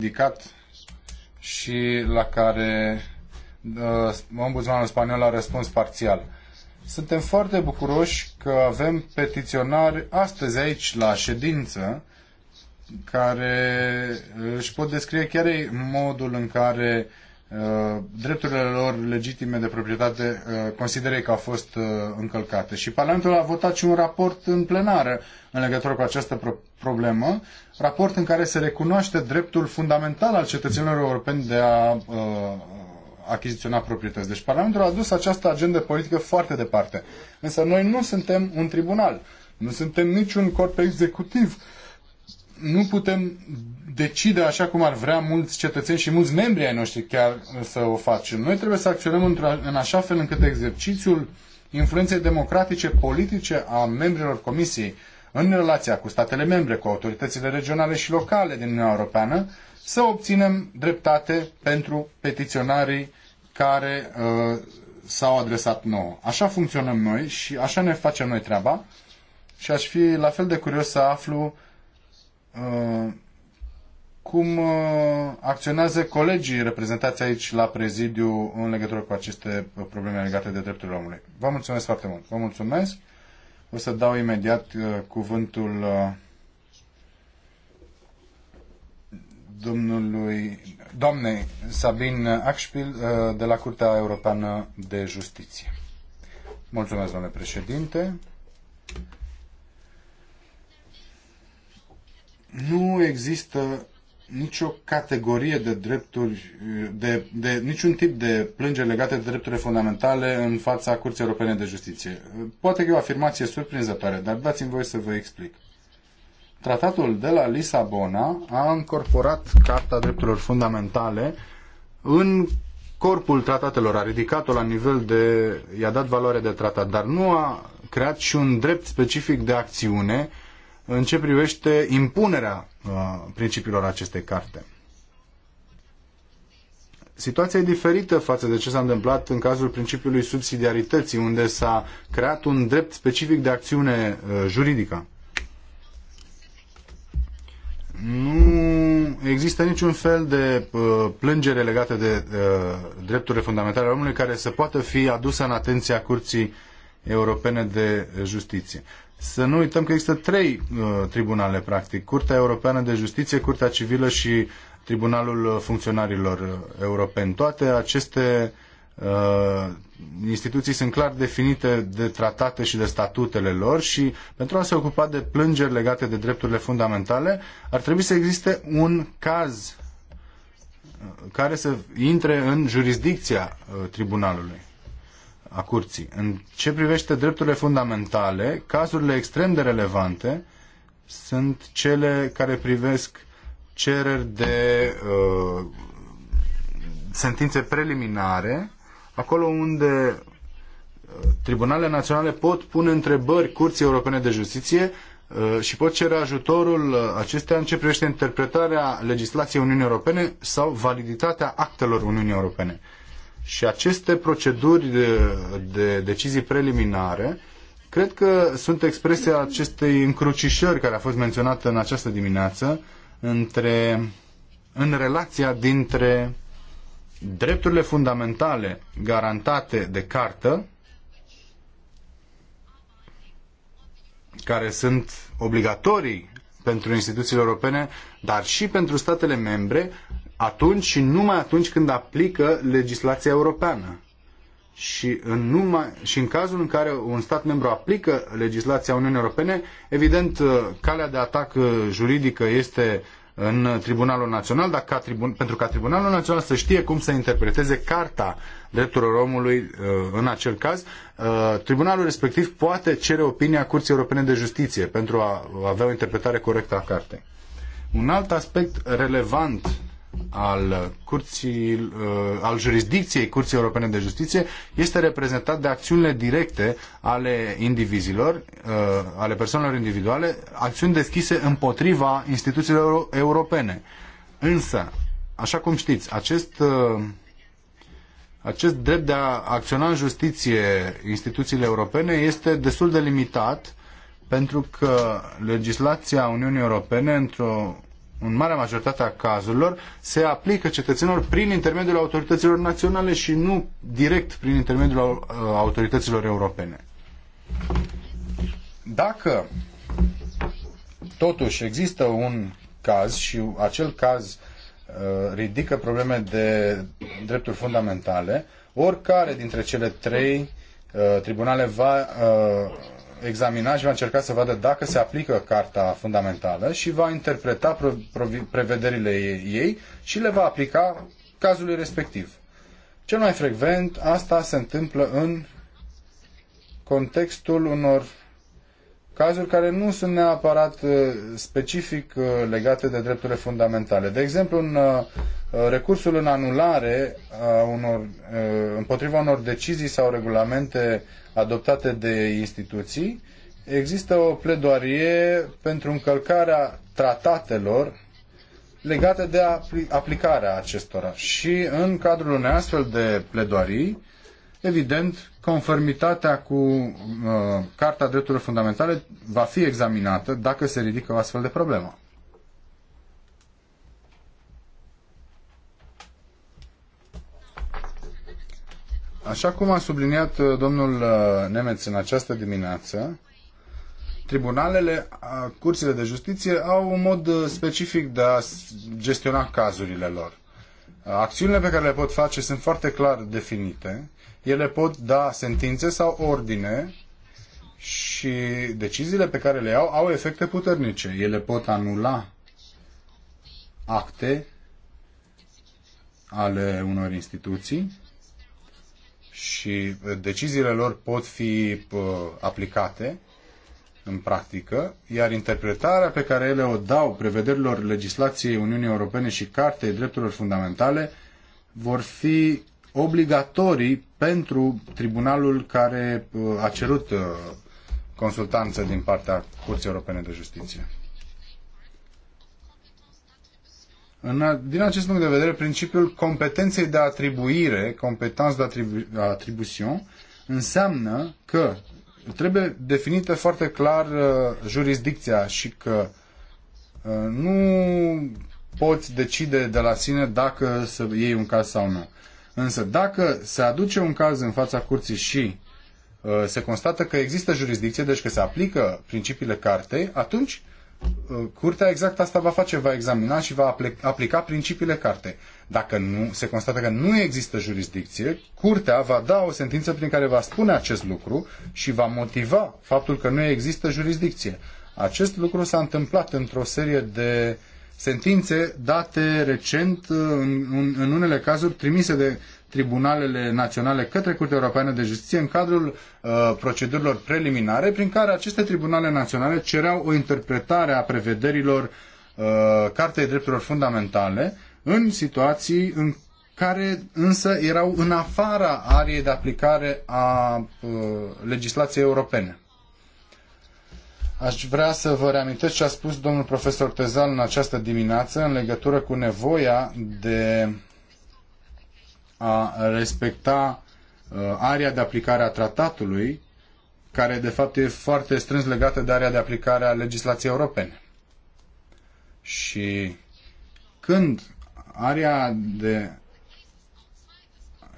ridicat și la care uh, ombudsmanul spaniol a răspuns parțial. Suntem foarte bucuroși că avem petiționari astăzi aici la ședință care își pot descrie chiar ei modul în care Uh, drepturile lor legitime de proprietate uh, consideră că au fost uh, încălcate. Și Parlamentul a votat și un raport în plenară în legătură cu această problemă, raport în care se recunoaște dreptul fundamental al cetățenilor europeni de a achiziționa proprietăți. Deci Parlamentul a dus această agendă politică foarte departe. Însă noi nu suntem un tribunal, nu suntem niciun corp executiv nu putem decide așa cum ar vrea mulți cetățeni și mulți membri ai noștri chiar să o facem. Noi trebuie să acționăm în așa fel încât exercițiul influenței democratice politice a membrilor Comisiei în relația cu statele membre, cu autoritățile regionale și locale din Uniunea Europeană, să obținem dreptate pentru petiționarii care uh, s-au adresat nouă. Așa funcționăm noi și așa ne facem noi treaba și aș fi la fel de curios să aflu Uh, cum uh, acționează colegii reprezentați aici la prezidiu în legătură cu aceste probleme legate de drepturile omului. Vă mulțumesc foarte mult. Vă mulțumesc. O să dau imediat uh, cuvântul domnului, doamnei Sabin Acșpil de la Curtea Europeană de Justiție. Mulțumesc, domnule președinte. nu există nicio categorie de drepturi, de, de niciun tip de plângeri legate de drepturile fundamentale în fața Curții Europene de Justiție. Poate că e o afirmație surprinzătoare, dar dați-mi voie să vă explic. Tratatul de la Lisabona a încorporat Carta Drepturilor Fundamentale în corpul tratatelor, a ridicat-o la nivel de... i-a dat valoare de tratat, dar nu a creat și un drept specific de acțiune în ce privește impunerea uh, principiilor acestei carte. Situația e diferită față de ce s-a întâmplat în cazul principiului subsidiarității, unde s-a creat un drept specific de acțiune uh, juridică. Nu există niciun fel de uh, plângere legată de drepturile fundamentale ale omului care să poată fi adusă în atenția Curții Europene de Justiție. Să nu uităm că există trei uh, tribunale, practic. Curtea Europeană de Justiție, Curtea Civilă și Tribunalul Funcționarilor Europeni. Toate aceste uh, instituții sunt clar definite de tratate și de statutele lor și pentru a se ocupa de plângeri legate de drepturile fundamentale ar trebui să existe un caz uh, care să intre în jurisdicția uh, tribunalului a curții. În ce privește drepturile fundamentale, cazurile extrem de relevante sunt cele care privesc cereri de uh, sentințe preliminare, acolo unde uh, tribunalele naționale pot pune întrebări Curții Europene de Justiție uh, și pot cere ajutorul uh, acestea în ce privește interpretarea legislației Uniunii Europene sau validitatea actelor Uniunii Europene. Și aceste proceduri de, de decizii preliminare cred că sunt expresia acestei încrucișări care a fost menționată în această dimineață între, în relația dintre drepturile fundamentale garantate de cartă, care sunt obligatorii pentru instituțiile europene, dar și pentru statele membre, atunci și numai atunci când aplică legislația europeană. Și în, numai, și în cazul în care un stat membru aplică legislația Uniunii Europene, evident, uh, calea de atac uh, juridică este în Tribunalul Național, dar ca tribun, pentru ca Tribunalul Național să știe cum să interpreteze Carta Drepturilor Omului uh, în acel caz, tribunalul respectiv poate cere opinia Curții Europene de Justiție pentru a avea o interpretare corectă a cartei. Un alt aspect relevant al, curții, uh, al jurisdicției Curții Europene de Justiție este reprezentat de acțiunile directe ale indivizilor, uh, ale persoanelor individuale, acțiuni deschise împotriva instituțiilor europene. Însă, așa cum știți, acest, uh, acest drept de a acționa în justiție instituțiile europene este destul de limitat pentru că legislația Uniunii Europene într-o în marea majoritate a cazurilor, se aplică cetățenilor prin intermediul autorităților naționale și nu direct prin intermediul uh, autorităților europene. Dacă totuși există un caz și acel caz uh, ridică probleme de drepturi fundamentale, oricare dintre cele trei uh, tribunale va examina și va încerca să vadă dacă se aplică Carta Fundamentală și va interpreta prevederile ei și le va aplica cazului respectiv. Cel mai frecvent asta se întâmplă în contextul unor cazuri care nu sunt neapărat uh, specific uh, legate de drepturile fundamentale. De exemplu, în uh, recursul în anulare a unor, împotriva unor decizii sau regulamente adoptate de instituții, există o pledoarie pentru încălcarea tratatelor legate de aplicarea acestora. Și în cadrul unei astfel de pledoarii, evident, conformitatea cu uh, Carta Drepturilor Fundamentale va fi examinată dacă se ridică o astfel de problemă. Așa cum a subliniat uh, domnul uh, Nemeț în această dimineață, tribunalele, curțile de justiție au un mod uh, specific de a gestiona cazurile lor. Acțiunile pe care le pot face sunt foarte clar definite. Ele pot da sentințe sau ordine și deciziile pe care le iau au efecte puternice. Ele pot anula acte ale unor instituții și uh, deciziile lor pot fi uh, aplicate în practică, iar interpretarea pe care ele o dau prevederilor legislației Uniunii Europene și Cartei Drepturilor Fundamentale vor fi obligatorii pentru tribunalul care uh, a cerut consultanță din partea Curții Europene de Justiție. din acest punct de vedere, principiul competenței de atribuire, competență de atribu- atribuțion, înseamnă că trebuie definită foarte clar uh, jurisdicția și că uh, nu poți decide de la sine dacă să iei un caz sau nu. Însă dacă se aduce un caz în fața curții și uh, se constată că există jurisdicție, deci că se aplică principiile cartei, atunci Uh, curtea exact asta va face, va examina și va aplica principiile cartei. Dacă nu, se constată că nu există jurisdicție, curtea va da o sentință prin care va spune acest lucru și va motiva faptul că nu există jurisdicție. Acest lucru s-a întâmplat într-o serie de sentințe date recent, uh, în, în unele cazuri trimise de tribunalele naționale către Curtea Europeană de Justiție în cadrul uh, procedurilor preliminare, prin care aceste tribunale naționale cereau o interpretare a prevederilor uh, Cartei Drepturilor Fundamentale în situații în care însă erau în afara ariei de aplicare a uh, legislației europene. Aș vrea să vă reamintesc ce a spus domnul profesor Tezal în această dimineață în legătură cu nevoia de a respecta uh, area de aplicare a tratatului, care de fapt e foarte strâns legată de area de aplicare a legislației europene. Și când area de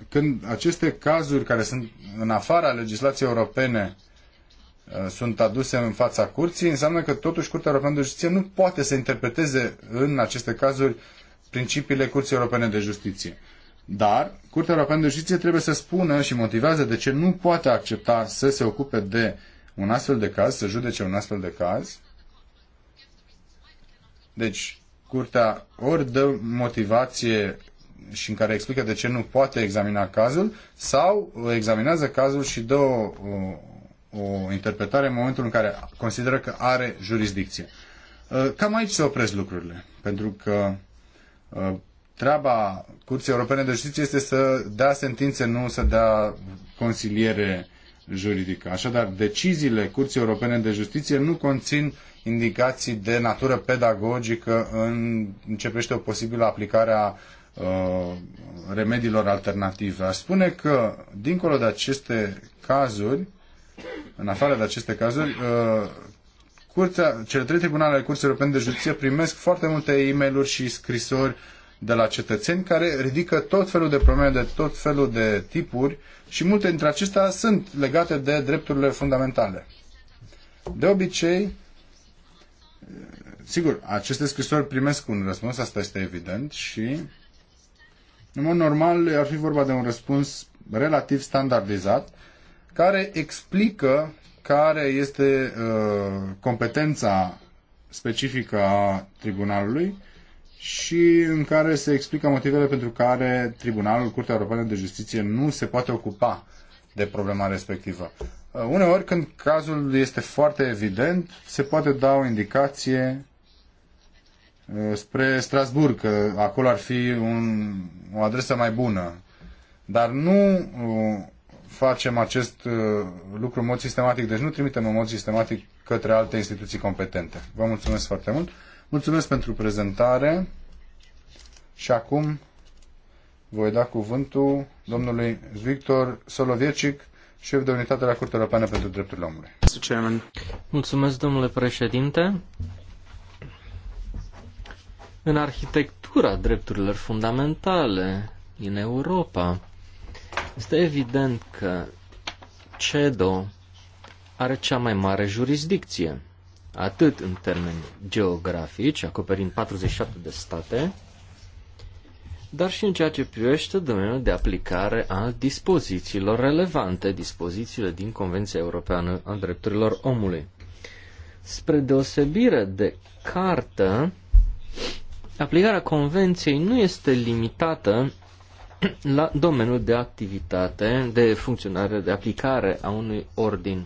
când aceste cazuri care sunt în afara legislației europene Uh, sunt aduse în fața curții, înseamnă că totuși Curtea Europeană de Justiție nu poate să interpreteze în aceste cazuri principiile Curții Europene de Justiție. Dar Curtea Europeană de Justiție trebuie să spună și motivează de ce nu poate accepta să se ocupe de un astfel de caz, să judece un astfel de caz. Deci, Curtea ori dă motivație și în care explică de ce nu poate examina cazul, sau examinează cazul și dă o, o interpretare în momentul în care consideră că are jurisdicție. Uh, cam aici se opresc lucrurile, pentru că uh, treaba Curții Europene de Justiție este să dea sentințe, nu să dea consiliere juridică. Așadar, deciziile Curții Europene de Justiție nu conțin indicații de natură pedagogică în ce privește o posibilă aplicare a uh, remediilor alternative. Aș spune că, dincolo de aceste cazuri, în afară de aceste cazuri, uh, curtea, cele trei tribunale ale Curții Europene de Justiție primesc foarte multe e mail și scrisori de la cetățeni care ridică tot felul de probleme de tot felul de tipuri și multe dintre acestea sunt legate de drepturile fundamentale. De obicei, uh, sigur, aceste scrisori primesc un răspuns, asta este evident și în mod normal ar fi vorba de un răspuns relativ standardizat care explică care este uh, competența specifică a tribunalului și în care se explică motivele pentru care Tribunalul, Curtea Europeană de Justiție nu se poate ocupa de problema respectivă. Uh, uneori, când cazul este foarte evident, se poate da o indicație uh, spre Strasburg, că acolo ar fi un, o adresă mai bună. Dar nu uh, facem acest uh, lucru în mod sistematic, deci nu trimitem în mod sistematic către alte instituții competente. Vă mulțumesc foarte mult. Mulțumesc pentru prezentare și acum voi da cuvântul domnului Victor Soloviecic, șef de unitate la Curtea Europeană pentru Drepturile Omului. Mulțumesc, domnule președinte. În arhitectura drepturilor fundamentale, în Europa, este evident că CEDO are cea mai mare jurisdicție, atât în termeni geografici, acoperind 47 de state, dar și în ceea ce privește domeniul de aplicare a dispozițiilor relevante, dispozițiile din Convenția Europeană a Drepturilor Omului. Spre deosebire de cartă, aplicarea Convenției nu este limitată la domeniul de activitate, de funcționare, de aplicare a unui ordin.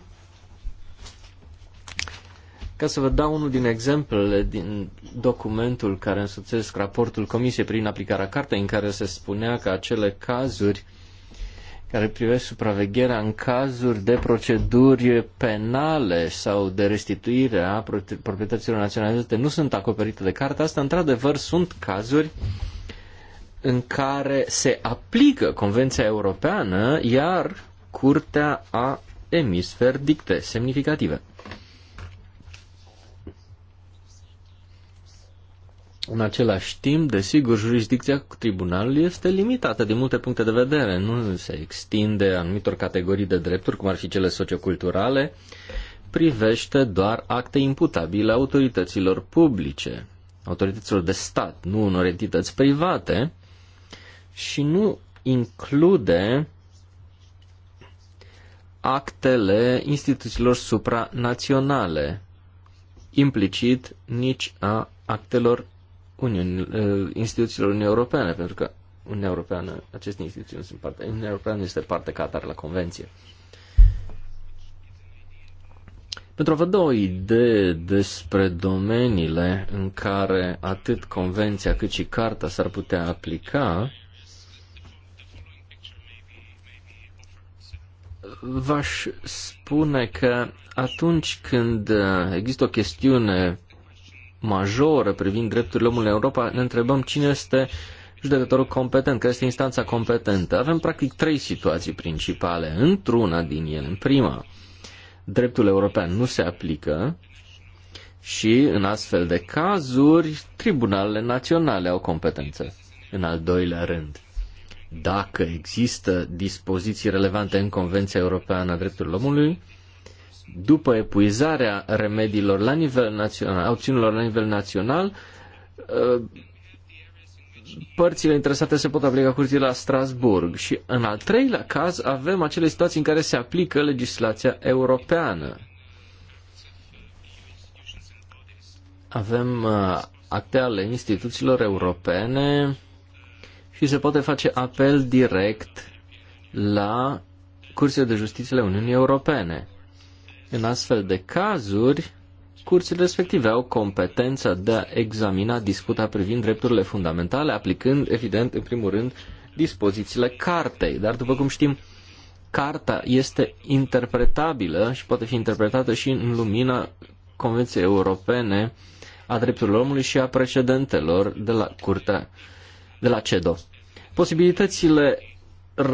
Ca să vă dau unul din exemplele din documentul care însuțesc raportul Comisiei prin aplicarea cartei, în care se spunea că acele cazuri care privesc supravegherea în cazuri de proceduri penale sau de restituire a proprietăților naționalizate nu sunt acoperite de carte. Asta, într-adevăr, sunt cazuri uh, în care se aplică Convenția Europeană, iar Curtea a emis verdicte semnificative. În același timp, desigur, jurisdicția tribunalului este limitată din multe puncte de vedere. Nu se extinde anumitor categorii de drepturi, cum ar fi cele socioculturale, privește doar acte imputabile autorităților publice, autorităților de stat, nu unor entități private, și nu include actele instituțiilor supranaționale, implicit nici a actelor Uniunii, eh, instituțiilor Uniunii Europene, pentru că Uniunea Europeană, aceste instituții nu sunt parte, Uniunea Europeană este parte Qatar la Convenție. Pentru a vă da o idee despre domeniile în care atât Convenția cât și Carta s-ar putea aplica, v-aș spune că atunci când uh, există o chestiune majoră privind drepturile omului în Europa, ne întrebăm cine este judecătorul competent, care este instanța competentă. Avem practic trei situații principale. Într-una din ele, în prima, dreptul european nu se aplică și, în astfel de cazuri, tribunalele naționale au competență. În al doilea rând, dacă există dispoziții relevante în Convenția Europeană a Drepturilor Omului, după epuizarea remediilor la nivel național, opțiunilor la nivel național, ă, părțile interesate se pot aplica curții la Strasburg. Și în al treilea caz avem acele situații în care se aplică legislația europeană. Avem ă, acte ale instituțiilor europene și se poate face apel direct la curțile de justiție ale Uniunii Europene. În astfel de cazuri, curțile respective au competența de a examina disputa privind drepturile fundamentale, aplicând, evident, în primul rând, dispozițiile cartei. Dar, după cum știm, carta este interpretabilă și poate fi interpretată și în lumina Convenției Europene a Drepturilor Omului și a precedentelor de la Curtea de la CEDO. Posibilitățile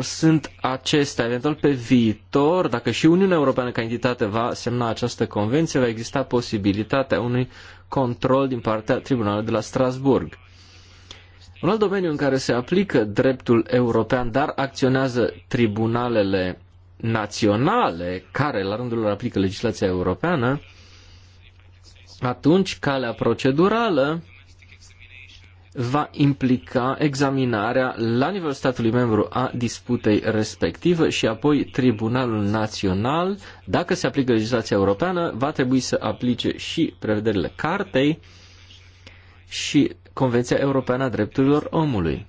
sunt acestea. Eventual pe viitor, dacă și Uniunea Europeană ca entitate va semna această convenție, va exista posibilitatea unui control din partea Tribunalului de la Strasburg. Un alt domeniu în care se aplică dreptul european, dar acționează tribunalele naționale, care la rândul lor aplică legislația europeană, atunci calea procedurală va implica examinarea la nivelul statului membru a disputei respective și apoi Tribunalul Național, dacă se aplică legislația europeană, va trebui să aplice și prevederile cartei și Convenția Europeană a Drepturilor Omului.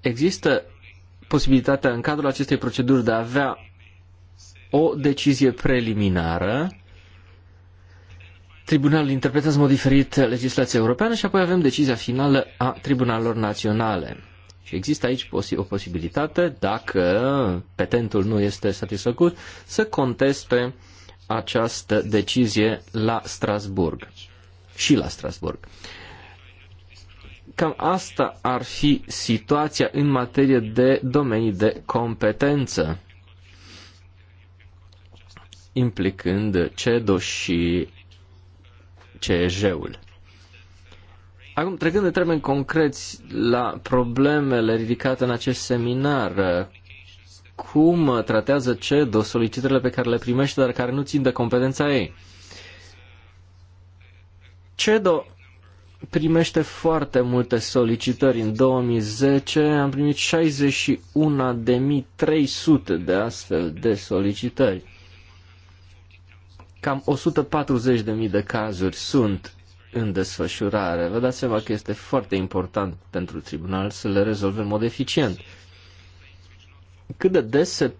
Există posibilitatea în cadrul acestei proceduri de a avea o decizie preliminară Tribunalul interpretează în mod diferit legislația europeană și apoi avem decizia finală a tribunalelor naționale. Și există aici posi- o posibilitate, dacă petentul nu este satisfăcut, să conteste această decizie la Strasburg. Și la Strasburg. Cam asta ar fi situația în materie de domenii de competență, implicând CEDO și CEJ-ul. Acum, trecând de termeni concreți la problemele ridicate în acest seminar, cum tratează CEDO solicitările pe care le primește, dar care nu țin de competența ei? CEDO primește foarte multe solicitări. În 2010 am primit 61.300 de astfel de solicitări. Cam 140.000 de cazuri sunt în desfășurare. Vă dați seama că este foarte important pentru tribunal să le rezolve în mod eficient. Cât de des se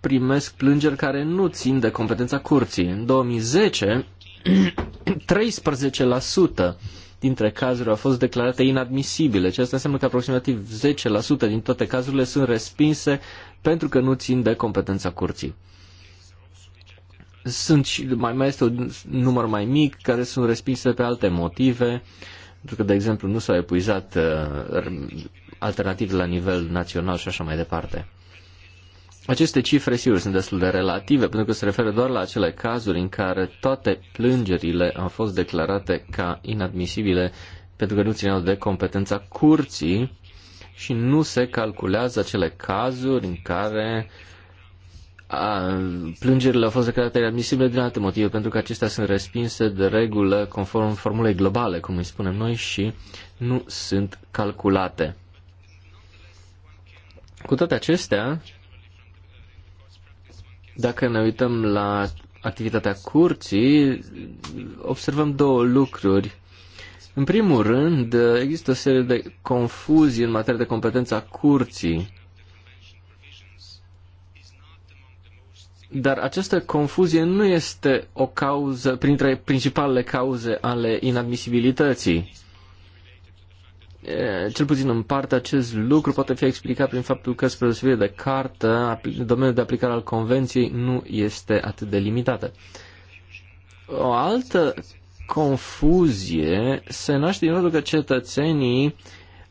primesc plângeri care nu țin de competența curții? În 2010, 13% dintre cazuri au fost declarate inadmisibile, ceea ce înseamnă că aproximativ 10% din toate cazurile sunt respinse pentru că nu țin de competența curții sunt și mai, mai este un număr mai mic care sunt respinse pe alte motive, pentru că, de exemplu, nu s-au epuizat uh, alternative la nivel național și așa mai departe. Aceste cifre, sigur, sunt destul de relative, pentru că se referă doar la acele cazuri în care toate plângerile au fost declarate ca inadmisibile pentru că nu țineau de competența curții și nu se calculează acele cazuri în care uh, a, plângerile au fost declarate admisibile din alte motive, pentru că acestea sunt respinse de regulă conform formulei globale, cum îi spunem noi, și nu sunt calculate. Cu toate acestea, dacă ne uităm la activitatea curții, observăm două lucruri. În primul rând, există o serie de confuzii în materie de competența curții. Dar această confuzie nu este o cauză, printre principalele cauze ale inadmisibilității. Cel puțin în parte acest lucru poate fi explicat prin faptul că, spre deosebire de cartă, domeniul de aplicare al convenției nu este atât de limitată. O altă confuzie se naște din faptul că cetățenii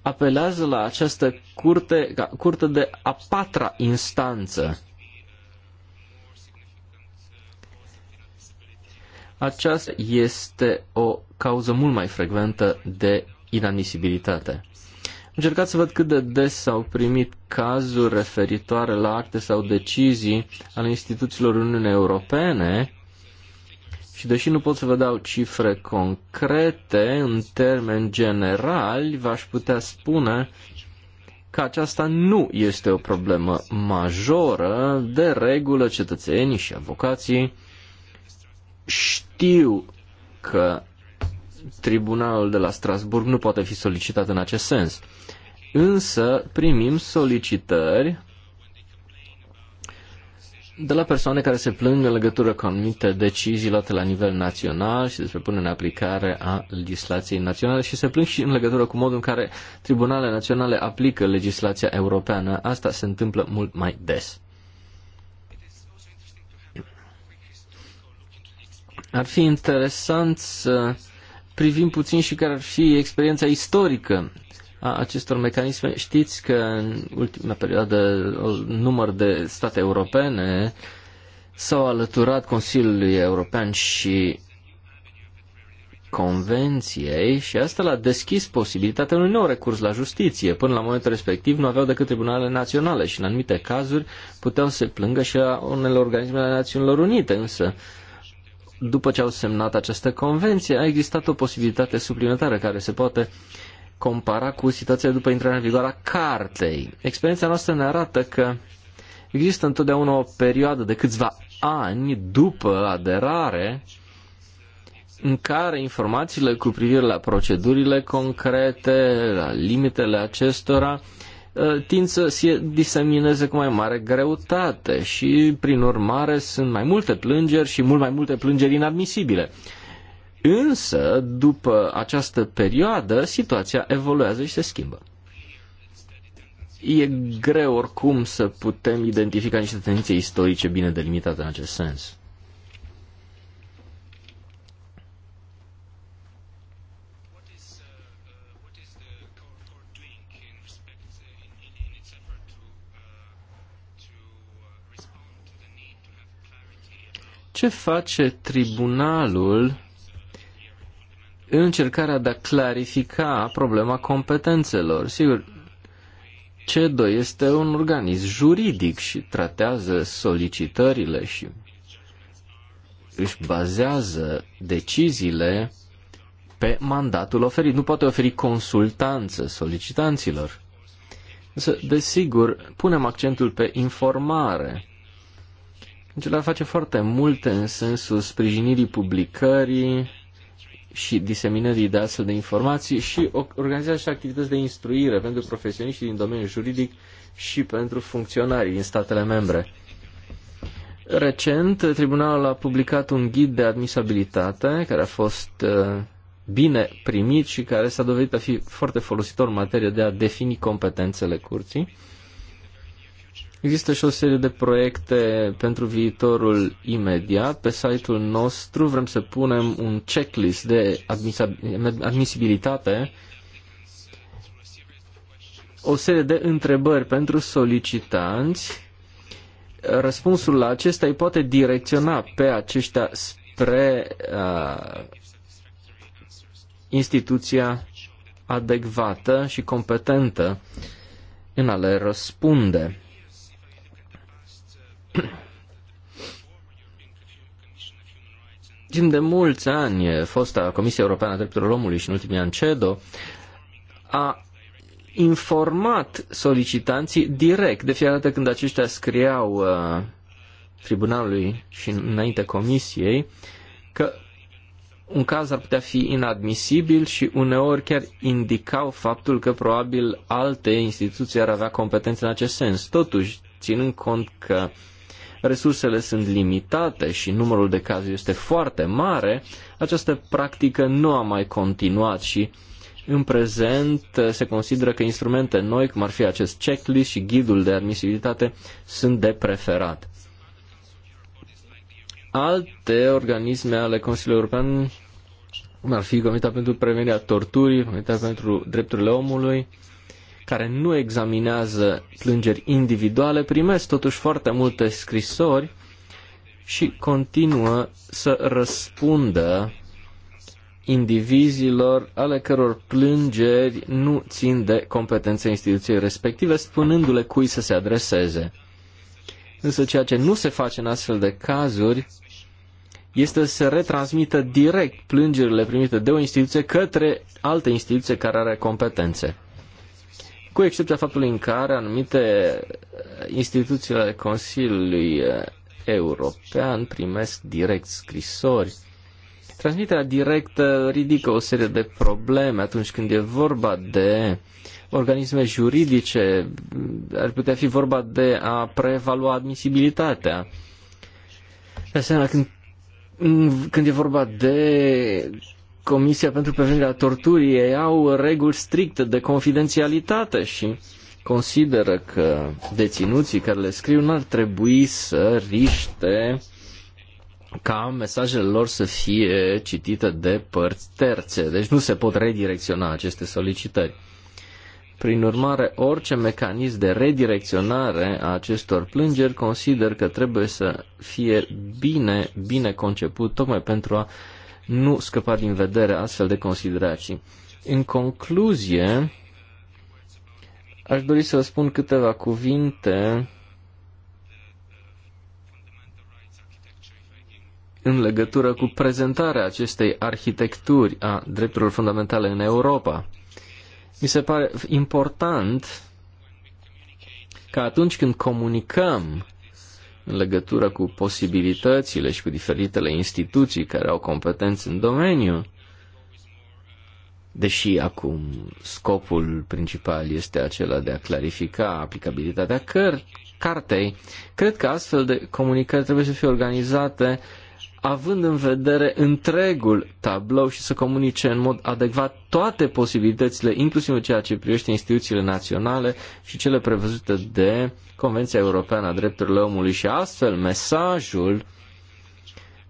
apelează la această curte, curte de a patra instanță aceasta este o cauză mult mai frecventă de inadmisibilitate. Încercați să văd cât de des s-au primit cazuri referitoare la acte sau decizii ale instituțiilor Uniunii Europene și deși nu pot să vă dau cifre concrete, în termeni generali, v-aș putea spune că aceasta nu este o problemă majoră. De regulă, cetățenii și avocații știu că tribunalul de la Strasburg nu poate fi solicitat în acest sens. Însă primim solicitări de la persoane care se plâng în legătură cu anumite decizii luate la nivel național și despre pune în aplicare a legislației naționale și se plâng și în legătură cu modul în care tribunalele naționale aplică legislația europeană. Asta se întâmplă mult mai des. Ar fi interesant să privim puțin și care ar fi experiența istorică a acestor mecanisme. Știți că în ultima perioadă număr de state europene s-au alăturat Consiliului European și Convenției și asta l-a deschis posibilitatea unui nou recurs la justiție. Până la momentul respectiv nu aveau decât tribunale naționale și în anumite cazuri puteau să plângă și la unele organisme ale Națiunilor Unite, însă după ce au semnat această convenție, a existat o posibilitate suplimentară care se poate compara cu situația după intrarea în vigoare a cartei. Experiența noastră ne arată că există întotdeauna o perioadă de câțiva ani după aderare în care informațiile cu privire la procedurile concrete, la limitele acestora, Uh, tind să se disemineze cu mai mare greutate și, prin urmare, sunt mai multe plângeri și mult mai multe plângeri inadmisibile. Însă, după această perioadă, situația evoluează și se schimbă. E greu oricum să putem identifica niște tendințe istorice bine delimitate în acest sens. Ce face tribunalul în încercarea de a clarifica problema competențelor? Sigur, CEDO este un organism juridic și tratează solicitările și își bazează deciziile pe mandatul oferit. Nu poate oferi consultanță solicitanților. Însă, desigur, punem accentul pe informare. Deci Angela face foarte multe în sensul sprijinirii publicării și diseminării de astfel de informații și organizează și activități de instruire pentru profesioniști din domeniul juridic și pentru funcționarii din statele membre. Recent, tribunalul a publicat un ghid de admisabilitate care a fost uh, bine primit și care s-a dovedit a fi foarte folositor în materie de a defini competențele curții. Există și o serie de proiecte pentru viitorul imediat. Pe site-ul nostru vrem să punem un checklist de admisibilitate, o serie de întrebări pentru solicitanți. Răspunsul la acesta îi poate direcționa pe aceștia spre uh, instituția adecvată și competentă în a le răspunde. Timp de mulți ani, fosta Comisia Europeană a Drepturilor Omului și în ultimii ani CEDO a informat solicitanții direct. De fiecare dată când aceștia scriau uh, tribunalului și înainte comisiei că un caz ar putea fi inadmisibil și uneori chiar indicau faptul că probabil alte instituții ar avea competențe în acest sens. Totuși, ținând cont că uh, resursele sunt limitate și numărul de cazuri este foarte mare, această practică nu a mai continuat și în prezent se consideră că instrumente noi, cum ar fi acest checklist și ghidul de admisibilitate, sunt de preferat. Alte organisme ale Consiliului European, cum ar fi Comitetul pentru Prevenirea Torturii, Comitetul pentru Drepturile Omului, care nu examinează plângeri individuale, primesc totuși foarte multe scrisori și continuă să răspundă indivizilor ale căror plângeri nu țin de competența instituției respective, spunându-le cui să se adreseze. Însă ceea ce nu se face în astfel de cazuri este să se retransmită direct plângerile primite de o instituție către alte instituții care are competențe cu excepția faptului în care anumite eh, instituțiile ale Consiliului eh, European primesc direct scrisori. Transmiterea directă ridică o serie de probleme atunci când e vorba de organisme juridice, mm, ar putea fi vorba de a preevalua admisibilitatea. De asemenea, când, mm, când e vorba de Comisia pentru Prevenirea Torturii ei au reguli stricte de confidențialitate și consideră că deținuții care le scriu nu ar trebui să riște ca mesajele lor să fie citite de părți terțe. Deci nu se pot redirecționa aceste solicitări. Prin urmare, orice mecanism de redirecționare a acestor plângeri consider că trebuie să fie bine, bine conceput, tocmai pentru a nu scăpa din vedere astfel de considerații. În concluzie, aș dori să vă spun câteva cuvinte în legătură cu prezentarea acestei arhitecturi a drepturilor fundamentale în Europa. Mi se pare important că atunci când comunicăm în legătură cu posibilitățile și cu diferitele instituții care au competențe în domeniu. Deși acum scopul principal este acela de a clarifica aplicabilitatea căr- cartei, cred că astfel de comunicări trebuie să fie organizate având în vedere întregul tablou și să comunice în mod adecvat toate posibilitățile, inclusiv ceea ce privește instituțiile naționale și cele prevăzute de Convenția Europeană a Drepturilor Omului și astfel mesajul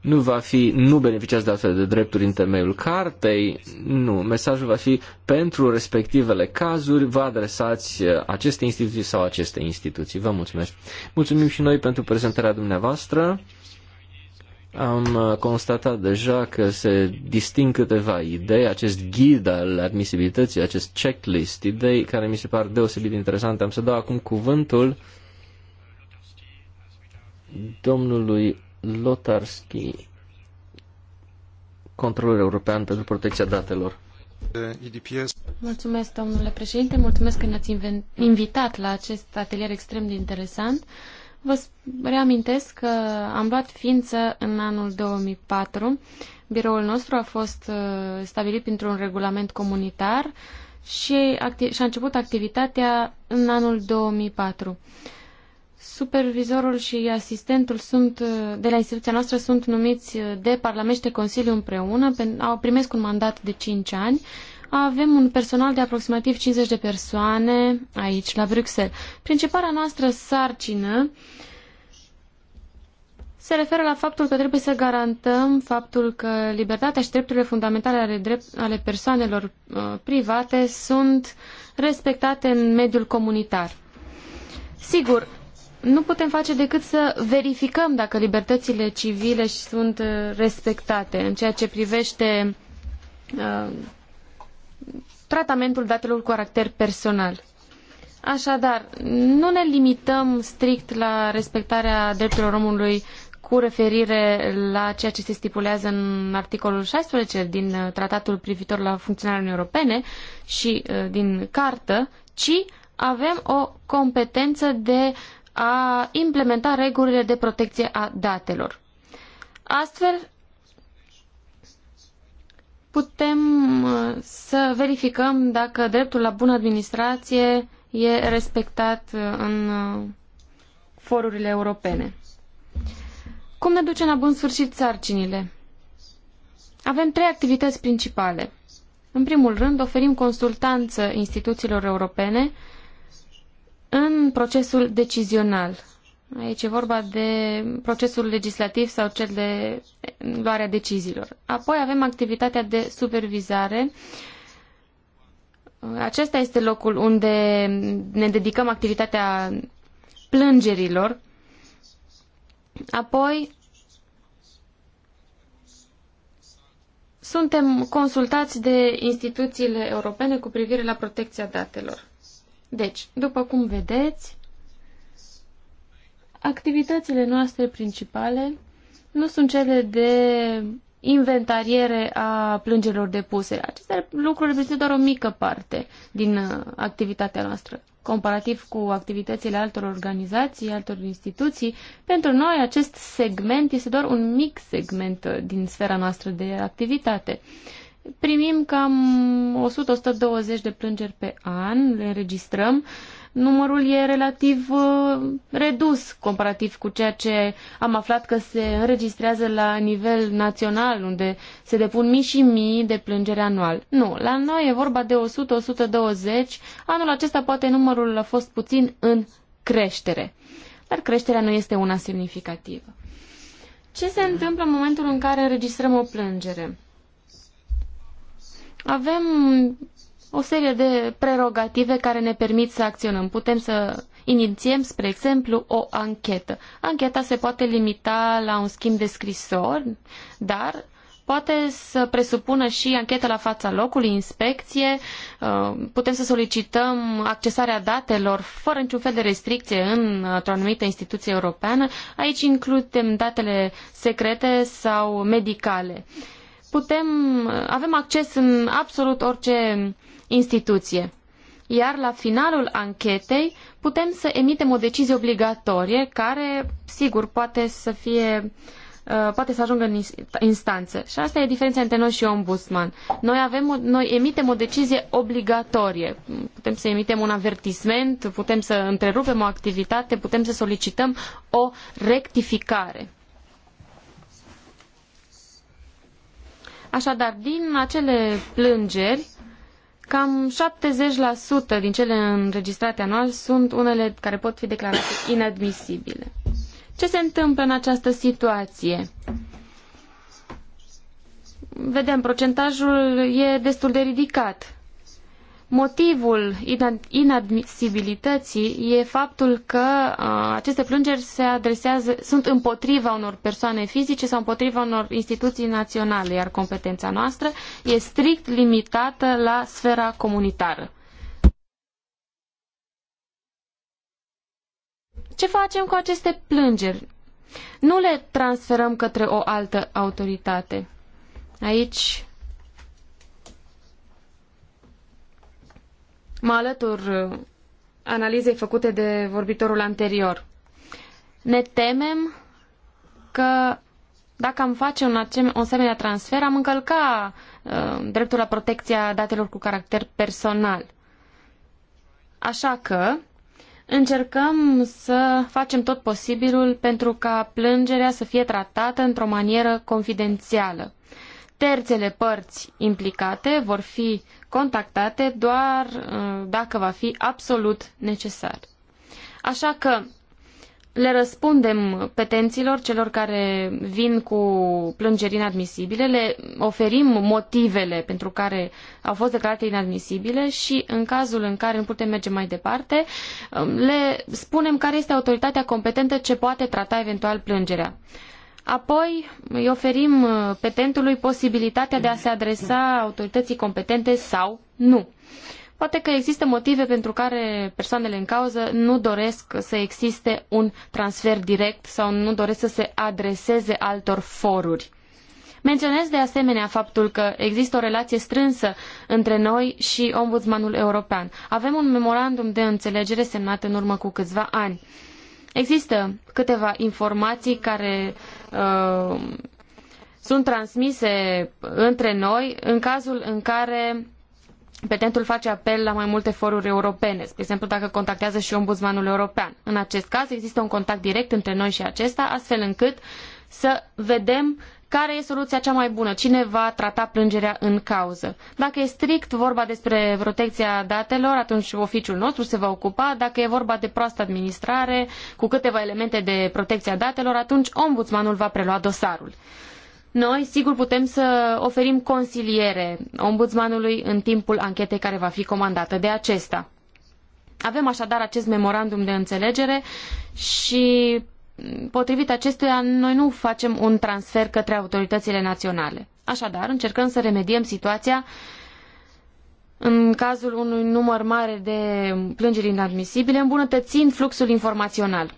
nu va fi, nu beneficiați de astfel de drepturi în temeiul cartei, nu, mesajul va fi pentru respectivele cazuri, vă adresați aceste instituții sau aceste instituții. Vă mulțumesc. Mulțumim și noi pentru prezentarea dumneavoastră. Am uh, constatat deja că se disting câteva idei, acest ghid al admisibilității, acest checklist, idei care mi se par deosebit interesante. Am să dau acum cuvântul domnului Lotarski, controlul european pentru protecția datelor. Mulțumesc, domnule președinte, mulțumesc că ne-ați invitat la acest atelier extrem de interesant. Vă reamintesc că am luat ființă în anul 2004. Biroul nostru a fost uh, stabilit printr-un regulament comunitar și, și a început activitatea în anul 2004. Supervizorul și asistentul sunt, uh, de la instituția noastră sunt numiți uh, de Parlament și de Consiliu împreună, au primesc un mandat de 5 ani avem un personal de aproximativ 50 de persoane aici, la Bruxelles. Principala noastră sarcină se referă la faptul că trebuie să garantăm faptul că libertatea și drepturile fundamentale ale, drept, ale persoanelor uh, private sunt respectate în mediul comunitar. Sigur, nu putem face decât să verificăm dacă libertățile civile sunt uh, respectate în ceea ce privește uh, tratamentul datelor cu caracter personal. Așadar, nu ne limităm strict la respectarea drepturilor omului cu referire la ceea ce se stipulează în articolul 16 din uh, tratatul privitor la funcționarea Uniunii Europene și uh, din cartă, ci avem o competență de a implementa regulile de protecție a datelor. Astfel, putem uh, să verificăm dacă dreptul la bună administrație e respectat uh, în uh, forurile europene. Cum ne ducem la bun sfârșit sarcinile? Avem trei activități principale. În primul rând, oferim consultanță instituțiilor europene în procesul decizional, Aici e vorba de procesul legislativ sau cel de luarea deciziilor. Apoi avem activitatea de supervizare. Acesta este locul unde ne dedicăm activitatea plângerilor. Apoi suntem consultați de instituțiile europene cu privire la protecția datelor. Deci, după cum vedeți, Activitățile noastre principale nu sunt cele de inventariere a plângerilor depuse. Aceste lucruri reprezintă doar o mică parte din uh, activitatea noastră. Comparativ cu activitățile altor organizații, altor instituții, pentru noi acest segment este doar un mic segment uh, din sfera noastră de activitate. Primim cam 100-120 de plângeri pe an, le înregistrăm. Uh, numărul e relativ uh, redus comparativ cu ceea ce am aflat că se înregistrează la nivel național, unde se depun mii și mii de plângeri anual. Nu, la noi e vorba de 100-120, anul acesta poate numărul a fost puțin în creștere, dar creșterea nu este una semnificativă. Ce se întâmplă în momentul în care înregistrăm o plângere? Avem o serie de prerogative care ne permit să acționăm. Putem să inițiem, spre exemplu, o anchetă. Ancheta se poate limita la un schimb de scrisori, dar poate să presupună și ancheta la fața locului, inspecție, uh, putem să solicităm accesarea datelor fără niciun fel de restricție într-o anumită instituție europeană. Aici includem datele secrete sau medicale. Putem, uh, avem acces în absolut orice instituție. Iar la finalul anchetei putem să emitem o decizie obligatorie care, sigur, poate să fie uh, poate să ajungă în instanță. Și asta e diferența între noi și ombudsman. Noi, avem, noi emitem o decizie obligatorie. Putem să emitem un avertisment, putem să întrerupem o activitate, putem să solicităm o rectificare. Așadar, din acele plângeri Cam 70% din cele înregistrate anual sunt unele care pot fi declarate inadmisibile. Ce se întâmplă în această situație? Vedem, procentajul e destul de ridicat. Motivul inadmisibilității e faptul că uh, aceste plângeri se adresează, sunt împotriva unor persoane fizice sau împotriva unor instituții naționale, iar competența noastră e strict limitată la sfera comunitară. Ce facem cu aceste plângeri? Nu le transferăm către o altă autoritate. Aici mă alătur uh, analizei făcute de vorbitorul anterior. Ne temem că dacă am face un, asemenea transfer, am încălca uh, dreptul la protecția datelor cu caracter personal. Așa că încercăm să facem tot posibilul pentru ca plângerea să fie tratată într-o manieră confidențială terțele părți implicate vor fi contactate doar uh, dacă va fi absolut necesar. Așa că le răspundem petenților, celor care vin cu plângeri inadmisibile, le oferim motivele pentru care au fost declarate inadmisibile și în cazul în care nu putem merge mai departe, um, le spunem care este autoritatea competentă ce poate trata eventual plângerea. Apoi îi oferim uh, petentului posibilitatea de a se adresa autorității competente sau nu. Poate că există motive pentru care persoanele în cauză nu doresc să existe un transfer direct sau nu doresc să se adreseze altor foruri. Menționez de asemenea faptul că există o relație strânsă între noi și Ombudsmanul European. Avem un memorandum de înțelegere semnat în urmă cu câțiva ani. Există câteva informații care uh, sunt transmise între noi în cazul în care petentul face apel la mai multe foruri europene, spre exemplu dacă contactează și ombudsmanul european. În acest caz există un contact direct între noi și acesta, astfel încât să vedem care e soluția cea mai bună? Cine va trata plângerea în cauză? Dacă e strict vorba despre protecția datelor, atunci oficiul nostru se va ocupa. Dacă e vorba de proastă administrare, cu câteva elemente de protecția datelor, atunci ombudsmanul va prelua dosarul. Noi, sigur, putem să oferim consiliere ombudsmanului în timpul anchetei care va fi comandată de acesta. Avem așadar acest memorandum de înțelegere și potrivit acestuia, noi nu facem un transfer către autoritățile naționale. Așadar, încercăm să remediem situația în cazul unui număr mare de plângeri inadmisibile, îmbunătățind fluxul informațional.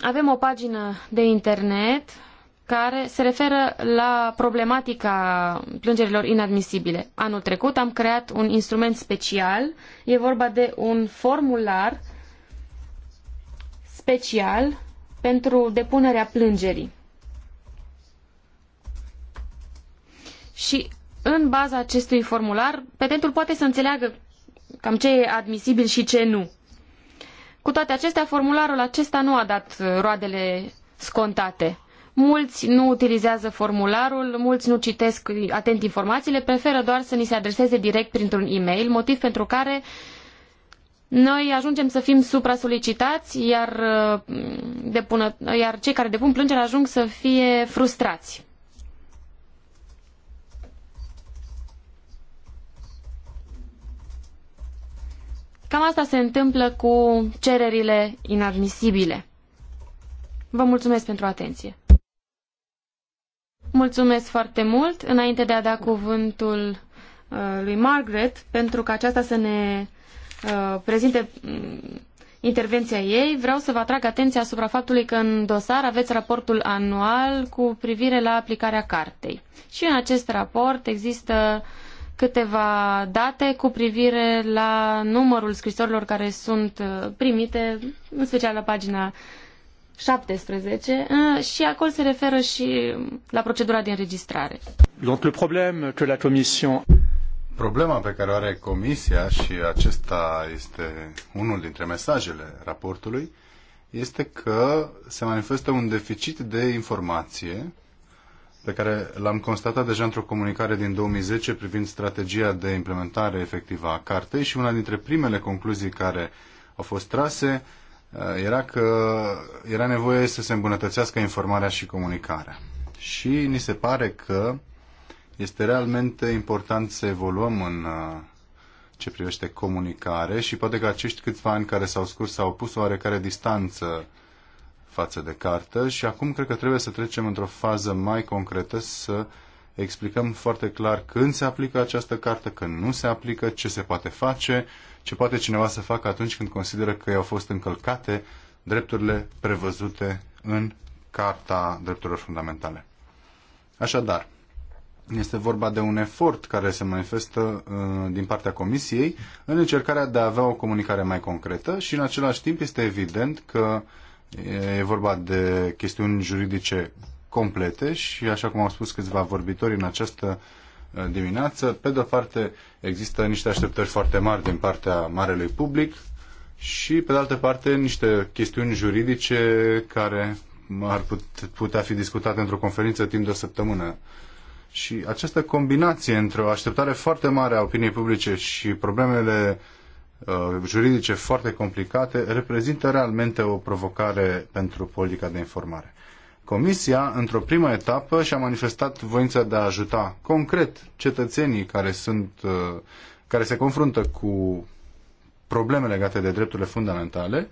Avem o pagină de internet care se referă la problematica plângerilor inadmisibile. Anul trecut am creat un instrument special, e vorba de un formular special pentru depunerea plângerii. Și în baza acestui formular, petentul poate să înțeleagă cam ce e admisibil și ce nu. Cu toate acestea, formularul acesta nu a dat roadele scontate. Mulți nu utilizează formularul, mulți nu citesc atent informațiile, preferă doar să ni se adreseze direct printr-un e-mail, motiv pentru care noi ajungem să fim supra-solicitați, iar, mm, depună, iar cei care depun plângere ajung să fie frustrați. Cam asta se întâmplă cu cererile inadmisibile. Vă mulțumesc pentru atenție. Mulțumesc foarte mult. Înainte de a da cuvântul uh, lui Margaret, pentru că aceasta să ne Uh, prezinte mm, intervenția ei, vreau să vă atrag atenția asupra faptului că în dosar aveți raportul anual cu privire la aplicarea cartei. Și în acest raport există câteva date cu privire la numărul scrisorilor care sunt uh, primite, în special la pagina 17, uh, și acolo se referă și la procedura de înregistrare. Donc le problème que la commission Problema pe care o are Comisia, și acesta este unul dintre mesajele raportului, este că se manifestă un deficit de informație pe care l-am constatat deja într-o comunicare din 2010 privind strategia de implementare efectivă a cartei și una dintre primele concluzii care au fost trase uh, era că era nevoie să se îmbunătățească informarea și comunicarea. Și ni se pare că este realmente important să evoluăm în uh, ce privește comunicare și poate că acești câțiva ani care s-au scurs au pus oarecare distanță față de carte și acum cred că trebuie să trecem într-o fază mai concretă să explicăm foarte clar când se aplică această carte, când nu se aplică, ce se poate face, ce poate cineva să facă atunci când consideră că i-au fost încălcate drepturile prevăzute în Carta Drepturilor Fundamentale. Așadar, este vorba de un efort care se manifestă uh, din partea Comisiei în încercarea de a avea o comunicare mai concretă și în același timp este evident că e vorba de chestiuni juridice complete și așa cum au spus câțiva vorbitori în această uh, dimineață, pe de-o parte există niște așteptări foarte mari din partea marelui public și pe de altă parte niște chestiuni juridice care ar putea fi discutate într-o conferință timp de o săptămână și această combinație între o așteptare foarte mare a opiniei publice și problemele uh, juridice foarte complicate reprezintă realmente o provocare pentru politica de informare. Comisia, într-o primă etapă, și-a manifestat voința de a ajuta concret cetățenii care, sunt, uh, care se confruntă cu probleme legate de drepturile fundamentale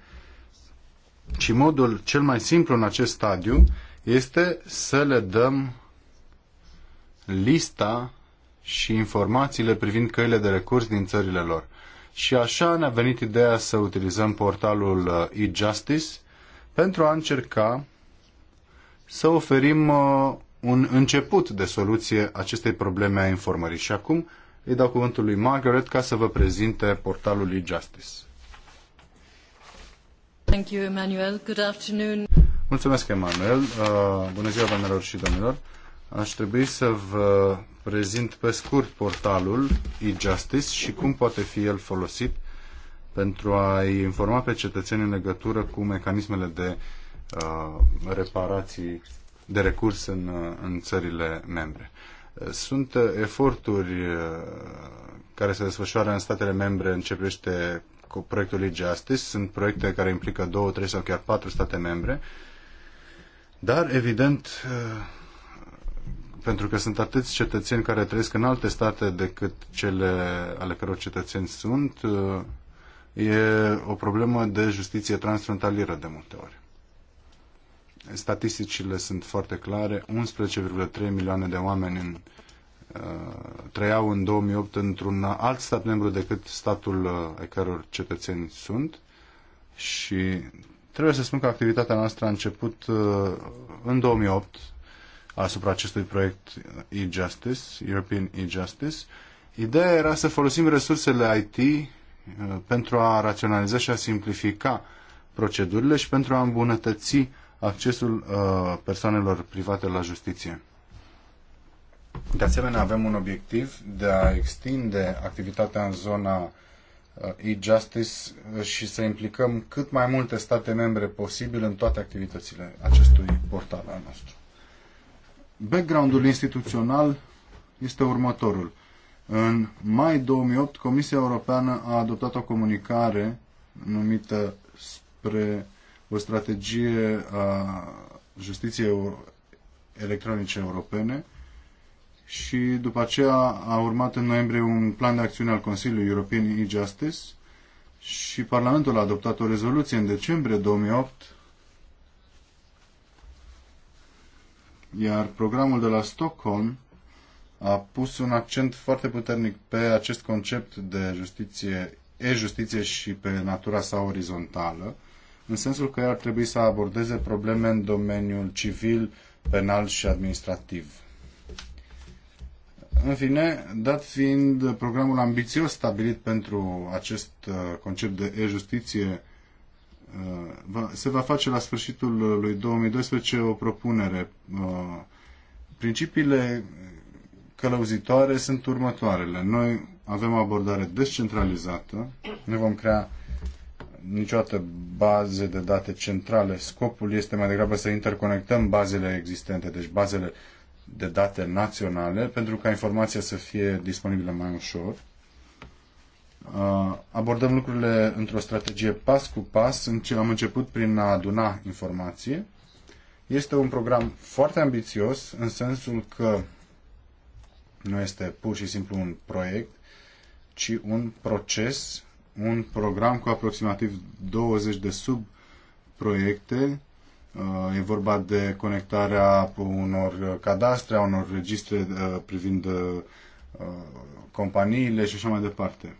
și modul cel mai simplu în acest stadiu este să le dăm lista și informațiile privind căile de recurs din țările lor. Și așa ne-a venit ideea să utilizăm portalul uh, e-justice pentru a încerca să oferim uh, un început de soluție acestei probleme a informării. Și acum îi dau cuvântul lui Margaret ca să vă prezinte portalul e-justice. Thank you, Emmanuel. Good afternoon. Mulțumesc, Emanuel. Uh, bună ziua, doamnelor și domnilor. Aș trebui să vă prezint pe scurt portalul e-justice și cum poate fi el folosit pentru a informa pe cetățenii în legătură cu mecanismele de uh, reparații de recurs în, uh, în țările membre. Sunt uh, eforturi uh, care se desfășoară în statele membre în ce privește proiectul e-justice. Sunt proiecte care implică două, trei sau chiar patru state membre. Dar, evident, pentru că sunt atâți cetățeni care trăiesc în alte state decât cele ale căror cetățeni sunt, uh, e o problemă de justiție transfrontalieră de multe ori. Statisticile sunt foarte clare. 11,3 milioane de oameni în, uh, trăiau în 2008 într-un alt stat membru decât statul uh, ai căror cetățeni sunt și trebuie să spun că activitatea noastră a început uh, în 2008 asupra acestui proiect e-justice, European e-justice. Ideea era să folosim resursele IT uh, pentru a raționaliza și a simplifica procedurile și pentru a îmbunătăți accesul uh, persoanelor private la justiție. De asemenea, avem un obiectiv de a extinde activitatea în zona uh, e-justice și să implicăm cât mai multe state membre posibil în toate activitățile acestui portal al nostru. Backgroundul instituțional este următorul. În mai 2008, Comisia Europeană a adoptat o comunicare numită spre o strategie a justiției electronice europene și după aceea a urmat în noiembrie un plan de acțiune al Consiliului European e-Justice și Parlamentul a adoptat o rezoluție în decembrie 2008 Iar programul de la Stockholm a pus un accent foarte puternic pe acest concept de justiție, e-justiție și pe natura sa orizontală, în sensul că ar trebui să abordeze probleme în domeniul civil, penal și administrativ. În fine, dat fiind programul ambițios stabilit pentru acest uh, concept de e-justiție Uh, se va face la sfârșitul lui 2012 o propunere. Uh, principiile călăuzitoare sunt următoarele. Noi avem o abordare descentralizată, nu vom crea niciodată baze de date centrale. Scopul este mai degrabă să interconectăm bazele existente, deci bazele de date naționale, pentru ca informația să fie disponibilă mai ușor. Uh, abordăm lucrurile într-o strategie pas cu pas. Am început prin a aduna informație. Este un program foarte ambițios în sensul că nu este pur și simplu un proiect, ci un proces, un program cu aproximativ 20 de subproiecte. Uh, e vorba de conectarea unor cadastre, a unor registre uh, privind companiile și așa mai departe.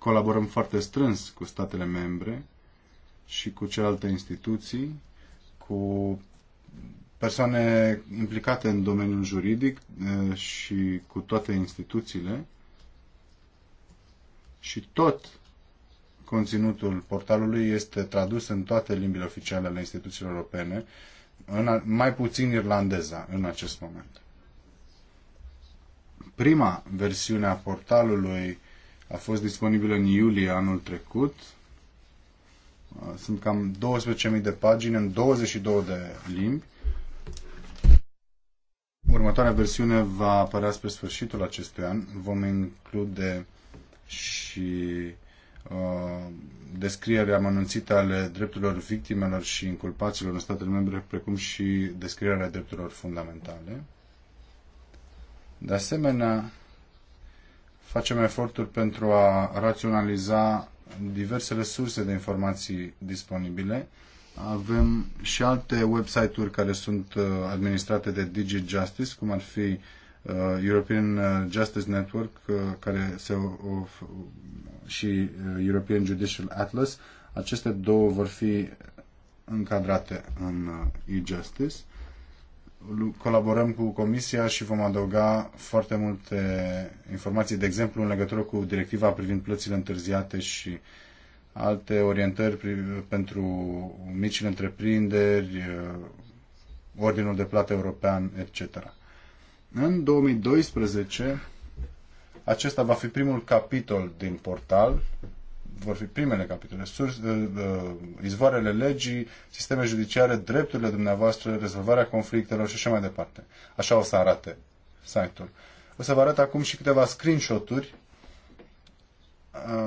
colaborăm foarte strâns cu statele membre și cu celelalte instituții, cu persoane implicate în domeniul juridic și cu toate instituțiile și tot conținutul portalului este tradus în toate limbile oficiale ale instituțiilor europene, în, mai puțin irlandeza în acest moment. Prima versiune a portalului a fost disponibilă în iulie anul trecut. Uh, sunt cam 12.000 de pagini în 22 de limbi. Următoarea versiune va apărea spre sfârșitul acestui an. Vom include și uh, descrierea amănunțită ale drepturilor victimelor și inculpaților în statele membre, precum și descrierea drepturilor fundamentale. De asemenea, facem eforturi pentru a raționaliza diversele surse de informații disponibile. Avem și alte website-uri care sunt uh, administrate de DigiJustice, cum ar fi uh, European uh, Justice Network care se of, și European Judicial Atlas. Aceste două vor fi încadrate în e-justice colaborăm cu Comisia și vom adăuga foarte multe informații, de exemplu, în legătură cu directiva privind plățile întârziate și alte orientări pentru micile întreprinderi, uh, ordinul de plată european, etc. În 2012, acesta va fi primul capitol din portal vor fi primele capitole, surs, izvoarele legii, sisteme judiciare, drepturile dumneavoastră, rezolvarea conflictelor și așa mai departe. Așa o să arate site-ul. O să vă arăt acum și câteva screenshot-uri.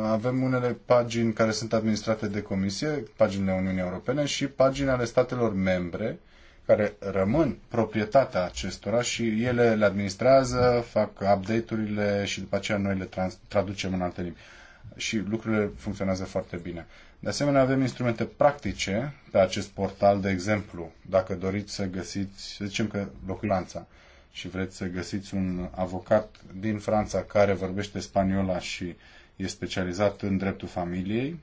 Avem unele pagini care sunt administrate de comisie, paginile Uniunii Europene și pagini ale statelor membre, care rămân proprietatea acestora și ele le administrează, fac update-urile și după aceea noi le traducem în alte limbi și lucrurile funcționează foarte bine. De asemenea, avem instrumente practice pe acest portal, de exemplu, dacă doriți să găsiți, să zicem că loculanța și vreți să găsiți un avocat din Franța care vorbește spaniola și e specializat în dreptul familiei,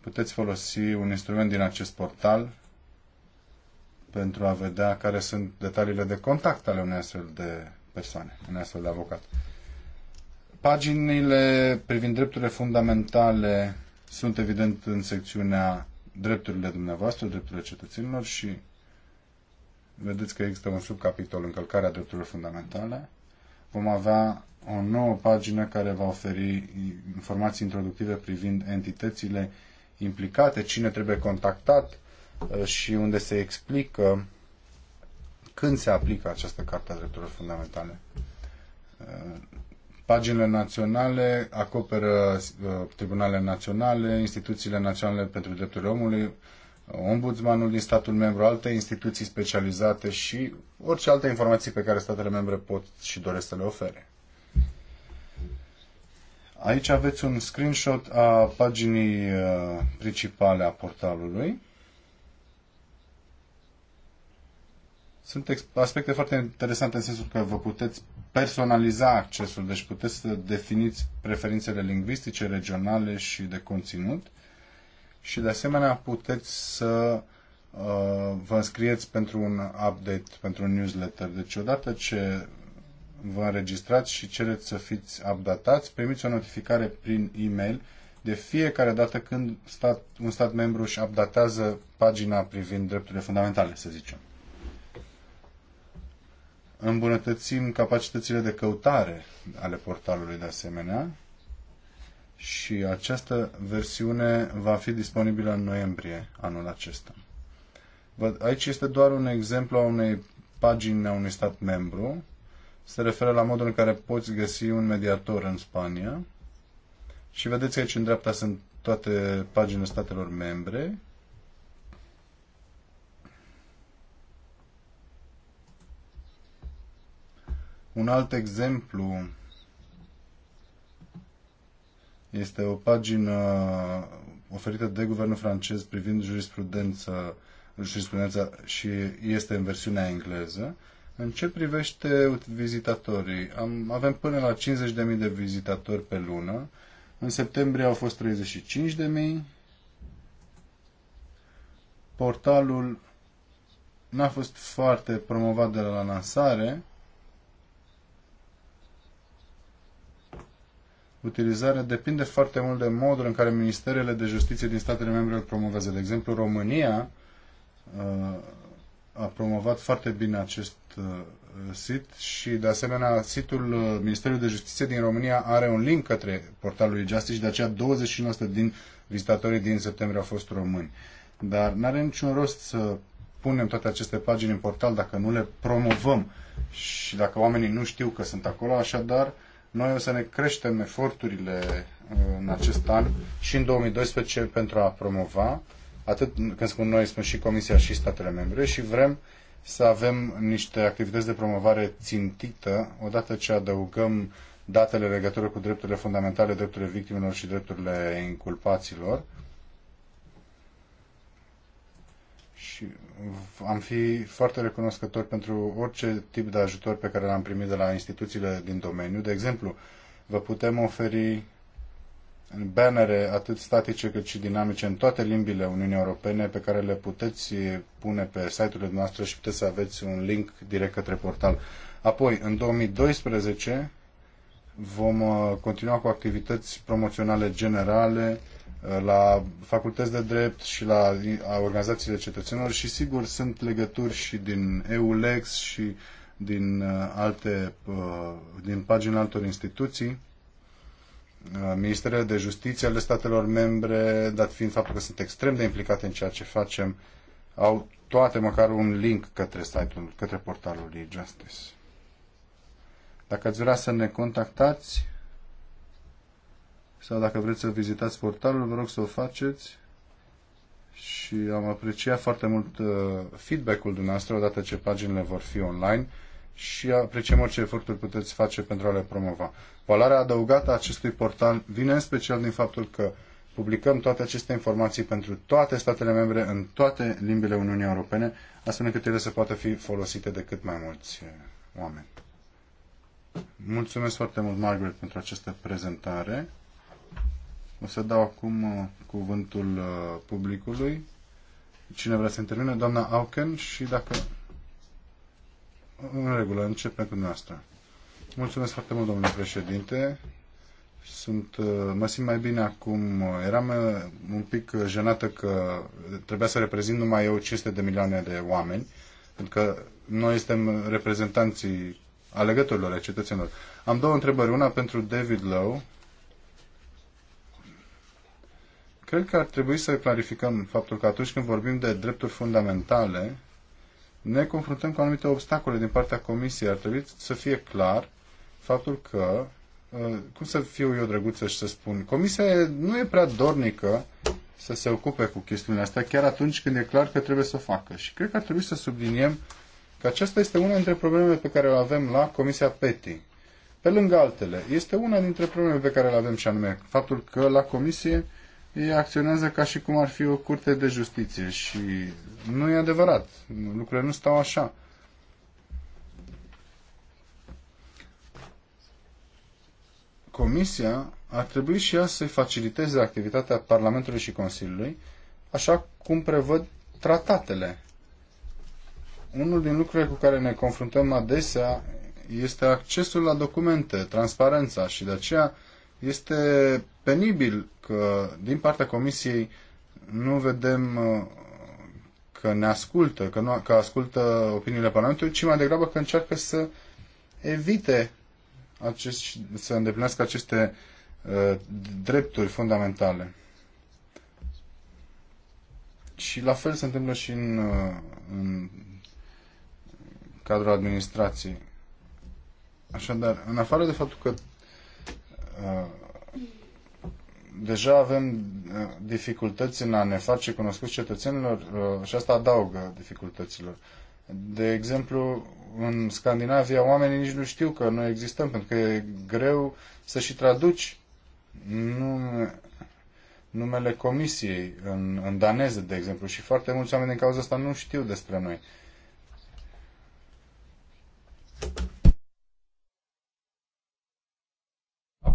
puteți folosi un instrument din acest portal pentru a vedea care sunt detaliile de contact ale unei astfel de persoane, unei astfel de avocat. Paginile privind drepturile fundamentale sunt evident în secțiunea drepturile dumneavoastră, drepturile cetățenilor și vedeți că există un subcapitol încălcarea drepturilor fundamentale. Vom avea o nouă pagină care va oferi informații introductive privind entitățile implicate, cine trebuie contactat uh, și unde se explică când se aplică această carte a drepturilor fundamentale. Uh, Paginile naționale acoperă uh, tribunale naționale, instituțiile naționale pentru drepturile omului, ombudsmanul din statul membru, alte instituții specializate și orice alte informații pe care statele membre pot și doresc să le ofere. Aici aveți un screenshot a paginii uh, principale a portalului. Sunt aspecte foarte interesante în sensul că vă puteți personaliza accesul, deci puteți să definiți preferințele lingvistice, regionale și de conținut și de asemenea puteți să uh, vă înscrieți pentru un update, pentru un newsletter. Deci odată ce vă înregistrați și cereți să fiți updatați, primiți o notificare prin e-mail de fiecare dată când stat, un stat membru își updatează pagina privind drepturile fundamentale, să zicem. Îmbunătățim capacitățile de căutare ale portalului de asemenea și această versiune va fi disponibilă în noiembrie anul acesta. Aici este doar un exemplu a unei pagini a unui stat membru. Se referă la modul în care poți găsi un mediator în Spania. Și vedeți aici în dreapta sunt toate paginile statelor membre Un alt exemplu este o pagină oferită de guvernul francez privind jurisprudență, jurisprudența și este în versiunea engleză. În ce privește vizitatorii, am, avem până la 50.000 de vizitatori pe lună. În septembrie au fost 35.000. Portalul n-a fost foarte promovat de la lansare, utilizare depinde foarte mult de modul în care ministerele de justiție din statele membre îl promovează. De exemplu, România uh, a promovat foarte bine acest uh, sit și, de asemenea, situl uh, Ministerului de Justiție din România are un link către portalul e-justice de aceea 29% din vizitatorii din septembrie au fost români. Dar nu are niciun rost să punem toate aceste pagini în portal dacă nu le promovăm și dacă oamenii nu știu că sunt acolo, așadar noi o să ne creștem eforturile uh, în acest an și în 2012 pentru a promova, atât când spun noi, spun și Comisia și statele membre și vrem să avem niște activități de promovare țintită odată ce adăugăm datele legătură cu drepturile fundamentale, drepturile victimelor și drepturile inculpaților și am fi foarte recunoscători pentru orice tip de ajutor pe care l-am primit de la instituțiile din domeniu. De exemplu, vă putem oferi bannere atât statice cât și dinamice în toate limbile Uniunii Europene pe care le puteți pune pe site-urile noastre și puteți să aveți un link direct către portal. Apoi, în 2012 vom uh, continua cu activități promoționale generale la facultăți de drept și la organizațiile cetățenilor și sigur sunt legături și din EULEX și din uh, alte, uh, din pagina altor instituții, uh, Ministerele de Justiție ale statelor membre, dat fiind faptul că sunt extrem de implicate în ceea ce facem, au toate măcar un link către site-ul, către portalul e-justice. Dacă ați vrea să ne contactați, sau dacă vreți să vizitați portalul, vă rog să o faceți și am apreciat foarte mult uh, feedback-ul dumneavoastră odată ce paginile vor fi online și apreciem orice eforturi puteți face pentru a le promova. Valoarea adăugată a acestui portal vine în special din faptul că publicăm toate aceste informații pentru toate statele membre în toate limbile Uniunii Europene, astfel încât ele să poată fi folosite de cât mai mulți uh, oameni. Mulțumesc foarte mult, Margaret, pentru această prezentare. O să dau acum uh, cuvântul uh, publicului. Cine vrea să intervine? Doamna Auken și dacă... În regulă, începem cu dumneavoastră. Mulțumesc foarte mult, domnule președinte. Sunt, uh, mă simt mai bine acum. Eram un pic jenată că trebuia să reprezint numai eu 500 de milioane de oameni, pentru că noi suntem reprezentanții alegătorilor, ai cetățenilor. Am două întrebări. Una pentru David Lowe, Cred că ar trebui să clarificăm faptul că atunci când vorbim de drepturi fundamentale, ne confruntăm cu anumite obstacole din partea Comisiei. Ar trebui să fie clar faptul că, uh, cum să fiu eu drăguță și să spun, Comisia nu e prea dornică să se ocupe cu chestiunile astea, chiar atunci când e clar că trebuie să o facă. Și cred că ar trebui să subliniem că aceasta este una dintre problemele pe care le avem la Comisia PETI. Pe lângă altele, este una dintre problemele pe care le avem și anume faptul că la Comisie ei acționează ca și cum ar fi o curte de justiție și nu e adevărat. Lucrurile nu stau așa. Comisia ar trebui și ea să-i faciliteze activitatea Parlamentului și Consiliului, așa cum prevăd tratatele. Unul din lucrurile cu care ne confruntăm adesea este accesul la documente, transparența și de aceea este penibil că din partea Comisiei nu vedem uh, că ne ascultă, că, nu, că ascultă opiniile Parlamentului, ci mai degrabă că încearcă să evite acest, să îndeplinească aceste uh, drepturi fundamentale. Și la fel se întâmplă și în, uh, în cadrul administrației. Așadar, în afară de faptul că uh, deja avem uh, dificultăți în a ne face cunoscuți cetățenilor uh, și asta adaugă dificultăților. De exemplu, în Scandinavia oamenii nici nu știu că noi existăm, pentru că e greu să și traduci numele comisiei în, în daneză, de exemplu, și foarte mulți oameni din cauza asta nu știu despre noi.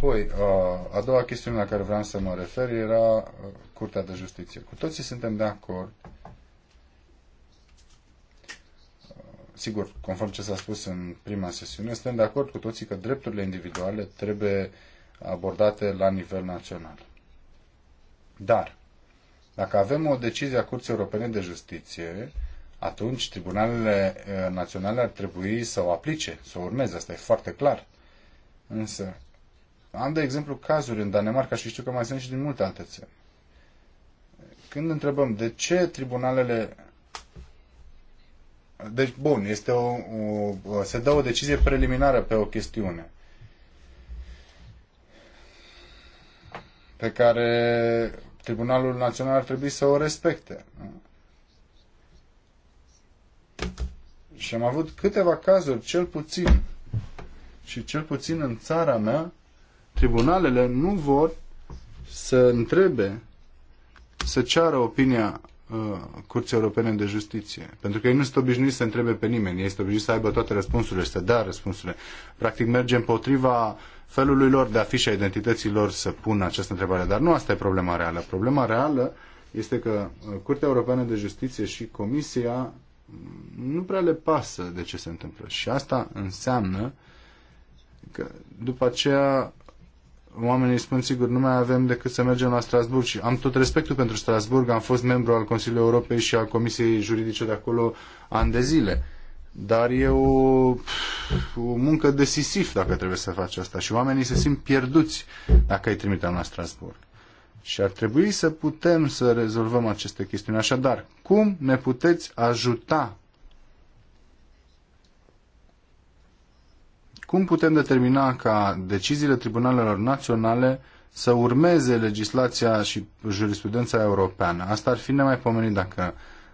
Apoi, uh, a doua chestiune la care vreau să mă refer era uh, Curtea de Justiție. Cu toții suntem de acord, uh, sigur, conform ce s-a spus în prima sesiune, suntem de acord cu toții că drepturile individuale trebuie abordate la nivel național. Dar, dacă avem o decizie a Curții Europene de Justiție, atunci tribunalele naționale ar trebui să o aplice, să o urmeze, asta e foarte clar. Însă, am, de exemplu, cazuri în Danemarca și știu că mai sunt și din multe alte țări. Când întrebăm de ce tribunalele deci, bun, este o, o, se dă o decizie preliminară pe o chestiune pe care Tribunalul Național ar trebui să o respecte. Și am avut câteva cazuri, cel puțin, și cel puțin în țara mea, tribunalele nu vor să întrebe, să ceară opinia uh, Curții Europene de Justiție. Pentru că ei nu sunt obișnuiți să întrebe pe nimeni. Ei sunt obișnuiți să aibă toate răspunsurile și să dea da, răspunsurile. Practic merge împotriva felului lor de a fi și a identității lor să pună această întrebare. Dar nu asta e problema reală. Problema reală este că uh, Curtea Europeană de Justiție și Comisia mm, nu prea le pasă de ce se întâmplă. Și asta înseamnă că după aceea oamenii spun, sigur, nu mai avem decât să mergem la Strasburg și am tot respectul pentru Strasburg, am fost membru al Consiliului Europei și al Comisiei Juridice de acolo ani de zile. Dar e o, o muncă de sisif dacă trebuie să faci asta și oamenii se simt pierduți dacă îi trimitem la Strasburg. Și ar trebui să putem să rezolvăm aceste chestiuni. Așadar, cum ne puteți ajuta Cum putem determina ca deciziile tribunalelor naționale să urmeze legislația și jurisprudența europeană? Asta ar fi nemaipomenit dacă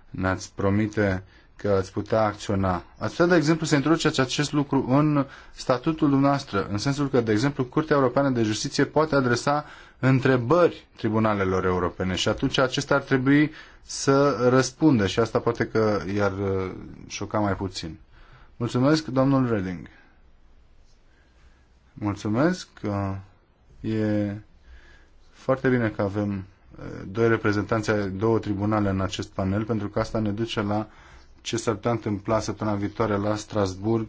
ne-ați promite că ați putea acționa. Ați putea, de exemplu, să introduceți acest lucru în statutul dumneavoastră, în sensul că, de exemplu, Curtea Europeană de Justiție poate adresa întrebări tribunalelor europene și atunci acestea ar trebui să răspundă și asta poate că i-ar uh, șoca mai puțin. Mulțumesc, domnul Reding. Mulțumesc. Uh, e foarte bine că avem uh, doi reprezentanți două tribunale în acest panel, pentru că asta ne duce la ce s-ar putea întâmpla săptămâna viitoare la Strasburg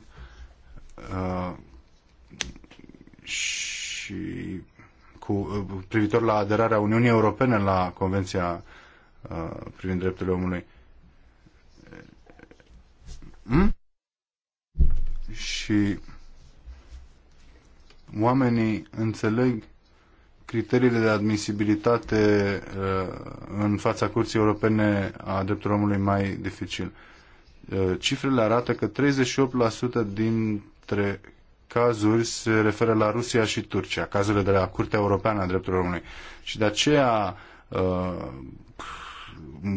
uh, și cu privitor la aderarea Uniunii Europene la Convenția privind drepturile omului. Hmm? Și oamenii înțeleg criteriile de admisibilitate uh, în fața Curții Europene a drepturilor omului mai dificil. Uh, cifrele arată că 38% dintre cazuri se referă la Rusia și Turcia, cazurile de la Curtea Europeană a Drepturilor Omului. Și de aceea uh,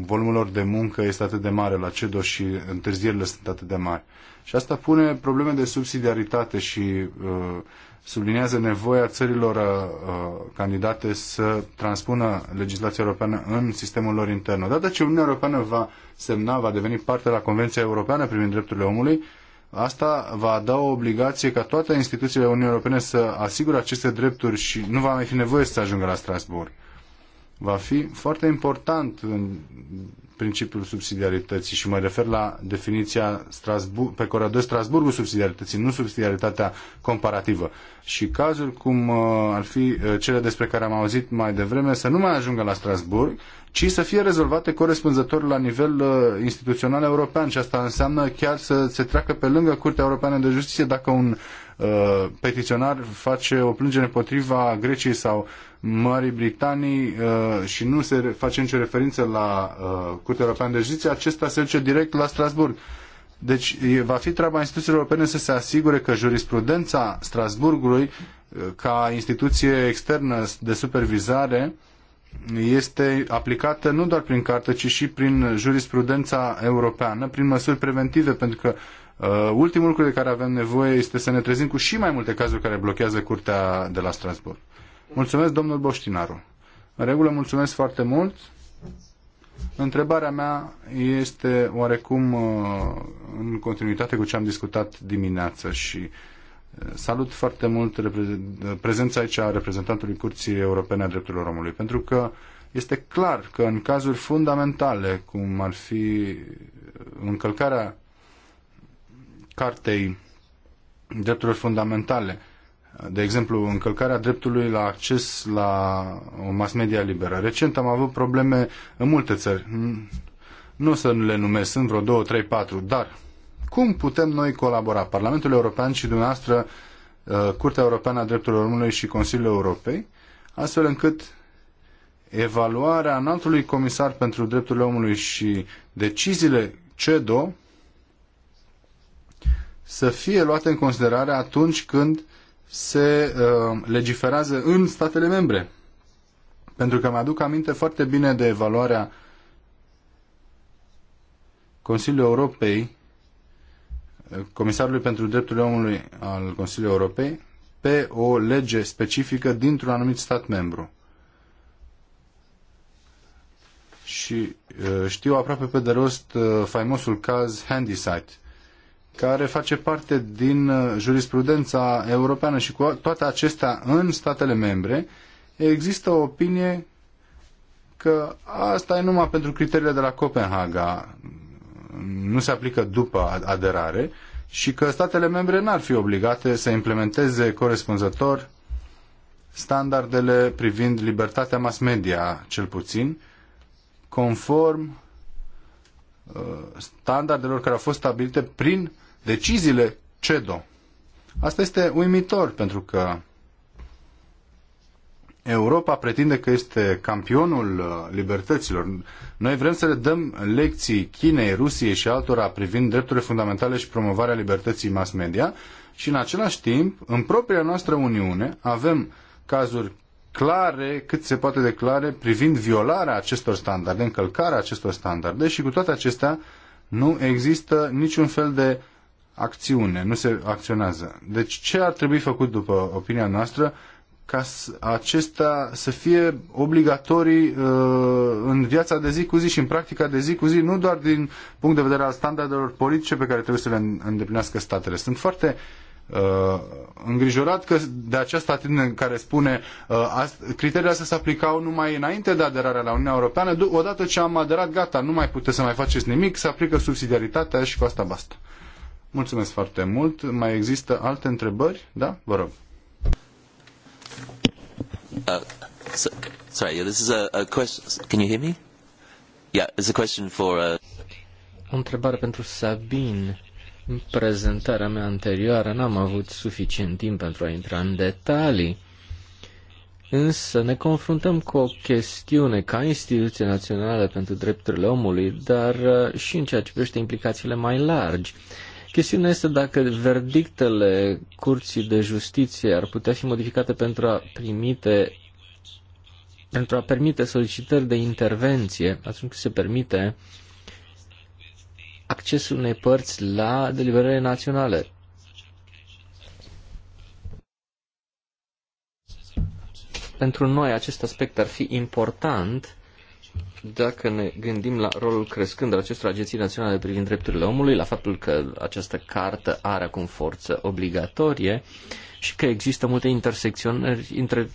volumul lor de muncă este atât de mare la CEDO și întârzierile sunt atât de mari. Și asta pune probleme de subsidiaritate și uh, subliniază nevoia țărilor uh, uh, candidate să transpună legislația europeană în sistemul lor intern. Odată ce Uniunea Europeană va semna, va deveni parte la Convenția Europeană privind drepturile omului, asta va da o obligație ca toate instituțiile Uniunii Europene să asigure aceste drepturi și nu va mai fi nevoie să ajungă la Strasbourg. Va fi foarte important în principiul subsidiarității și mă refer la definiția Strasbur- pe care o dă Strasburgul subsidiarității, nu subsidiaritatea comparativă. Și cazuri cum uh, ar fi uh, cele despre care am auzit mai devreme să nu mai ajungă la Strasburg, ci să fie rezolvate corespunzător la nivel uh, instituțional european și asta înseamnă chiar să se treacă pe lângă Curtea Europeană de Justiție dacă un petiționar face o plângere împotriva Greciei sau Marii Britanii uh, și nu se face nicio referință la uh, Curtea Europeană de Justiție, acesta se duce direct la Strasburg. Deci va fi treaba instituțiilor europene să se asigure că jurisprudența Strasburgului uh, ca instituție externă de supervizare este aplicată nu doar prin carte, ci și prin jurisprudența europeană, prin măsuri preventive, pentru că uh, ultimul lucru de care avem nevoie este să ne trezim cu și mai multe cazuri care blochează curtea de la Strasbourg. Mulțumesc, domnul Boștinaru. În regulă, mulțumesc foarte mult. Întrebarea mea este oarecum uh, în continuitate cu ce am discutat dimineață și uh, salut foarte mult prezența aici a reprezentantului Curții Europene a Drepturilor Omului, pentru că este clar că în cazuri fundamentale, cum ar fi uh, încălcarea cartei drepturilor fundamentale, de exemplu, încălcarea dreptului la acces la o mass media liberă. Recent am avut probleme în multe țări. Nu o să le numesc, sunt vreo 2, 3, 4, dar cum putem noi colabora? Parlamentul European și dumneavoastră, uh, Curtea Europeană a Drepturilor Omului și Consiliul Europei, astfel încât evaluarea înaltului comisar pentru drepturile omului și deciziile CEDO să fie luate în considerare atunci când se uh, legiferează în statele membre. Pentru că mi-aduc aminte foarte bine de evaluarea Consiliului Europei, Comisarului pentru Drepturile Omului al Consiliului Europei, pe o lege specifică dintr-un anumit stat membru. Și uh, știu aproape pe de rost uh, faimosul caz Handysite, care face parte din uh, jurisprudența europeană și cu toate acestea în statele membre, există o opinie că asta e numai pentru criteriile de la Copenhaga, nu se aplică după aderare și că statele membre n-ar fi obligate să implementeze corespunzător standardele privind libertatea mass media, cel puțin, conform uh, standardelor care au fost stabilite prin deciziile CEDO. Asta este uimitor pentru că Europa pretinde că este campionul uh, libertăților. Noi vrem să le dăm lecții Chinei, Rusiei și altora privind drepturile fundamentale și promovarea libertății mass media și în același timp, în propria noastră Uniune, avem cazuri clare, cât se poate de clare, privind violarea acestor standarde, încălcarea acestor standarde și cu toate acestea nu există niciun fel de acțiune, nu se acționează. Deci ce ar trebui făcut după opinia noastră ca acesta să fie obligatorii uh, în viața de zi cu zi și în practica de zi cu zi, nu doar din punct de vedere al standardelor politice pe care trebuie să le îndeplinească statele. Sunt foarte uh, îngrijorat că de această atitudine care spune uh, criteriile astea se aplicau numai înainte de aderarea la Uniunea Europeană, odată ce am aderat, gata, nu mai puteți să mai faceți nimic, se aplică subsidiaritatea și cu asta basta. Mulțumesc foarte mult. Mai există alte întrebări? Da? Vă rog. Uh, so, sorry, this is a, a question. Can you hear me? Yeah, it's a question for. Uh... O întrebare pentru Sabin. În prezentarea mea anterioară n-am avut suficient timp pentru a intra în detalii, însă ne confruntăm cu o chestiune ca instituție națională pentru drepturile omului, dar uh, și în ceea ce privește implicațiile mai largi. Chestiunea este dacă verdictele Curții de Justiție ar putea fi modificate pentru a primite pentru a permite solicitări de intervenție atunci când se permite accesul unei părți la deliberările naționale. Pentru noi acest aspect ar fi important dacă ne gândim la rolul crescând al acestor agenții naționale privind drepturile omului, la faptul că această carte are acum forță obligatorie și că există multe intersecționări între,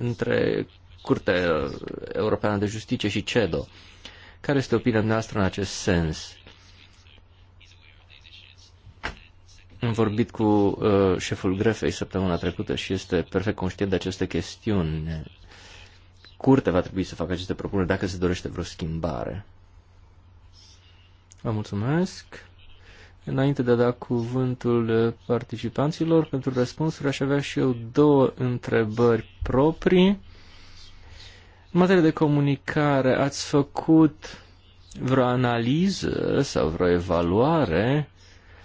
între Curtea Europeană de Justiție și CEDO. Care este opinia noastră în acest sens? Am vorbit cu uh, șeful grefei săptămâna trecută și este perfect conștient de aceste chestiuni curte va trebui să facă aceste propuneri dacă se dorește vreo schimbare. Vă mulțumesc. Înainte de a da cuvântul participanților pentru răspunsuri, aș avea și eu două întrebări proprii. În materie de comunicare, ați făcut vreo analiză sau vreo evaluare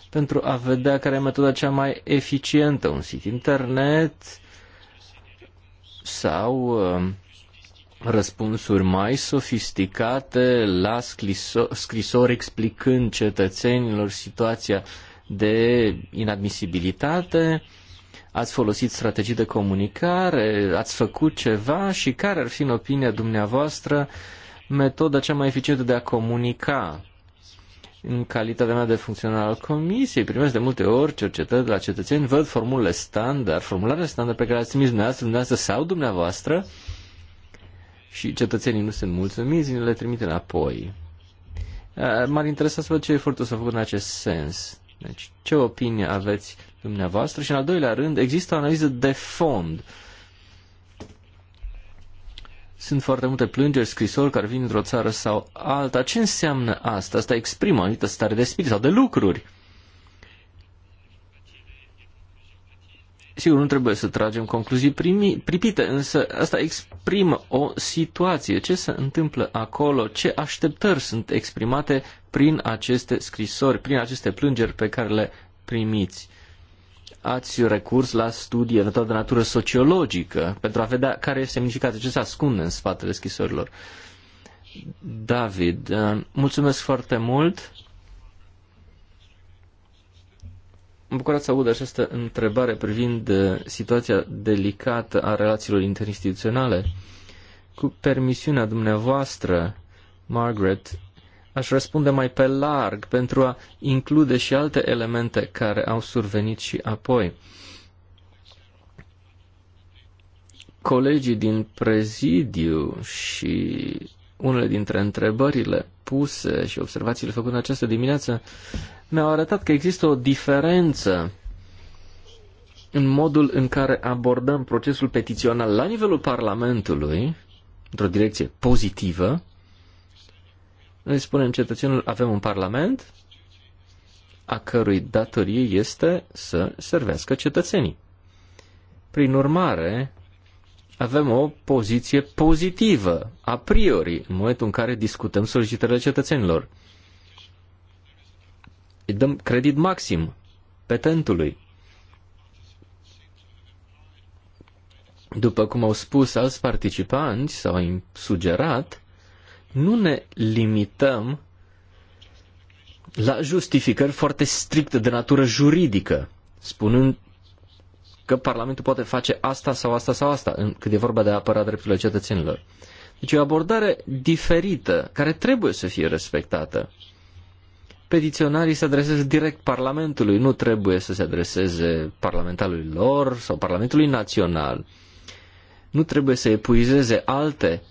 pentru a vedea care e metoda cea mai eficientă, un sit internet sau uh, răspunsuri mai sofisticate la scrisori explicând cetățenilor situația de inadmisibilitate, ați folosit strategii de comunicare, ați făcut ceva și care ar fi, în opinia dumneavoastră, metoda cea mai eficientă de a comunica? În calitatea mea de funcționar al comisiei, primesc de multe ori cercetări de la cetățeni, văd formulele standard, formularele standard pe care le-ați trimis dumneavoastră, dumneavoastră sau dumneavoastră, și cetățenii nu sunt mulțumiți, le trimite înapoi. M-ar interesa să văd ce efortul s-a făcut în acest sens. Deci, ce opinie aveți dumneavoastră? Și în al doilea rând, există o analiză de fond. Sunt foarte multe plângeri, scrisori care vin într-o țară sau alta. Ce înseamnă asta? Asta exprimă o anumită stare de spirit sau de lucruri. Sigur, nu trebuie să tragem concluzii primi, pripite, însă asta exprimă o situație. Ce se întâmplă acolo? Ce așteptări sunt exprimate prin aceste scrisori, prin aceste plângeri pe care le primiți? Ați recurs la studii de, de natură sociologică pentru a vedea care este semnificația, ce se ascunde în spatele scrisorilor. David, mulțumesc foarte mult Am bucurat să aud această întrebare privind uh, situația delicată a relațiilor interinstituționale. Cu permisiunea dumneavoastră, Margaret, aș răspunde mai pe larg pentru a include și alte elemente care au survenit și apoi. Colegii din prezidiu și unele dintre întrebările puse și observațiile făcute în această dimineață mi-au arătat că există o diferență în modul în care abordăm procesul petițional la nivelul Parlamentului, într-o direcție pozitivă. Noi spunem cetățenul, avem un Parlament a cărui datorie este să servească cetățenii. Prin urmare, avem o poziție pozitivă, a priori, în momentul în care discutăm solicitările cetățenilor. Îi dăm credit maxim petentului. După cum au spus alți participanți sau au sugerat, nu ne limităm la justificări foarte stricte de natură juridică, spunând că Parlamentul poate face asta sau asta sau asta când e vorba de a apăra drepturile cetățenilor. Deci e o abordare diferită, care trebuie să fie respectată. Petiționarii se adresează direct Parlamentului, nu trebuie să se adreseze Parlamentarului lor sau Parlamentului Național. Nu trebuie să epuizeze alte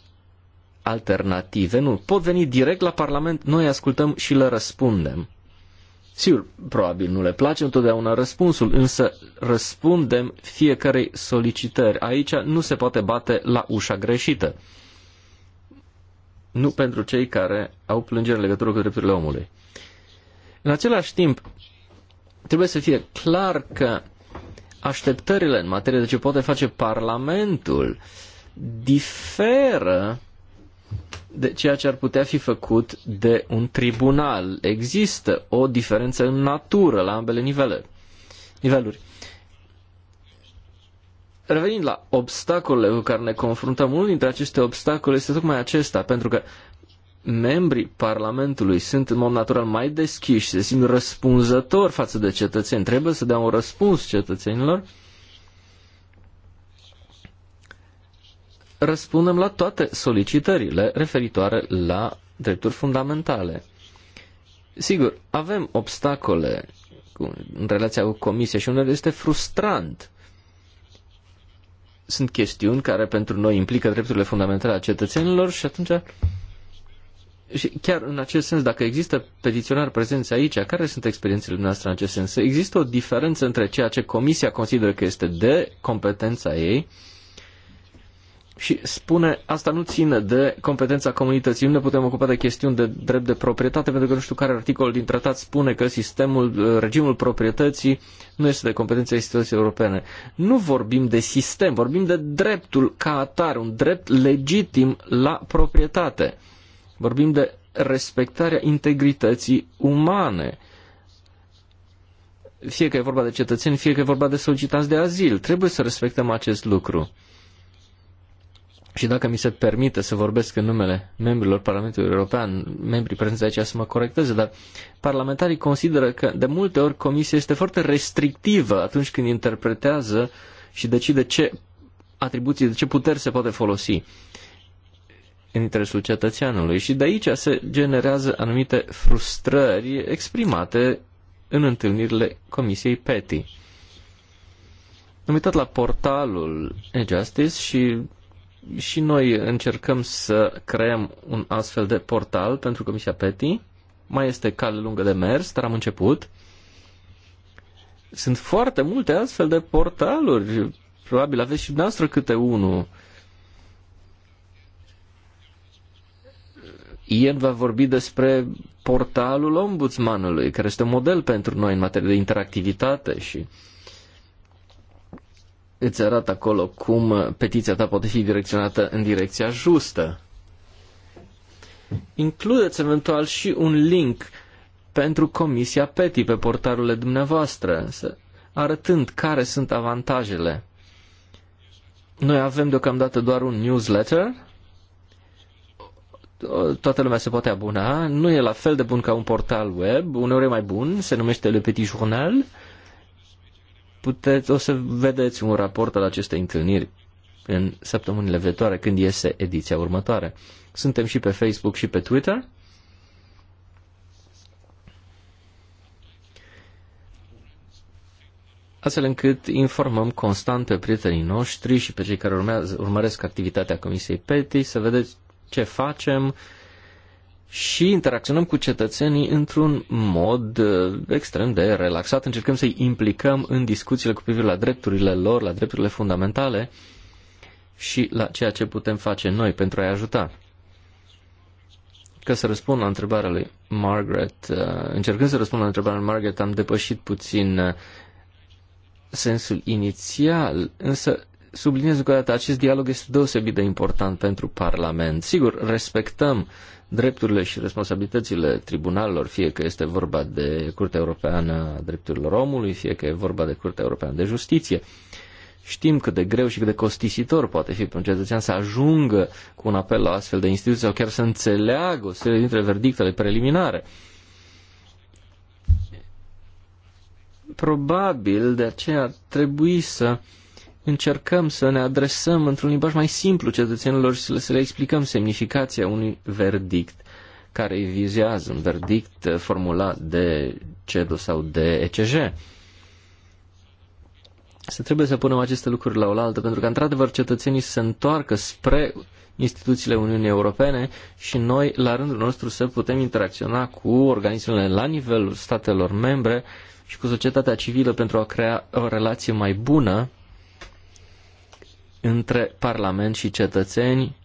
alternative, nu. Pot veni direct la Parlament, noi ascultăm și le răspundem. Sigur, probabil nu le place întotdeauna răspunsul, însă răspundem fiecarei solicitări. Aici nu se poate bate la ușa greșită. Nu pentru cei care au plângeri în legătură cu drepturile omului. În același timp, trebuie să fie clar că așteptările în materie de ce poate face Parlamentul diferă de ceea ce ar putea fi făcut de un tribunal. Există o diferență în natură la ambele nivele, niveluri. Revenind la obstacolele cu care ne confruntăm, unul dintre aceste obstacole este tocmai acesta, pentru că membrii Parlamentului sunt în mod natural mai deschiși, se simt răspunzători față de cetățeni, trebuie să dea un răspuns cetățenilor, răspundem la toate solicitările referitoare la drepturi fundamentale. Sigur, avem obstacole cu, în relația cu Comisia și unele este frustrant. Sunt chestiuni care pentru noi implică drepturile fundamentale a cetățenilor și atunci și chiar în acest sens, dacă există petiționari prezenți aici, care sunt experiențele noastre în acest sens? Există o diferență între ceea ce Comisia consideră că este de competența ei și spune asta nu ține de competența comunității, nu ne putem ocupa de chestiuni de drept de proprietate, pentru că nu știu care articol din tratat spune că sistemul, uh, regimul proprietății nu este de competența instituției europene. Nu vorbim de sistem, vorbim de dreptul ca atare, un drept legitim la proprietate. Vorbim de respectarea integrității umane fie că e vorba de cetățeni, fie că e vorba de solicitanți de azil. Trebuie să respectăm acest lucru. Și dacă mi se permite să vorbesc în numele membrilor Parlamentului European, membrii prezenți aici să mă corecteze, dar parlamentarii consideră că de multe ori Comisia este foarte restrictivă atunci când interpretează și decide ce atribuții, de ce puteri se poate folosi în interesul cetățeanului. Și de aici se generează anumite frustrări exprimate în întâlnirile Comisiei PETI. Am uitat la portalul e-justice și și noi încercăm să creăm un astfel de portal pentru Comisia PETI. Mai este cale lungă de mers, dar am început. Sunt foarte multe astfel de portaluri. Probabil aveți și dumneavoastră câte unul. Ian va vorbi despre portalul ombudsmanului, care este un model pentru noi în materie de interactivitate și uh, îți arată acolo cum uh, petiția ta poate fi direcționată în direcția justă. Includeți eventual și un link pentru Comisia PETI pe portarele dumneavoastră, arătând care sunt avantajele. Noi avem deocamdată doar un newsletter, toată lumea se poate abona, nu e la fel de bun ca un portal web, uneori e mai bun, se numește Le Petit Journal, puteți, o să vedeți un raport al acestei întâlniri în săptămânile viitoare, când iese ediția următoare. Suntem și pe Facebook și pe Twitter. astfel încât informăm constant pe prietenii noștri și pe cei care urmează, urmăresc activitatea Comisiei PETI să vedeți ce facem, și interacționăm cu cetățenii într-un mod uh, extrem de relaxat. Încercăm să-i implicăm în discuțiile cu privire la drepturile lor, la drepturile fundamentale și la ceea ce putem face noi pentru a-i ajuta. Ca să răspund la întrebarea lui Margaret, uh, încercând să răspund la întrebarea lui Margaret, am depășit puțin uh, sensul inițial, însă subliniez încă o dată, acest dialog este deosebit de important pentru Parlament. Sigur, respectăm drepturile și responsabilitățile tribunalelor, fie că este vorba de Curtea Europeană a Drepturilor Omului, fie că e vorba de Curtea Europeană de Justiție. Știm cât de greu și cât de costisitor poate fi pe un cetățean să ajungă cu un apel la astfel de instituții sau chiar să înțeleagă o serie dintre verdictele preliminare. Probabil de aceea trebuie să uh, încercăm să ne adresăm într-un limbaj mai simplu cetățenilor și să le explicăm semnificația unui verdict care îi vizează, un verdict uh, formulat de CEDO sau de ECJ. Se trebuie să punem aceste lucruri la oaltă, pentru că, într-adevăr, cetățenii se întoarcă spre instituțiile Uniunii Europene și noi, la rândul nostru, să putem interacționa cu organismele la nivelul statelor membre și cu societatea civilă pentru a crea o relație mai bună între Parlament și cetățeni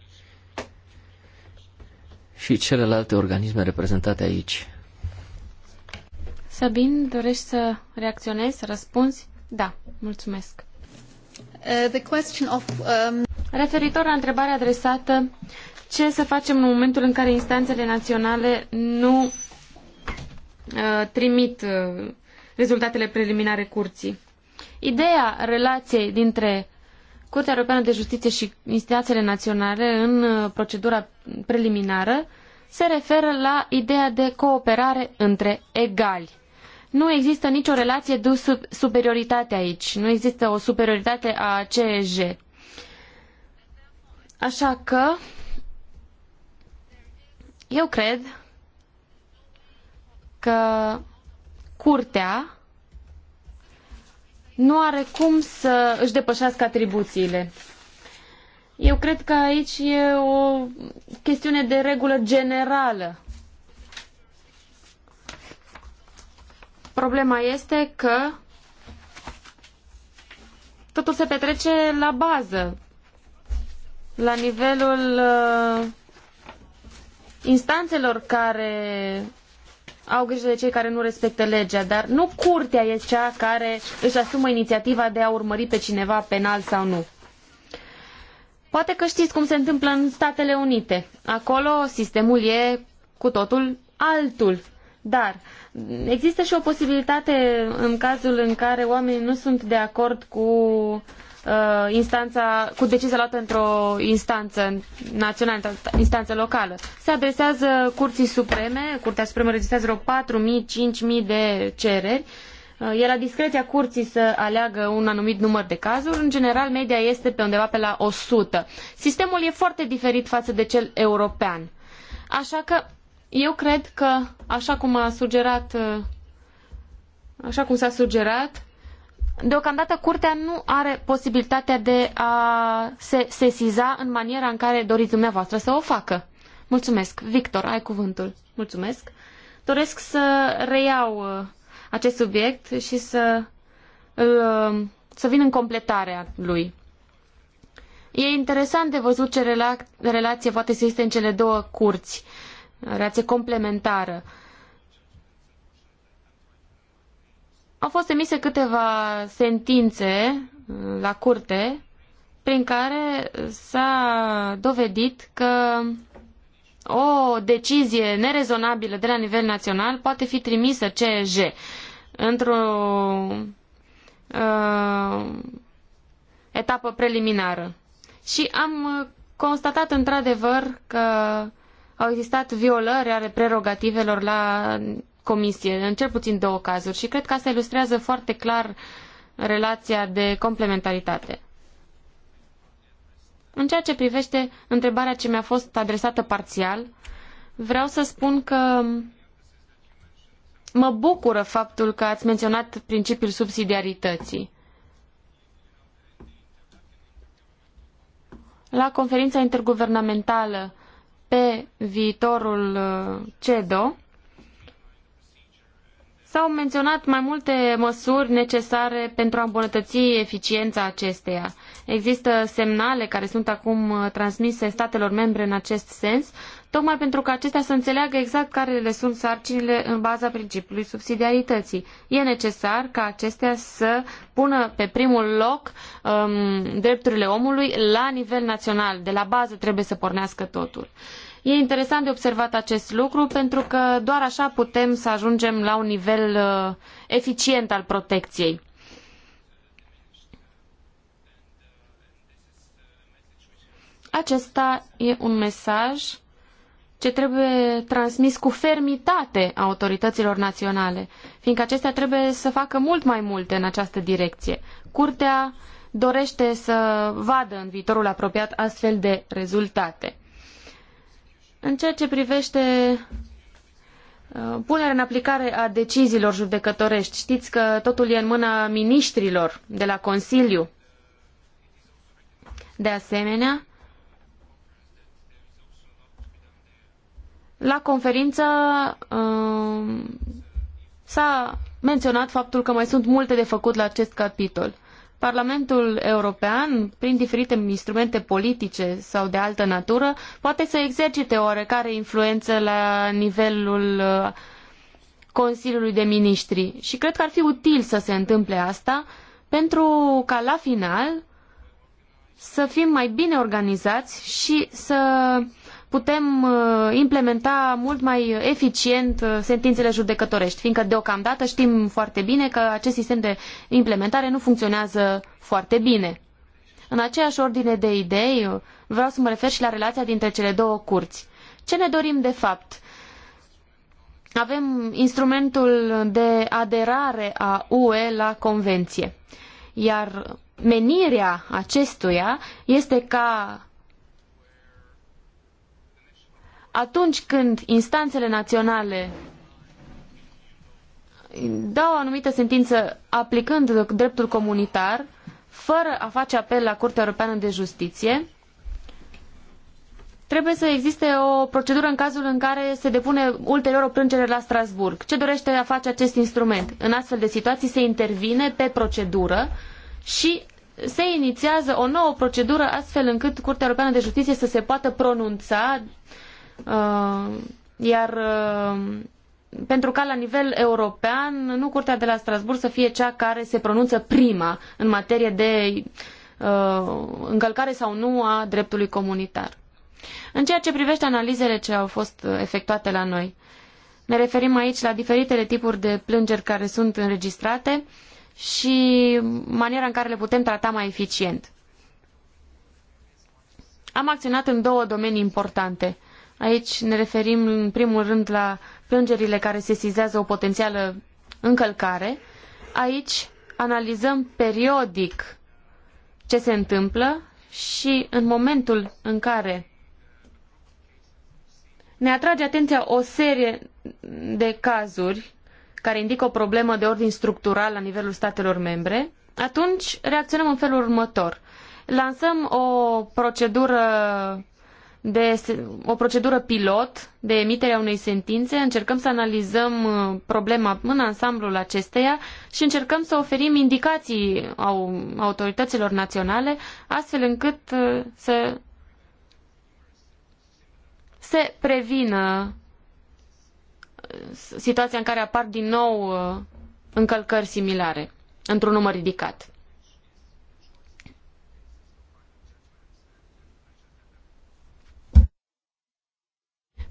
și celelalte organisme reprezentate aici. Sabin, dorești să reacționezi, să răspunzi? Da, mulțumesc. Uh, the question of, um... Referitor la întrebarea adresată, ce să facem în momentul în care instanțele naționale nu uh, trimit uh, rezultatele preliminare curții? Ideea relației dintre Curtea Europeană de Justiție și instanțele naționale în uh, procedura preliminară se referă la ideea de cooperare între egali. Nu există nicio relație de superioritate aici. Nu există o superioritate a CEJ. Așa că eu cred că curtea nu are cum să își depășească atribuțiile. Eu cred că aici e o chestiune de regulă generală. Problema este că totul se petrece la bază, la nivelul uh, instanțelor care au grijă de cei care nu respectă legea, dar nu curtea e cea care își asumă inițiativa de a urmări pe cineva penal sau nu. Poate că știți cum se întâmplă în Statele Unite. Acolo sistemul e cu totul altul. Dar există și o posibilitate în cazul în care oamenii nu sunt de acord cu uh, instanța, cu decizia luată într-o instanță națională, într-o instanță locală. Se adresează Curții Supreme, Curtea Supremă registrează vreo 4.000-5.000 de cereri, uh, e la discreția curții să aleagă un anumit număr de cazuri. În general, media este pe undeva pe la 100. Sistemul e foarte diferit față de cel european. Așa că eu cred că, așa cum a sugerat, uh, așa cum s-a sugerat, Deocamdată curtea nu are posibilitatea de a se sesiza în maniera în care doriți dumneavoastră să o facă. Mulțumesc. Victor, ai cuvântul. Mulțumesc. Doresc să reiau uh, acest subiect și să, uh, să vin în completarea lui. E interesant de văzut ce relație poate să existe în cele două curți, relație complementară. Uh, Au fost emise câteva sentințe uh, la curte prin care s-a dovedit că o decizie nerezonabilă de la nivel național poate fi trimisă CEJ într-o uh, etapă preliminară. Și am constatat într-adevăr că au existat violări ale prerogativelor la comisie, în cel puțin două cazuri și cred că asta ilustrează foarte clar relația de complementaritate. În ceea ce privește întrebarea ce mi-a fost adresată parțial, vreau să spun că mă bucură faptul că ați menționat principiul subsidiarității. La conferința interguvernamentală pe viitorul uh, CEDO, S-au menționat mai multe măsuri necesare pentru a îmbunătăți eficiența acesteia. Există semnale care sunt acum uh, transmise statelor membre în acest sens, tocmai pentru că acestea să înțeleagă exact care le sunt sarcinile în baza principiului subsidiarității. E necesar ca acestea să pună pe primul loc um, drepturile omului la nivel național. De la bază trebuie să pornească totul. Uh, E interesant de observat acest lucru pentru că doar așa putem să ajungem la un nivel uh, eficient al protecției. Acesta e un mesaj ce trebuie transmis cu fermitate autorităților naționale, fiindcă acestea trebuie să facă mult mai multe în această direcție. Curtea dorește să vadă în viitorul apropiat astfel de rezultate. În ceea ce privește uh, punerea în aplicare a deciziilor judecătorești, știți că totul e în mâna ministrilor de la Consiliu. De asemenea, la conferință uh, s-a menționat faptul că mai sunt multe de făcut la acest capitol. Parlamentul European, prin diferite instrumente politice sau de altă natură, poate să exercite oarecare influență la nivelul uh, Consiliului de Ministri. Și cred că ar fi util să se întâmple asta pentru ca la final să fim mai bine organizați și să putem uh, implementa mult mai eficient uh, sentințele judecătorești, fiindcă deocamdată știm foarte bine că acest sistem de implementare nu funcționează foarte bine. În aceeași ordine de idei, uh, vreau să mă refer și la relația dintre cele două curți. Ce ne dorim de fapt? Avem instrumentul de aderare a UE la convenție, iar menirea acestuia este ca atunci când instanțele naționale dau o anumită sentință aplicând dreptul comunitar, fără a face apel la Curtea Europeană de Justiție, trebuie să existe o procedură în cazul în care se depune ulterior o plângere la Strasbourg. Ce dorește a face acest instrument? În astfel de situații se intervine pe procedură și se inițiază o nouă procedură astfel încât Curtea Europeană de Justiție să se poată pronunța uh, Uh, iar uh, pentru ca la nivel european, nu Curtea de la Strasbourg să fie cea care se pronunță prima în materie de uh, încălcare sau nu a dreptului comunitar. În ceea ce privește analizele ce au fost efectuate la noi, ne referim aici la diferitele tipuri de plângeri care sunt înregistrate și maniera în care le putem trata mai eficient. Am acționat în două domenii importante. Aici ne referim în primul rând la plângerile care sesizează o potențială încălcare. Aici analizăm periodic ce se întâmplă și în momentul în care ne atrage atenția o serie de cazuri care indică o problemă de ordin structural la nivelul statelor membre, atunci reacționăm în felul următor. Lansăm o procedură de o procedură pilot de emitere a unei sentințe, încercăm să analizăm uh, problema în ansamblul acesteia și încercăm să oferim indicații au autorităților naționale, astfel încât uh, să se prevină uh, situația în care apar din nou încălcări similare într-un număr ridicat.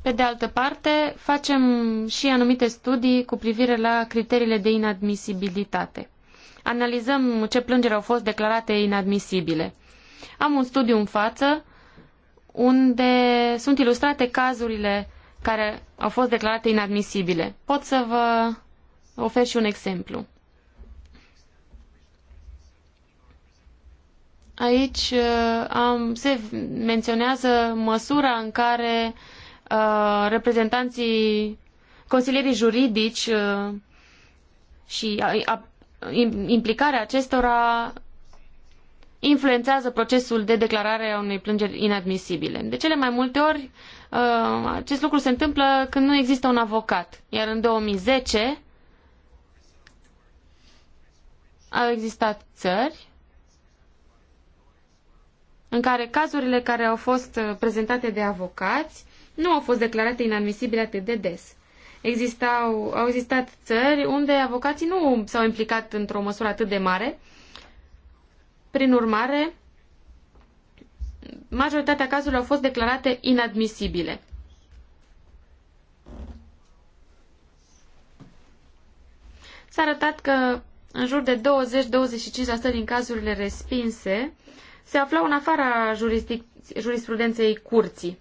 Pe de altă parte, facem și anumite studii cu privire la criteriile de inadmisibilitate. Analizăm ce plângeri au fost declarate inadmisibile. Am un studiu în față unde sunt ilustrate cazurile care au fost declarate inadmisibile. Pot să vă ofer și un exemplu. Aici uh, am, se menționează măsura în care uh, uh, reprezentanții, consilierii juridici uh, și uh, implicarea acestora influențează procesul de declarare a unei plângeri inadmisibile. De cele mai multe ori, uh, acest lucru se întâmplă când nu există un avocat. Iar în 2010 au existat țări în care cazurile care au fost prezentate de avocați nu au fost declarate inadmisibile atât de des. Existau, au existat țări unde avocații nu s-au implicat într-o măsură atât de mare. Prin urmare, majoritatea cazurilor au fost declarate inadmisibile. S-a arătat că în jur de 20-25% din cazurile respinse se aflau în afara jurisprudenței curții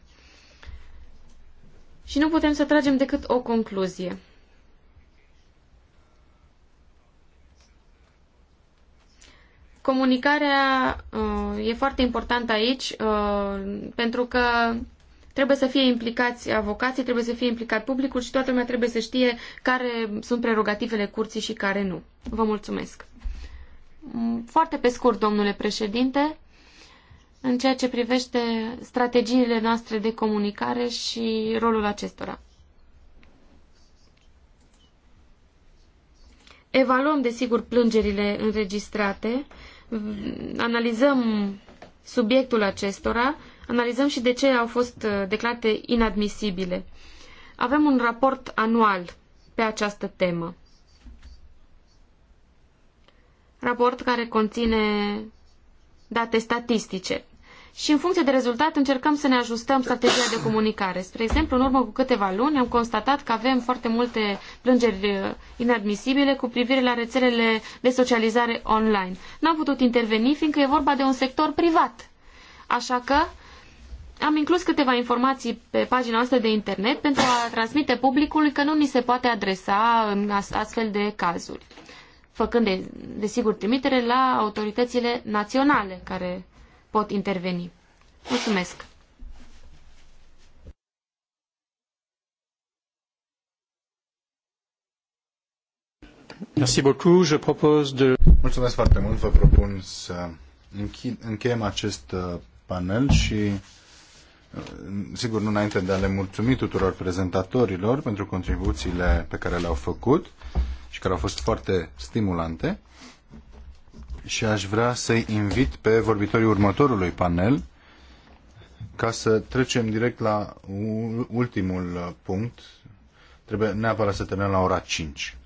și nu putem să tragem decât o concluzie. Comunicarea uh, e foarte importantă aici uh, pentru că trebuie să fie implicați avocații, trebuie să fie implicat publicul și toată lumea trebuie să știe care sunt prerogativele curții și care nu. Vă mulțumesc. Mm, foarte pe scurt, domnule președinte, în ceea ce privește strategiile noastre de comunicare și rolul acestora. Evaluăm, desigur, plângerile înregistrate, analizăm subiectul acestora, analizăm și de ce au fost uh, declarate inadmisibile. Avem un raport anual pe această temă. Raport care conține date statistice și în funcție de rezultat încercăm să ne ajustăm strategia de comunicare. Spre exemplu, în urmă cu câteva luni am constatat că avem foarte multe plângeri uh, inadmisibile cu privire la rețelele de socializare online. N-am putut interveni fiindcă e vorba de un sector privat. Așa că am inclus câteva informații pe pagina noastră de internet pentru a transmite publicului că nu ni se poate adresa în astfel de cazuri, făcând, desigur, trimitere la autoritățile naționale care pot interveni. Mulțumesc! Merci beaucoup. Je propose de... Mulțumesc foarte mult. Vă propun să încheiem acest uh, panel și uh, sigur nu înainte de a le mulțumi tuturor prezentatorilor pentru contribuțiile pe care le-au făcut și care au fost foarte stimulante și aș vrea să-i invit pe vorbitorii următorului panel ca să trecem direct la ultimul uh, punct. Trebuie neapărat să terminăm la ora 5.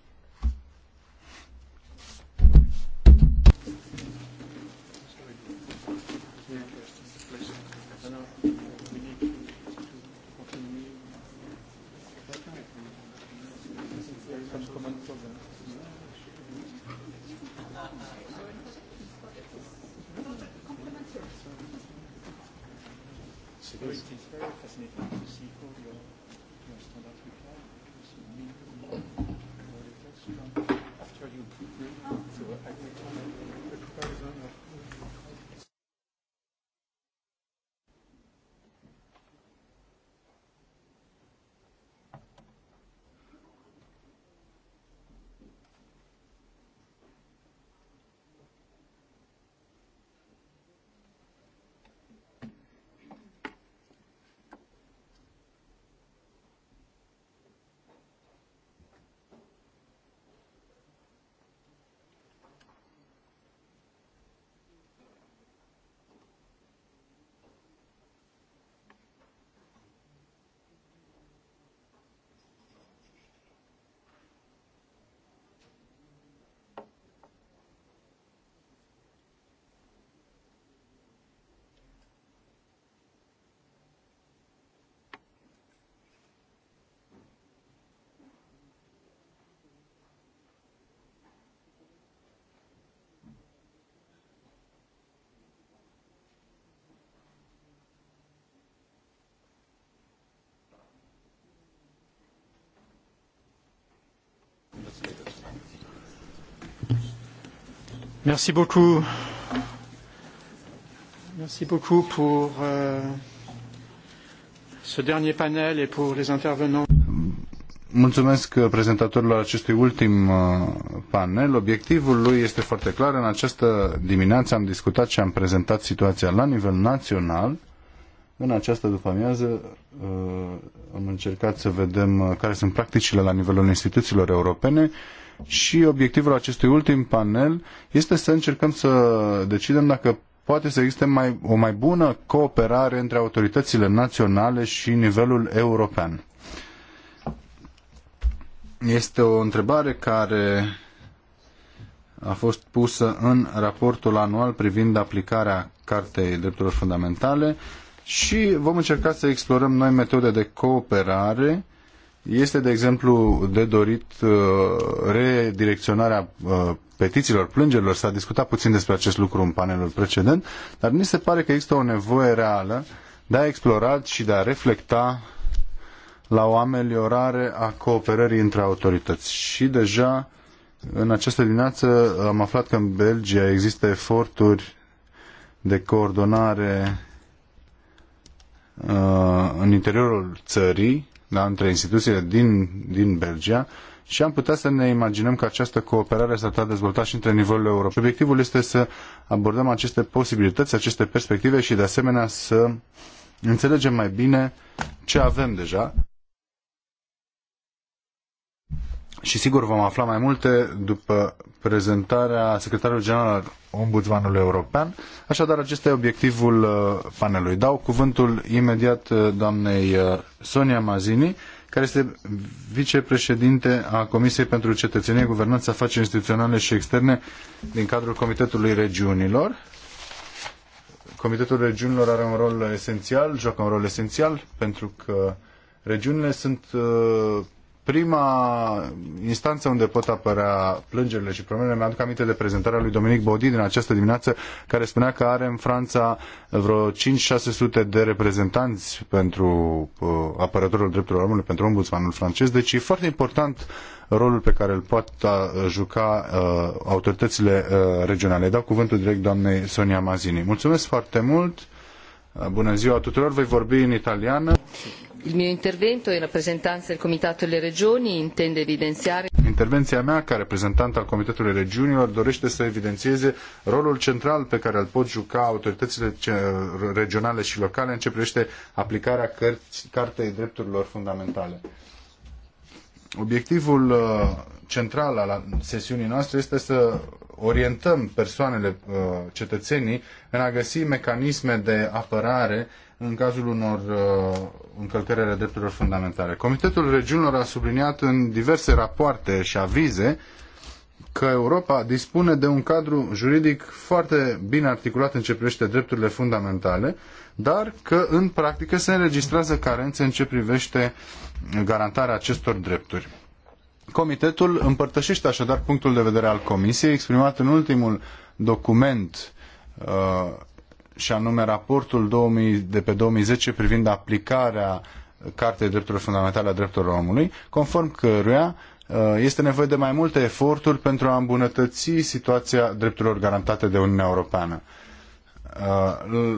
Merci beaucoup. Merci beaucoup pour euh, ce dernier panel et pour les intervenants. Mulțumesc prezentatorilor acestui ultim uh, panel. Obiectivul lui este foarte clar. În această dimineață am discutat și am prezentat situația la nivel național în această după-amiază uh, am încercat să vedem uh, care sunt practicile la nivelul instituțiilor europene și obiectivul acestui ultim panel este să încercăm să decidem dacă poate să existe mai, o mai bună cooperare între autoritățile naționale și nivelul european. Este o întrebare care a fost pusă în raportul anual privind aplicarea Cartei Drepturilor Fundamentale și vom încerca să explorăm noi metode de cooperare. Este, de exemplu, de dorit uh, redirecționarea uh, petițiilor, plângerilor. S-a discutat puțin despre acest lucru în panelul precedent, dar mi se pare că există o nevoie reală de a explora și de a reflecta la o ameliorare a cooperării între autorități. Și deja în această dimineață am aflat că în Belgia există eforturi de coordonare Uh, în interiorul țării, da, între instituțiile din, din Belgia și am putea să ne imaginăm că această cooperare s-ar putea dezvolta și între nivelul european. Obiectivul este să abordăm aceste posibilități, aceste perspective și de asemenea să înțelegem mai bine ce avem deja și sigur vom afla mai multe după prezentarea secretarului general al Ombudsmanului European. Așadar, acesta e obiectivul uh, panelului. Dau cuvântul imediat uh, doamnei uh, Sonia Mazini, care este vicepreședinte a Comisiei pentru Cetățenie, Guvernanță, Afaceri Instituționale și Externe din cadrul Comitetului Regiunilor. Comitetul Regiunilor are un rol esențial, joacă un rol esențial pentru că regiunile sunt prima instanță unde pot apărea plângerile și problemele. Mi-aduc aminte de prezentarea lui Dominic Bodi din această dimineață, care spunea că are în Franța vreo 5-600 de reprezentanți pentru uh, apărătorul drepturilor omului, pentru ombudsmanul francez. Deci e foarte important rolul pe care îl pot uh, juca uh, autoritățile uh, regionale. Dau cuvântul direct doamnei Sonia Mazini. Mulțumesc foarte mult! Bună ziua tuturor! Voi vorbi în italiană. Il mio intervento in rappresentanza del Comitato delle Regioni intende evidenziare Intervenția mea ca reprezentant al Comitetului Regiunilor dorește să evidențieze rolul central pe care îl pot juca autoritățile regionale și locale în ce privește aplicarea Cartei Drepturilor Fundamentale. Obiectivul uh, central al sesiunii noastre este să orientăm persoanele, uh, cetățenii, în a găsi mecanisme de apărare în cazul unor uh, încălcări ale drepturilor fundamentale. Comitetul Regiunilor a subliniat în diverse rapoarte și avize că Europa dispune de un cadru juridic foarte bine articulat în ce privește drepturile fundamentale, dar că în practică se înregistrează carențe în ce privește garantarea acestor drepturi. Comitetul împărtășește așadar punctul de vedere al Comisiei exprimat în ultimul document uh, și anume raportul 2000, de pe 2010 privind aplicarea Cartei Drepturilor Fundamentale a Drepturilor Omului, conform căruia uh, este nevoie de mai multe eforturi pentru a îmbunătăți situația drepturilor garantate de Uniunea Europeană. Uh,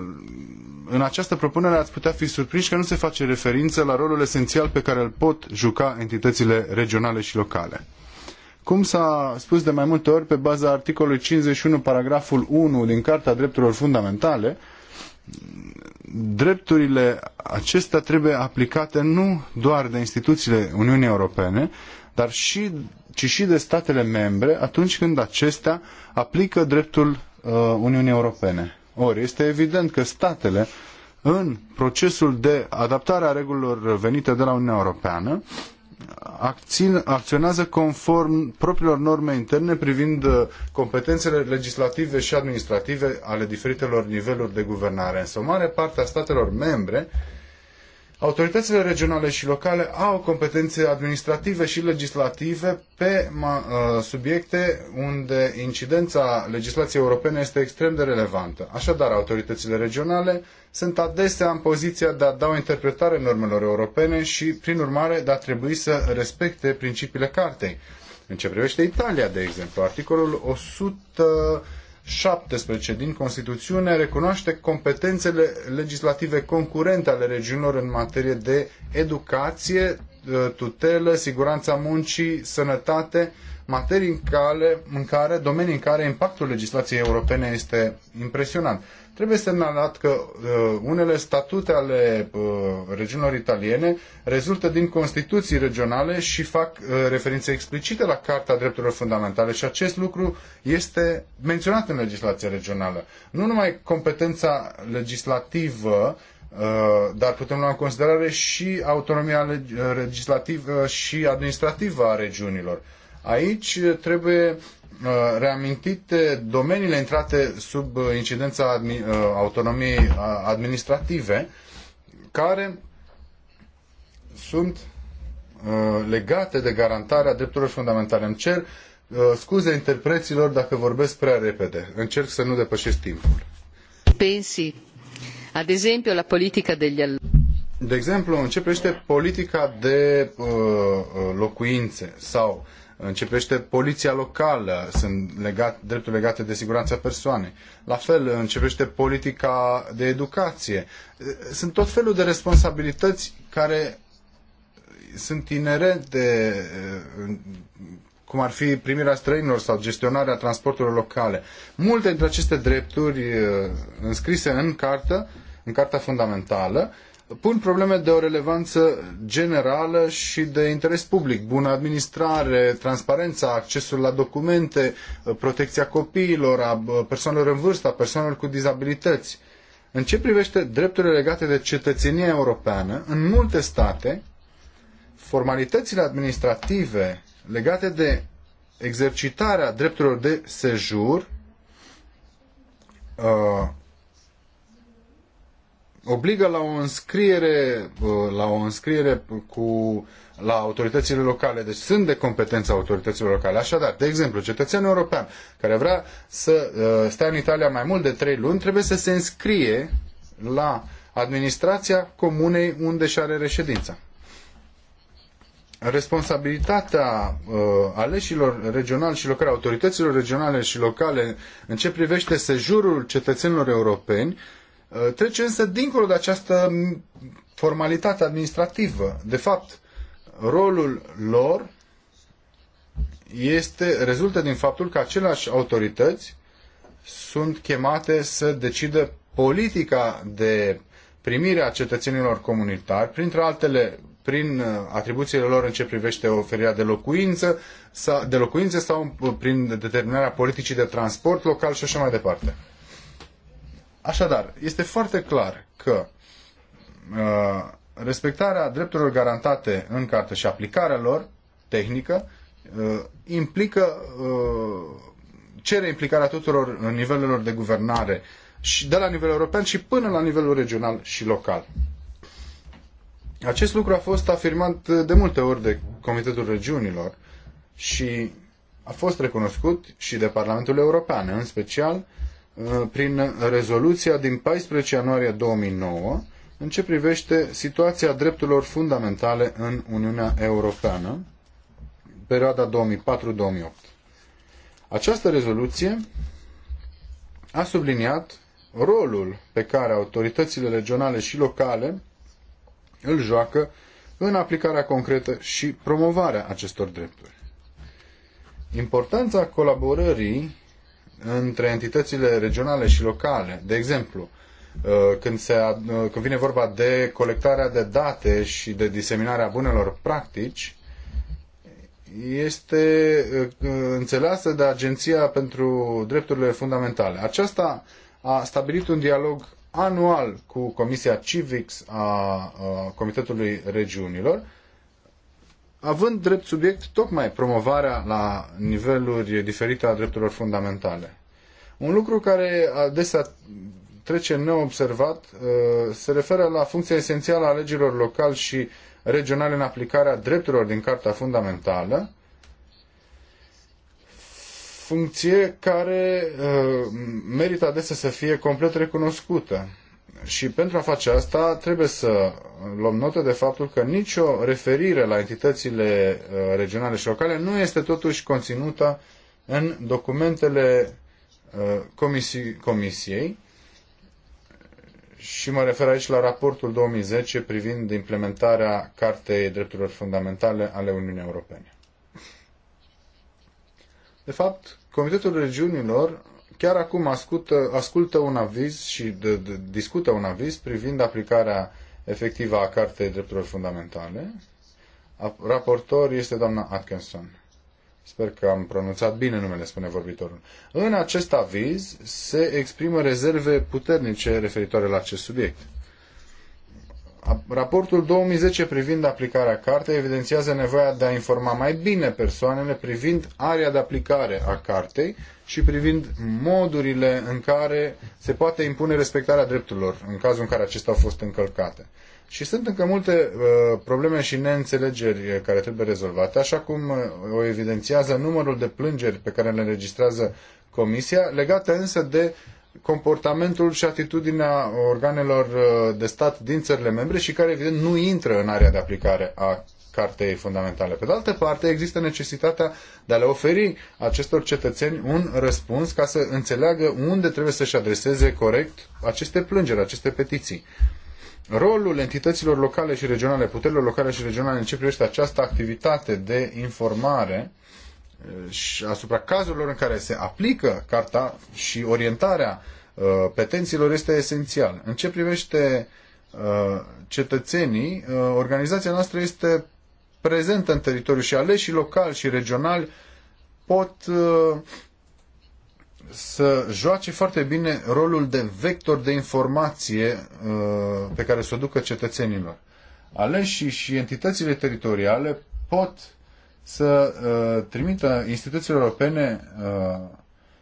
în această propunere ați putea fi surprinși că nu se face referință la rolul esențial pe care îl pot juca entitățile regionale și locale. Cum s-a spus de mai multe ori pe baza articolului 51, paragraful 1 din Carta Drepturilor Fundamentale, drepturile acestea trebuie aplicate nu doar de instituțiile Uniunii Europene, dar și, ci și de statele membre atunci când acestea aplică dreptul uh, Uniunii Europene. Ori este evident că statele în procesul de adaptare a regulilor venite de la Uniunea Europeană uh, acțin, acționează conform propriilor norme interne privind uh, competențele legislative și administrative ale diferitelor niveluri de guvernare. Însă o mare parte a statelor membre uh, Autoritățile regionale și locale au competențe administrative și legislative pe uh, subiecte unde incidența legislației europene este extrem de relevantă. Așadar, autoritățile regionale sunt adesea în poziția de a da o interpretare normelor europene și, prin urmare, de a trebui să respecte principiile cartei. În ce privește Italia, de exemplu, articolul 100 17 din Constituțiune recunoaște competențele legislative concurente ale regiunilor în materie de educație, ă, tutelă, siguranța muncii, sănătate, materii în care, în care, domenii în care impactul legislației europene este impresionant. Trebuie semnalat că uh, unele statute ale uh, regiunilor italiene rezultă din Constituții regionale și fac uh, referințe explicite la Carta Drepturilor Fundamentale și acest lucru este menționat în legislația regională. Nu numai competența legislativă, uh, dar putem lua în considerare și autonomia uh, legislativă și administrativă a regiunilor. Aici trebuie Uh, reamintite domeniile intrate sub uh, incidența uh, autonomiei administrative, care sunt legate de garantarea drepturilor fundamentale. Îmi cer scuze interpreților dacă vorbesc prea repede. Încerc să nu depășesc timpul. Pensi, ad exemplu, la politica degli De exemplu, în ce privește politica de uh, locuințe sau uh, Începește poliția locală, sunt legat, drepturi legate de siguranța persoanei. La fel, începește politica de educație. Sunt tot felul de responsabilități care sunt inerente, cum ar fi primirea străinilor sau gestionarea transporturilor locale. Multe dintre aceste drepturi uh, înscrise în cartă, în Carta Fundamentală, pun probleme de o relevanță generală și de interes public, bună administrare, transparența, accesul la documente, protecția copiilor, a persoanelor în vârstă, a persoanelor cu dizabilități. În ce privește drepturile legate de cetățenia europeană, în multe state, formalitățile administrative legate de exercitarea drepturilor de sejur uh, obligă la o înscriere, uh, la o înscriere cu, la autoritățile locale. Deci sunt de competență autorităților locale. Așadar, de exemplu, cetățeanul european care vrea să uh, stea în Italia mai mult de trei luni, trebuie să se înscrie la administrația comunei unde și are reședința. Responsabilitatea uh, aleșilor regionali și locale, autorităților regionale și locale în ce privește sejurul cetățenilor europeni uh, Uh, trece însă dincolo de această formalitate administrativă. De fapt, rolul lor este, rezultă din faptul că aceleași autorități sunt chemate să decidă politica de primire a cetățenilor comunitari, printre altele prin uh, atribuțiile lor în ce privește oferirea de locuință, de locuințe sau uh, prin determinarea politicii de transport local și așa mai departe. Așadar, este foarte clar că uh, respectarea drepturilor garantate în carte și aplicarea lor tehnică uh, implică uh, cere implicarea tuturor nivelelor de guvernare și de la nivel european și până la nivelul regional și local. Acest lucru a fost afirmat de multe ori de Comitetul Regiunilor și a fost recunoscut și de Parlamentul European, în special uh, Uh, prin rezoluția din 14 ianuarie 2009 în ce privește situația drepturilor fundamentale în Uniunea Europeană, perioada 2004-2008. Această rezoluție a subliniat rolul pe care autoritățile regionale și locale îl joacă în aplicarea concretă și promovarea acestor drepturi. Importanța colaborării între entitățile regionale și locale. De exemplu, uh, când, se, uh, când vine vorba de colectarea de date și de diseminarea bunelor practici, este uh, înțeleasă de Agenția pentru Drepturile Fundamentale. Aceasta a stabilit un dialog anual cu Comisia Civics a Comitetului Regiunilor, având drept subiect tocmai promovarea la niveluri diferite a drepturilor fundamentale. Un lucru care adesea trece neobservat uh, se referă la funcția esențială a legilor locale și regionale în aplicarea drepturilor din Carta Fundamentală, funcție care uh, merită adesea să fie complet recunoscută. Și pentru a face asta trebuie să luăm notă de faptul că nicio referire la entitățile uh, regionale și locale nu este totuși conținută în documentele uh, Comisiei și mă refer aici la raportul 2010 privind implementarea Cartei Drepturilor Fundamentale ale Uniunii Europene. De fapt, Comitetul Regiunilor chiar acum ascultă, ascultă un aviz și de, de, discută un aviz privind aplicarea efectivă a Cartei Drepturilor Fundamentale. Raportor este doamna Atkinson. Sper că am pronunțat bine numele, spune vorbitorul. În acest aviz se exprimă rezerve puternice referitoare la acest subiect. Raportul 2010 privind aplicarea cartei evidențiază nevoia de a informa mai bine persoanele privind area de aplicare a cartei și privind modurile în care se poate impune respectarea drepturilor, în cazul în care acestea au fost încălcate. Și sunt încă multe uh, probleme și neînțelegeri care trebuie rezolvate, așa cum uh, o evidențiază numărul de plângeri pe care le înregistrează Comisia, legate însă de comportamentul și atitudinea organelor uh, de stat din țările membre și care, evident, nu intră în area de aplicare a Cartei Fundamentale. Pe de altă parte, există necesitatea de a le oferi acestor cetățeni un răspuns ca să înțeleagă unde trebuie să-și adreseze corect aceste plângeri, aceste petiții. Rolul entităților locale și regionale, puterilor locale și regionale în ce privește această activitate de informare eh, și asupra cazurilor în care se aplică carta și orientarea eh, petenților este esențial. În ce privește eh, cetățenii, organizația noastră este prezentă în teritoriu și aleșii locali și regionali pot uh, să joace foarte bine rolul de vector de informație uh, pe care să o ducă cetățenilor. Aleșii și entitățile teritoriale pot să uh, trimită instituțiilor europene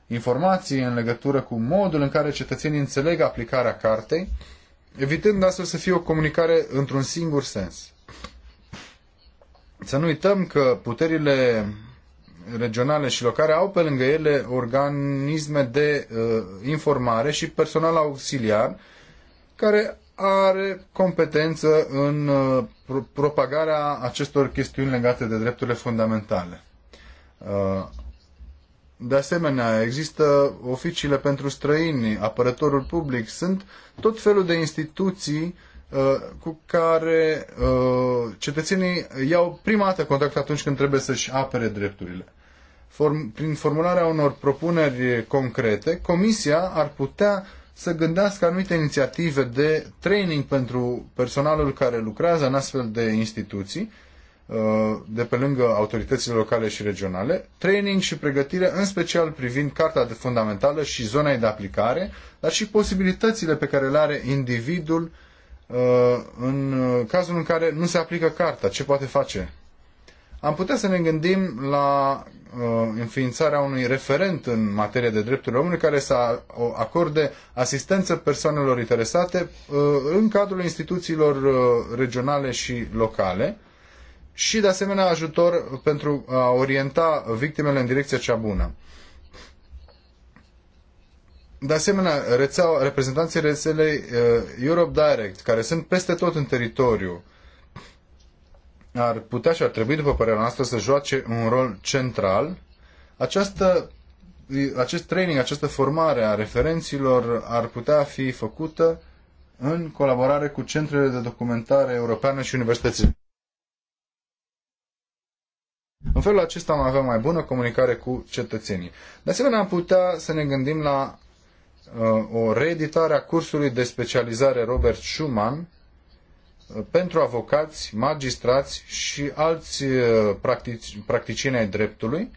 informații în legătură cu modul în care cetățenii înțeleg aplicarea cartei, evitând astfel să fie o comunicare într-un singur sens. Să nu uităm că puterile regionale și locale au pe lângă ele organisme de uh, informare și personal auxiliar care are competență în uh, pro propagarea acestor chestiuni legate de drepturile fundamentale. Uh, de asemenea, există oficiile pentru străini, apărătorul public, sunt tot felul de instituții Uh, cu care uh, cetățenii iau prima dată contact atunci când trebuie să-și apere drepturile. Form, prin formularea unor propuneri concrete, Comisia ar putea să gândească anumite inițiative de training pentru personalul care lucrează în astfel de instituții, uh, de pe lângă autoritățile locale și regionale, training și pregătire în special privind Carta de Fundamentală și zona de aplicare, dar și posibilitățile pe care le are individul Uh, în uh, cazul în care nu se aplică carta, ce poate face? Am putea să ne gândim la uh, înființarea unui referent în materie de drepturile omului care să acorde asistență persoanelor interesate în cadrul instituțiilor regionale și locale și de asemenea ajutor pentru a orienta victimele în direcția cea bună. De asemenea, rețeaua, reprezentanții rețelei uh, Europe Direct, care sunt peste tot în teritoriu, ar putea și ar trebui, după părerea noastră, să joace un rol central. Această, acest training, această formare a referenților ar putea fi făcută în colaborare cu centrele de documentare europeană și universitățile. În felul acesta am avea mai bună comunicare cu cetățenii. De asemenea, am putea să ne gândim la Uh, o reeditare a cursului de specializare Robert Schuman uh, pentru avocați, magistrați și alți uh, practici, practicieni ai dreptului,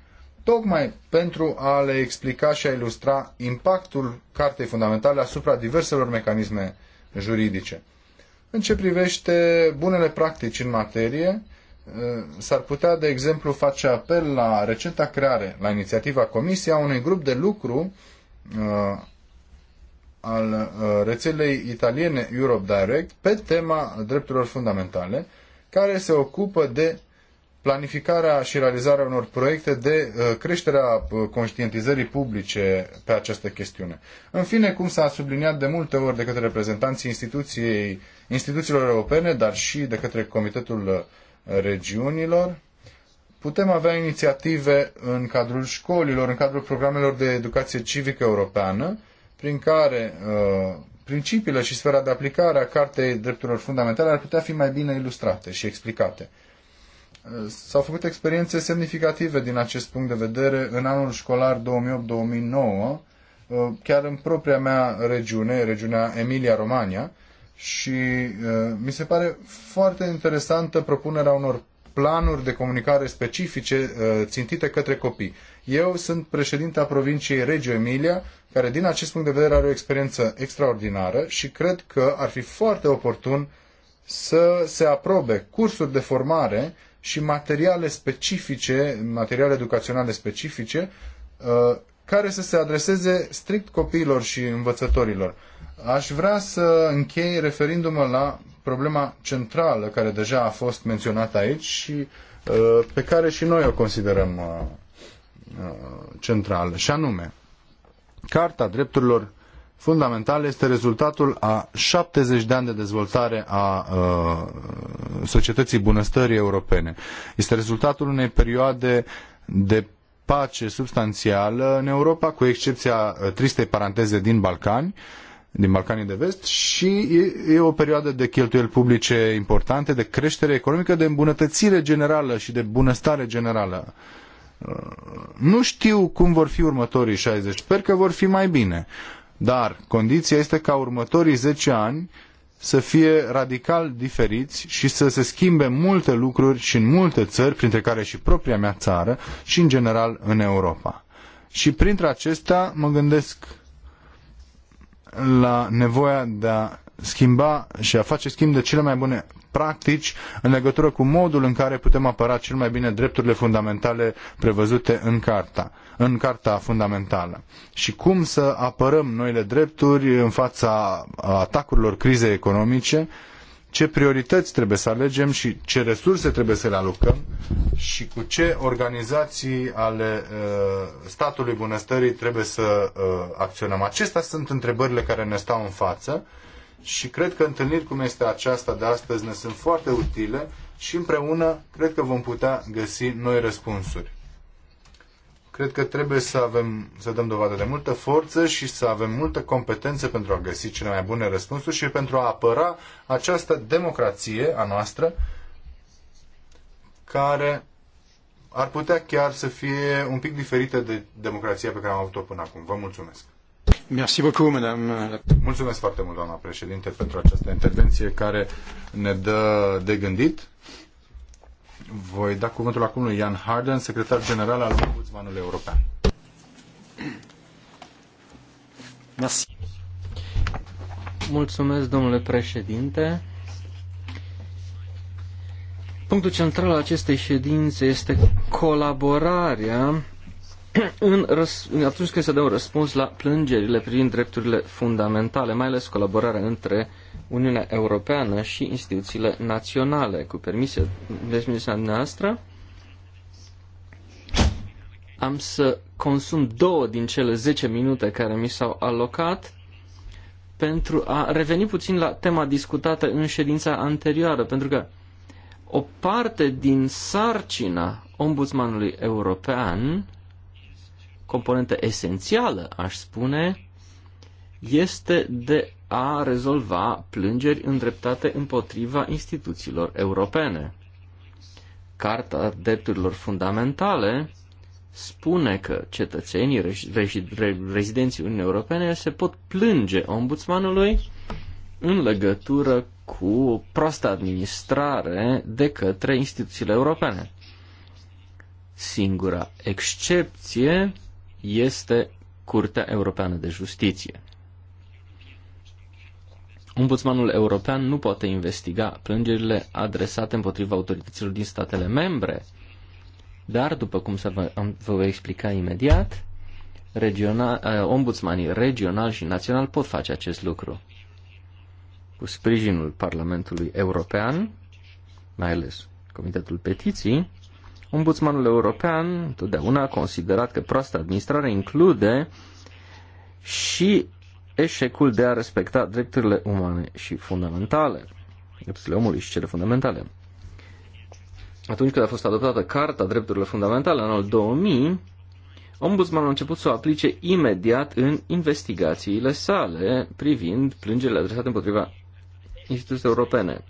tocmai pentru a le explica și a ilustra impactul Cartei Fundamentale asupra diverselor mecanisme juridice. În ce privește bunele practici în materie, s-ar putea, de exemplu, face apel la recenta creare, la inițiativa Comisiei, a unui grup de lucru al uh, rețelei italiene Europe Direct pe tema drepturilor fundamentale, care se ocupă de planificarea și realizarea unor proiecte de uh, creșterea uh, conștientizării publice pe această chestiune. În fine, cum s-a subliniat de multe ori de către reprezentanții instituției, instituțiilor europene, dar și de către Comitetul Regiunilor, putem avea inițiative în cadrul școlilor, în cadrul programelor de educație civică europeană, prin care uh, principiile și sfera de aplicare a Cartei Drepturilor Fundamentale ar putea fi mai bine ilustrate și explicate. Uh, S-au făcut experiențe semnificative din acest punct de vedere în anul școlar 2008-2009, uh, chiar în propria mea regiune, regiunea Emilia-Romagna, și uh, mi se pare foarte interesantă propunerea unor planuri de comunicare specifice uh, țintite către copii. Eu sunt președinta provinciei Reggio Emilia care din acest punct de vedere are o experiență extraordinară și cred că ar fi foarte oportun să se aprobe cursuri de formare și materiale specifice, materiale educaționale specifice, uh, care să se adreseze strict copiilor și învățătorilor. Aș vrea să închei referindu-mă la problema centrală care deja a fost menționată aici și uh, pe care și noi o considerăm uh, centrală, și anume Carta drepturilor fundamentale este rezultatul a 70 de ani de dezvoltare a, a uh, societății bunăstării europene. Este rezultatul unei perioade de pace substanțială în Europa, cu excepția uh, tristei paranteze din Balcani, din Balcanii de Vest și e, o perioadă de cheltuieli publice importante, de creștere economică, de îmbunătățire generală și de bunăstare generală nu știu cum vor fi următorii 60, sper că vor fi mai bine. Dar condiția este ca următorii 10 ani să fie radical diferiți și să se schimbe multe lucruri și în multe țări, printre care și propria mea țară și în general în Europa. Și printre acestea mă gândesc la nevoia de a schimba și a face schimb de cele mai bune practici în legătură cu modul în care putem apăra cel mai bine drepturile fundamentale prevăzute în carta, în carta fundamentală. Și cum să apărăm noile drepturi în fața atacurilor crizei economice, ce priorități trebuie să alegem și ce resurse trebuie să le alocăm și cu ce organizații ale uh, statului bunăstării trebuie să uh, acționăm. Acestea sunt întrebările care ne stau în față și cred că întâlniri cum este aceasta de astăzi ne sunt foarte utile și împreună cred că vom putea găsi noi răspunsuri. Cred că trebuie să, avem, să dăm dovadă de multă forță și să avem multă competență pentru a găsi cele mai bune răspunsuri și pentru a apăra această democrație a noastră care ar putea chiar să fie un pic diferită de democrația pe care am avut-o până acum. Vă mulțumesc! Mulțumesc foarte mult, doamna președinte, pentru această intervenție care ne dă de gândit. Voi da cuvântul acum lui Ian Harden, secretar general al Ombudsmanului European. Mulțumesc, domnule președinte. Punctul central al acestei ședințe este colaborarea în atunci când se dă un răspuns la plângerile privind drepturile fundamentale, mai ales colaborarea între Uniunea Europeană și instituțiile naționale. Cu permisia, permisia noastră, am să consum două din cele 10 minute care mi s-au alocat pentru a reveni puțin la tema discutată în ședința anterioară, pentru că o parte din sarcina ombudsmanului european componentă esențială, aș spune, este de a rezolva plângeri îndreptate împotriva instituțiilor europene. Carta Drepturilor Fundamentale spune că cetățenii rezidenții Uniunii Europene se pot plânge ombudsmanului în legătură cu proasta administrare de către instituțiile europene. Singura excepție este Curtea Europeană de Justiție. Ombudsmanul european nu poate investiga plângerile adresate împotriva autorităților din statele membre, dar, după cum să vă, vă voi explica imediat, regional, eh, ombudsmanii regional și național pot face acest lucru. Cu sprijinul Parlamentului European, mai ales Comitetul Petiții, Ombudsmanul european întotdeauna a considerat că proasta administrare include și eșecul de a respecta drepturile umane și fundamentale, drepturile omului și cele fundamentale. Atunci când a fost adoptată Carta Drepturilor Fundamentale în anul 2000, ombudsmanul a început să o aplice imediat în investigațiile sale privind plângerile adresate împotriva instituțiilor europene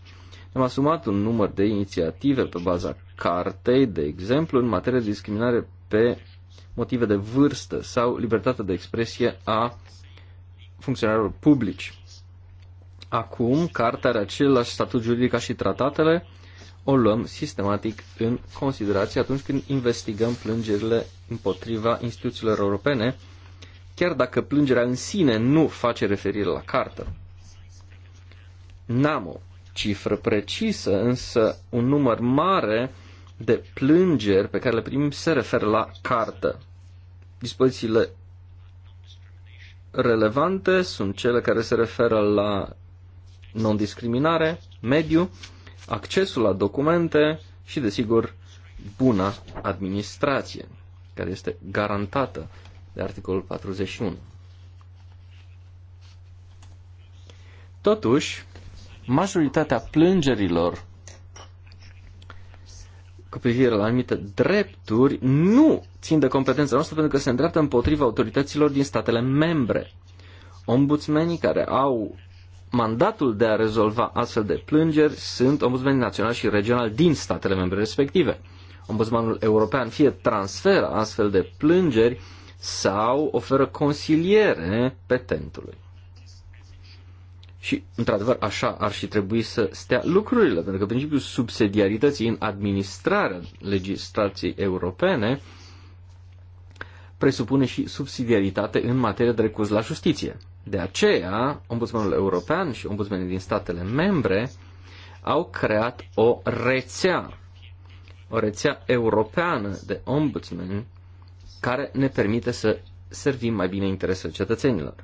am asumat un număr de inițiative pe baza cartei, de exemplu, în materie de discriminare pe motive de vârstă sau libertatea de expresie a funcționarilor publici. Acum, cartea are același statut juridic ca și tratatele, o luăm sistematic în considerație atunci când investigăm plângerile împotriva instituțiilor europene, chiar dacă plângerea în sine nu face referire la cartă. NAMO cifră precisă, însă un număr mare de plângeri pe care le primim se referă la cartă. Dispozițiile relevante sunt cele care se referă la non-discriminare, mediu, accesul la documente și, desigur, buna administrație, care este garantată de articolul 41. Totuși, majoritatea plângerilor cu privire la anumite drepturi nu țin de competența noastră pentru că se îndreaptă împotriva autorităților din statele membre. Ombudsmenii care au mandatul de a rezolva astfel de plângeri sunt ombudsmenii naționali și regionali din statele membre respective. Ombudsmanul european fie transferă astfel de plângeri sau oferă consiliere petentului. Și, într-adevăr, așa ar și trebui să stea lucrurile, pentru că principiul subsidiarității în administrarea legislației europene presupune și subsidiaritate în materie de recurs la justiție. De aceea, ombudsmanul european și ombudsmanii din statele membre au creat o rețea, o rețea europeană de ombudsmeni care ne permite să servim mai bine interesele cetățenilor.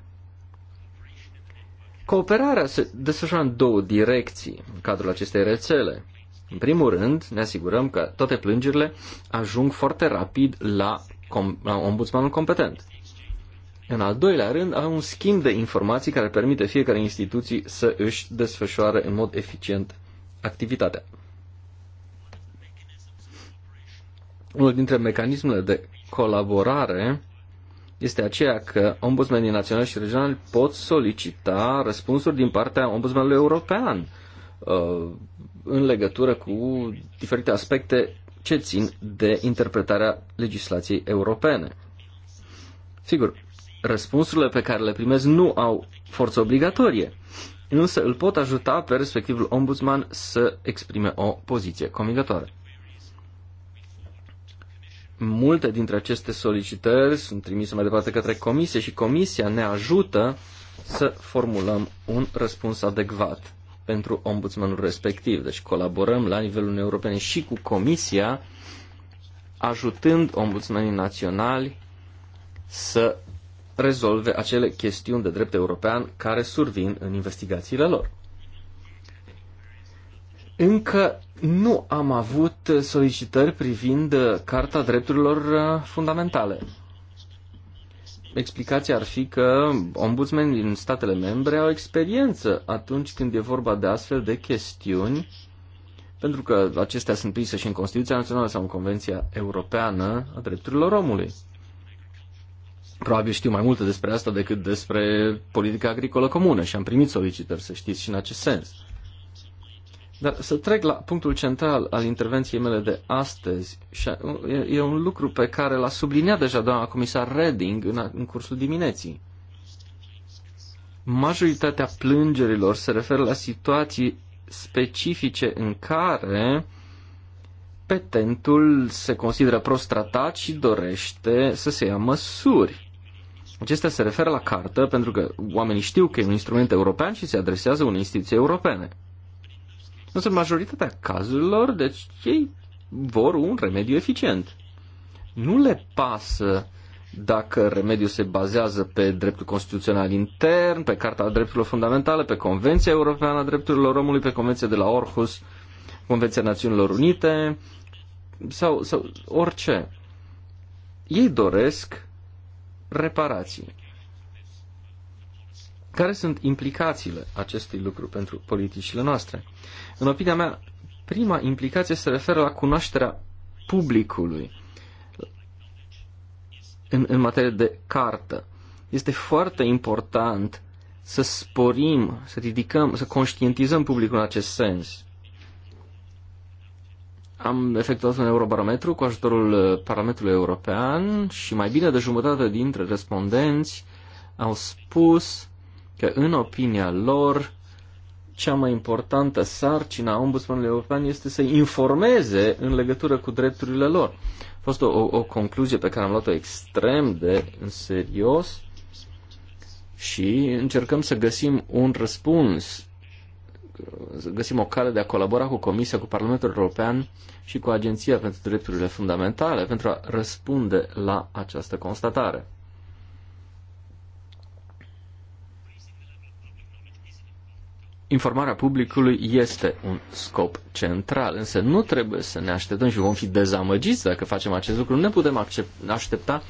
Cooperarea se desfășoară în două direcții în cadrul acestei rețele. În primul rând, ne asigurăm că toate plângerile ajung foarte rapid la, com- la ombudsmanul competent. În al doilea rând, avem un schimb de informații care permite fiecare instituție să își desfășoare în mod eficient activitatea. Unul dintre mecanismele de colaborare este aceea că ombudsmenii naționali și regionali pot solicita răspunsuri din partea ombudsmanului european uh, în legătură cu diferite aspecte ce țin de interpretarea legislației europene. Sigur, răspunsurile pe care le primez nu au forță obligatorie, însă îl pot ajuta pe respectivul ombudsman să exprime o poziție convingătoare. Multe dintre aceste solicitări sunt trimise mai departe către comisie și comisia ne ajută să formulăm un răspuns adecvat pentru ombudsmanul respectiv. Deci colaborăm la nivelul european și cu comisia, ajutând ombudsmanii naționali să rezolve acele chestiuni de drept european care survin în investigațiile lor. Încă nu am avut solicitări privind Carta Drepturilor Fundamentale. Explicația ar fi că ombudsmenii din statele membre au experiență atunci când e vorba de astfel de chestiuni, pentru că acestea sunt prise și în Constituția Națională sau în Convenția Europeană a Drepturilor Omului. Probabil știu mai multe despre asta decât despre politica agricolă comună și am primit solicitări, să știți, și în acest sens. Dar să trec la punctul central al intervenției mele de astăzi. Și e un lucru pe care l-a subliniat deja doamna comisar Reding în, în cursul dimineții. Majoritatea plângerilor se referă la situații specifice în care petentul se consideră prostratat și dorește să se ia măsuri. Acestea se referă la cartă pentru că oamenii știu că e un instrument european și se adresează unei instituții europene. Însă, în majoritatea cazurilor, deci ei vor un remediu eficient. Nu le pasă dacă remediul se bazează pe dreptul constituțional intern, pe Carta Drepturilor Fundamentale, pe Convenția Europeană a Drepturilor Omului, pe Convenția de la Orhus, Convenția Națiunilor Unite sau, sau orice. Ei doresc reparații. Care sunt implicațiile acestui lucru pentru politicile noastre? În opinia mea, prima implicație se referă la cunoașterea publicului în, în materie de cartă. Este foarte important să sporim, să ridicăm, să conștientizăm publicul în acest sens. Am efectuat un eurobarometru cu ajutorul uh, Parlamentului European și mai bine de jumătate dintre respondenți au spus că, în opinia lor, cea mai importantă sarcină a ombudsmanului european este să informeze în legătură cu drepturile lor. A fost o, o, o concluzie pe care am luat-o extrem de în serios și încercăm să găsim un răspuns, să găsim o cale de a colabora cu Comisia, cu Parlamentul European și cu Agenția pentru Drepturile Fundamentale pentru a răspunde la această constatare. informarea publicului este un scop central, însă nu trebuie să ne așteptăm și vom fi dezamăgiți dacă facem acest lucru. Nu ne putem accept, aștepta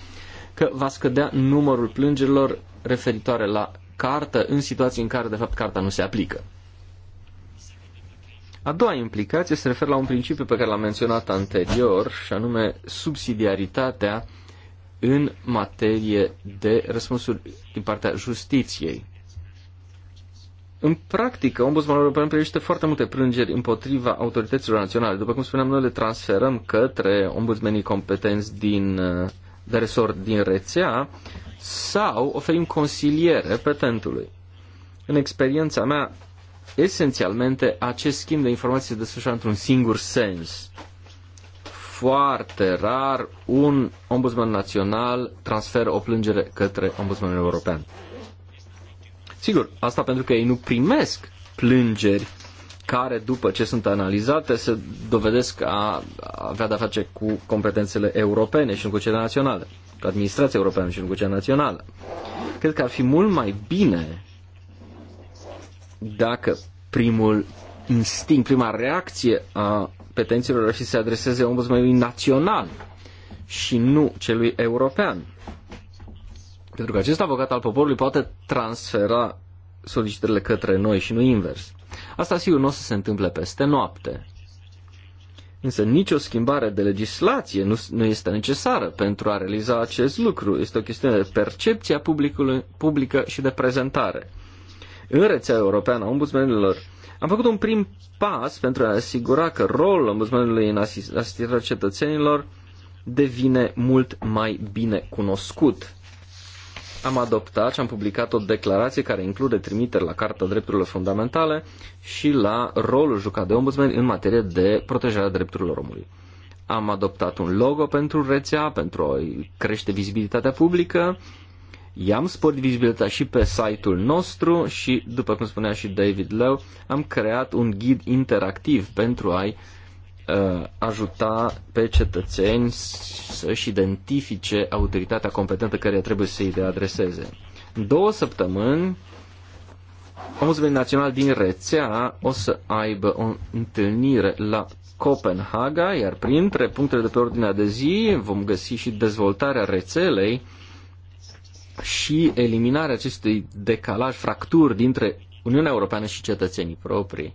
că va scădea numărul plângerilor referitoare la cartă în situații în care, de fapt, carta nu se aplică. A doua implicație se referă la un principiu pe care l-am menționat anterior, și anume subsidiaritatea în materie de răspunsuri din partea justiției. În practică, Ombudsmanul European primește foarte multe plângeri împotriva autorităților naționale. După cum spuneam, noi le transferăm către ombudsmenii competenți din, eh, de resort din rețea sau oferim consiliere petentului. În experiența mea, esențialmente, acest schimb de informații se desfășoară într-un singur sens. Foarte rar un ombudsman național transferă o plângere către ombudsmanul european. Sigur, asta pentru că ei nu primesc plângeri care, după ce sunt analizate, se dovedesc a avea de-a face cu competențele europene și nu cu cele naționale, cu administrația europeană și nu cu cea națională. Cred că ar fi mult mai bine dacă primul instinct, prima reacție a petenților ar fi să se adreseze ombudsmanului național și nu celui european. Pentru că acest avocat al poporului poate transfera solicitările către noi și nu invers. Asta sigur nu o să se întâmple peste noapte. Însă nicio schimbare de legislație nu, nu este necesară pentru a realiza acest lucru. Este o chestiune de percepție a publicului, publică și de prezentare. În rețea europeană a ombudsmanilor am făcut un prim pas pentru a asigura că rolul ombudsmanului în asistirea cetățenilor devine mult mai bine cunoscut am adoptat și am publicat o declarație care include trimiteri la Carta Drepturilor Fundamentale și la rolul jucat de ombudsman în materie de protejarea drepturilor omului. Am adoptat un logo pentru rețea, pentru a crește vizibilitatea publică, i-am sporit vizibilitatea și pe site-ul nostru și, după cum spunea și David Leu, am creat un ghid interactiv pentru a-i uh, Uh, ajuta pe cetățeni să-și identifice autoritatea competentă care trebuie să-i le adreseze. În două săptămâni, Ombudsmanul Național din rețea o să aibă o întâlnire la Copenhaga, iar printre punctele de pe ordinea de zi vom găsi și dezvoltarea rețelei și eliminarea acestui decalaj, fracturi dintre Uniunea Europeană și cetățenii proprii.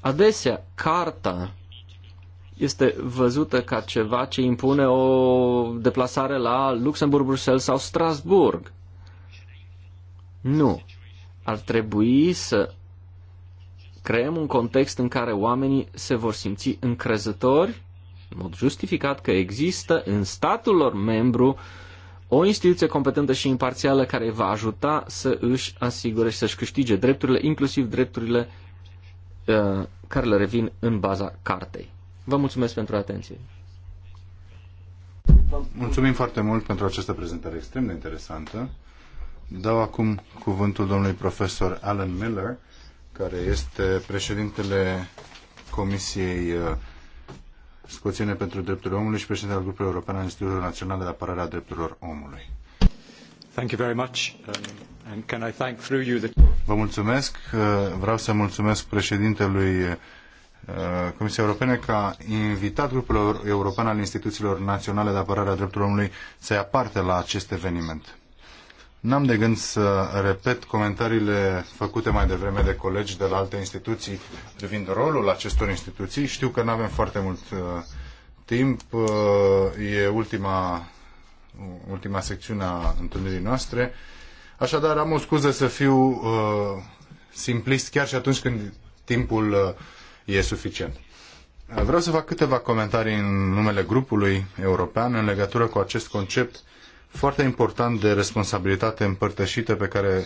Adesea, carta este văzută ca ceva ce impune o deplasare la Luxemburg, Bruxelles sau Strasburg. Nu. Ar trebui să creăm un context în care oamenii se vor simți încrezători, în mod justificat că există în statul lor membru o instituție competentă și imparțială care va ajuta să își asigure și să-și câștige drepturile, inclusiv drepturile Uh, care le revin în baza cartei. Vă mulțumesc pentru atenție. Mulțumim foarte mult pentru această prezentare extrem de interesantă. Dau acum cuvântul domnului profesor Alan Miller, care este președintele Comisiei uh, Scoțiene pentru Drepturile Omului și președintele al Grupului European al Institutului Național de Apărare a Drepturilor Omului. Thank you very much. Um, and can I thank through you the... Vă mulțumesc. Uh, vreau să mulțumesc președintelui uh, Comisia Europene că a invitat grupul european al instituțiilor naționale de apărare a drepturilor omului să ia parte la acest eveniment. N-am de gând să repet comentariile făcute mai devreme de colegi de la alte instituții privind rolul acestor instituții. Știu că nu avem foarte mult uh, timp. Uh, e ultima ultima secțiune a întâlnirii noastre. Așadar, am o scuză să fiu uh, simplist chiar și atunci când timpul uh, e suficient. Vreau să fac câteva comentarii în numele grupului european în legătură cu acest concept foarte important de responsabilitate împărtășită pe care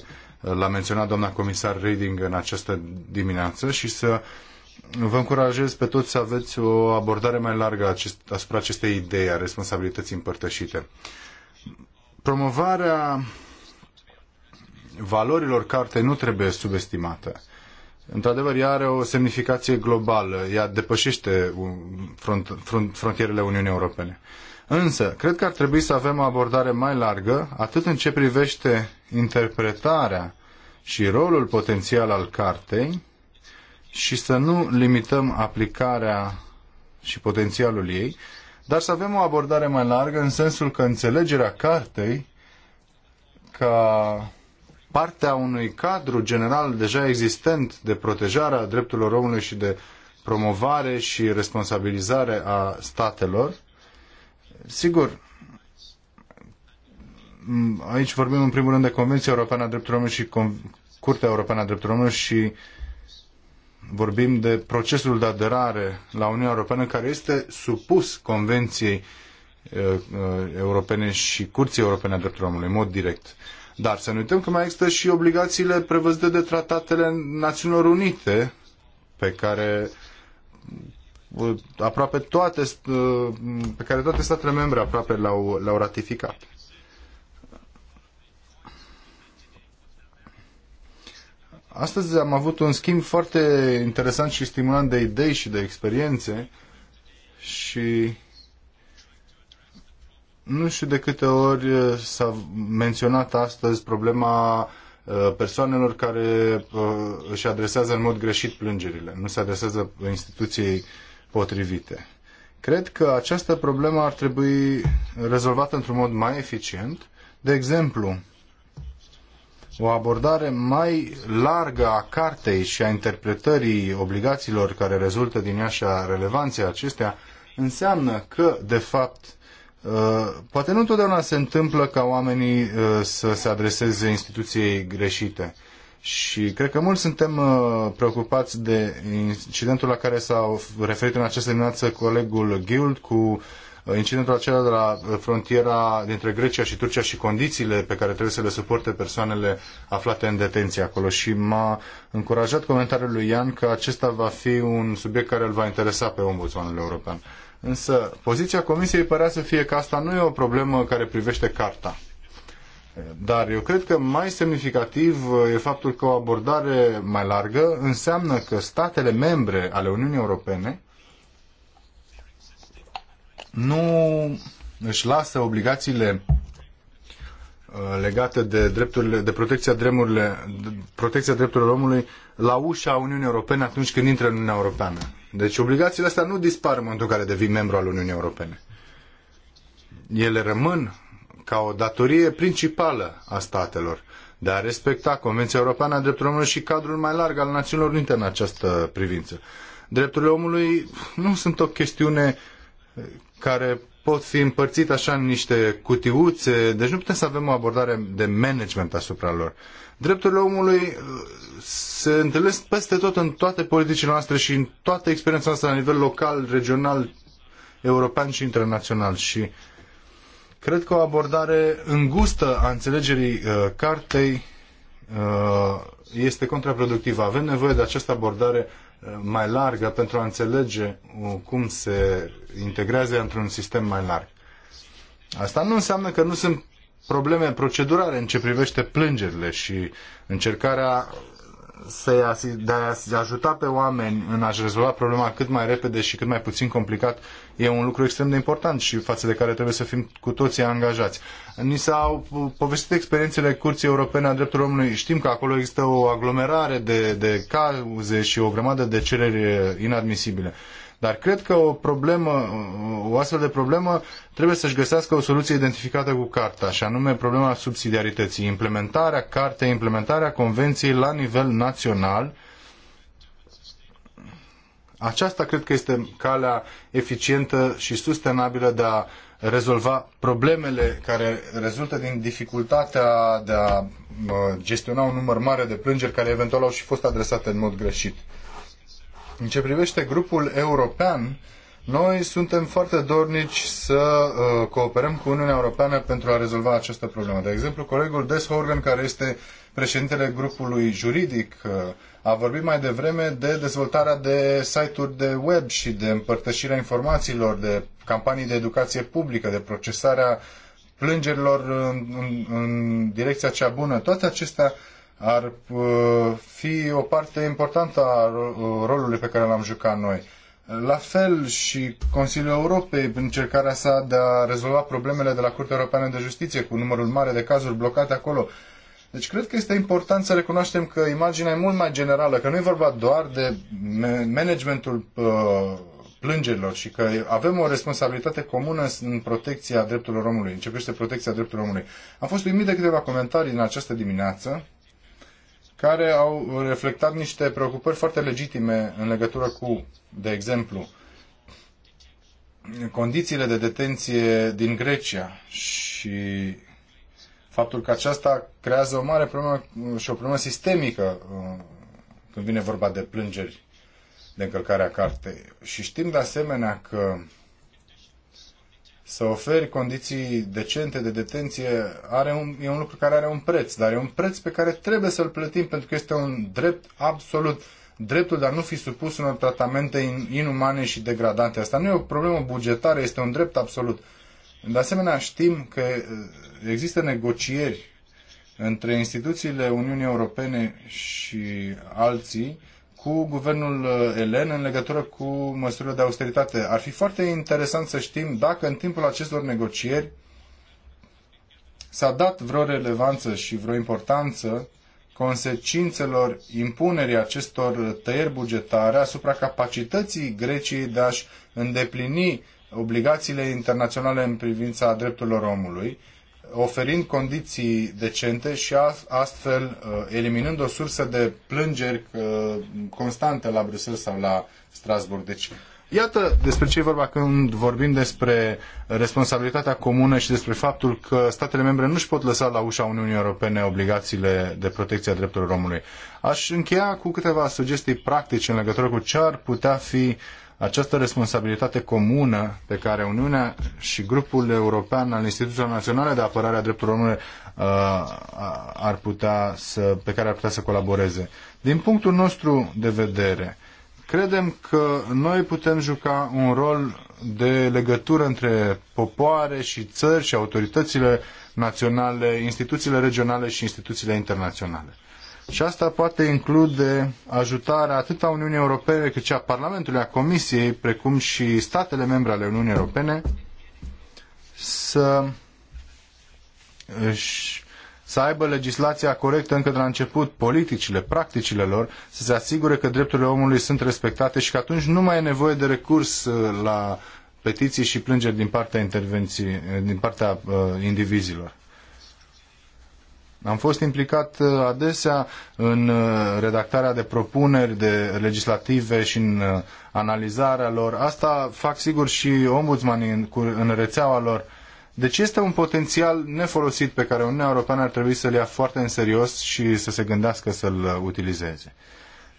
uh, l-a menționat doamna comisar Reding în această dimineață și să uh, Vă încurajez pe toți să aveți o abordare mai largă asupra acestei idei a responsabilității împărtășite. Promovarea valorilor cartei nu trebuie subestimată. Într-adevăr, ea are o semnificație globală, ea depășește front, front, frontierele Uniunii Europene. Însă, cred că ar trebui să avem o abordare mai largă, atât în ce privește interpretarea și rolul potențial al cartei, și să nu limităm aplicarea și potențialul ei, dar să avem o abordare mai largă în sensul că înțelegerea cartei ca partea unui cadru general deja existent de protejare a drepturilor omului și de promovare și responsabilizare a statelor. Sigur, aici vorbim în primul rând de Convenția Europeană a Drepturilor Omului și Curtea Europeană a Drepturilor Omului și uh, vorbim de procesul de aderare la Uniunea Europeană care este supus Convenției uh, uh, Europene și Curții Europene a Drepturilor Omului, în mod direct. Dar să nu uităm că mai există și obligațiile prevăzute de tratatele Națiunilor Unite, pe care uh, aproape toate, pe care toate statele membre aproape le au au ratificat. Astăzi am avut un schimb foarte interesant și stimulant de idei și de experiențe și nu știu de câte ori uh, s-a menționat astăzi problema uh, persoanelor care uh, își adresează în mod greșit plângerile, nu se adresează instituției potrivite. Cred că această problemă ar trebui rezolvată într-un mod mai eficient. De exemplu, o abordare mai largă a cartei și a interpretării obligațiilor care rezultă din ea și a relevanței acestea, înseamnă că, de fapt, uh, poate nu întotdeauna se întâmplă ca oamenii uh, să se adreseze instituției greșite. Și cred că mulți suntem uh, preocupați de incidentul la care s-a referit în această dimineață colegul Guild cu incidentul acela de la frontiera dintre Grecia și Turcia și condițiile pe care trebuie să le suporte persoanele aflate în detenție acolo. Și m-a încurajat comentariul lui Ian că acesta va fi un subiect care îl va interesa pe ombudsmanul european. Însă poziția Comisiei părea să fie că asta nu e o problemă care privește carta. Dar eu cred că mai semnificativ e faptul că o abordare mai largă înseamnă că statele membre ale Uniunii Europene nu își lasă obligațiile uh, legate de drepturile, de protecția, drepturile, protecția drepturilor omului la ușa Uniunii Europene atunci când intră în Uniunea Europeană. Deci obligațiile astea nu dispar în momentul în care devii membru al Uniunii Europene. Ele rămân ca o datorie principală a statelor de a respecta Convenția Europeană a Drepturilor Omului și cadrul mai larg al Națiunilor Unite în această privință. Drepturile omului nu sunt o chestiune care pot fi împărțite așa în niște cutiuțe, deci nu putem să avem o abordare de management asupra lor. Drepturile omului uh, se întâlnesc peste tot în toate politicile noastre și în toată experiența noastră la nivel local, regional, european și internațional și cred că o abordare îngustă a înțelegerii uh, cartei uh, este contraproductivă. Avem nevoie de această abordare mai largă pentru a înțelege cum se integrează într-un sistem mai larg. Asta nu înseamnă că nu sunt probleme procedurale în ce privește plângerile și încercarea să de a ajuta pe oameni în a-și rezolva problema cât mai repede și cât mai puțin complicat e un lucru extrem de important și față de care trebuie să fim cu toții angajați. Ni s-au povestit experiențele Curții Europene a Drepturilor Omului. Știm că acolo există o aglomerare de, de cauze și o grămadă de cereri inadmisibile. Dar cred că o problemă, o astfel de problemă trebuie să-și găsească o soluție identificată cu carta, și anume problema subsidiarității. Implementarea cartei, implementarea convenției la nivel național, aceasta cred că este calea eficientă și sustenabilă de a rezolva problemele care rezultă din dificultatea de a uh, gestiona un număr mare de plângeri care eventual au și fost adresate în mod greșit. În ce privește grupul european, noi suntem foarte dornici să uh, cooperăm cu Uniunea Europeană pentru a rezolva această problemă. De exemplu, colegul Des Horgan, care este președintele grupului juridic, uh, a vorbit mai devreme de dezvoltarea de site-uri de web și de împărtășirea informațiilor, de campanii de educație publică, de procesarea plângerilor în, în, în direcția cea bună. Toate acestea ar uh, fi o parte importantă a uh, rolului pe care l-am jucat noi. La fel și Consiliul Europei, încercarea sa de a rezolva problemele de la Curtea Europeană de Justiție, cu numărul mare de cazuri blocate acolo. Deci cred că este important să recunoaștem că imaginea e mult mai generală, că nu e vorba doar de managementul uh, plângerilor și că avem o responsabilitate comună în protecția drepturilor omului, începește protecția drepturilor omului. Am fost uimit de câteva comentarii în această dimineață care au reflectat niște preocupări foarte legitime în legătură cu, de exemplu, condițiile de detenție din Grecia și faptul că aceasta creează o mare problemă și o problemă sistemică uh, când vine vorba de plângeri de încălcarea cartei. Și știm de asemenea că să oferi condiții decente de detenție are un, e un lucru care are un preț, dar e un preț pe care trebuie să-l plătim pentru că este un drept absolut. Dreptul de a nu fi supus unor tratamente inumane și degradante. Asta nu e o problemă bugetară, este un drept absolut. De asemenea, știm că uh, există negocieri între instituțiile Uniunii Europene și alții cu guvernul uh, elen în legătură cu măsurile de austeritate. Ar fi foarte interesant să știm dacă în timpul acestor negocieri s-a dat vreo relevanță și vreo importanță consecințelor impunerii acestor tăieri bugetare asupra capacității Greciei de a-și îndeplini obligațiile internaționale în privința drepturilor omului oferind condiții decente și astfel uh, eliminând o sursă de plângeri uh, constante la Bruxelles sau la Strasbourg. Deci, iată despre ce e vorba când vorbim despre responsabilitatea comună și despre faptul că statele membre nu își pot lăsa la ușa Uniunii Europene obligațiile de protecție a drepturilor omului. Aș încheia cu câteva sugestii practice în legătură cu ce ar putea fi uh, această responsabilitate comună pe care Uniunea și grupul european al Instituțiilor Naționale de Apărare a Drepturilor Omului uh, ar putea să, pe care ar putea să colaboreze. Din punctul nostru de vedere, credem că noi putem juca un rol de legătură între popoare și țări și autoritățile naționale, instituțiile regionale și instituțiile internaționale. Și asta poate include ajutarea atât a Uniunii Europene cât și a Parlamentului, a Comisiei, precum și statele membre ale Uniunii Europene să își să aibă legislația corectă încă de la început, politicile, practicile lor, să se asigure că drepturile omului sunt respectate și că atunci nu mai e nevoie de recurs uh, la petiții și plângeri din partea intervenții, uh, din partea uh, indivizilor. Am fost implicat uh, adesea în uh, redactarea de propuneri de legislative și în uh, analizarea lor. Asta fac sigur și ombudsmanii în, în rețeaua lor. Deci este un potențial nefolosit pe care Uniunea Europeană ar trebui să-l ia foarte în serios și să se gândească să-l utilizeze.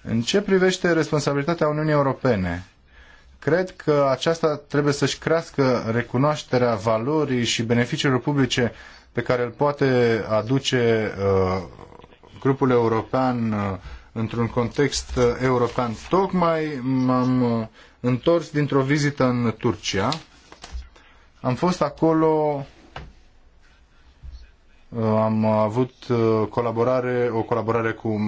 În ce privește responsabilitatea Uniunii Europene, cred că aceasta trebuie să-și crească recunoașterea valorii și beneficiilor publice pe care îl poate aduce uh, grupul european uh, într-un context uh, european. Tocmai m-am întors dintr-o vizită în Turcia. Am fost acolo, am avut colaborare, o colaborare cu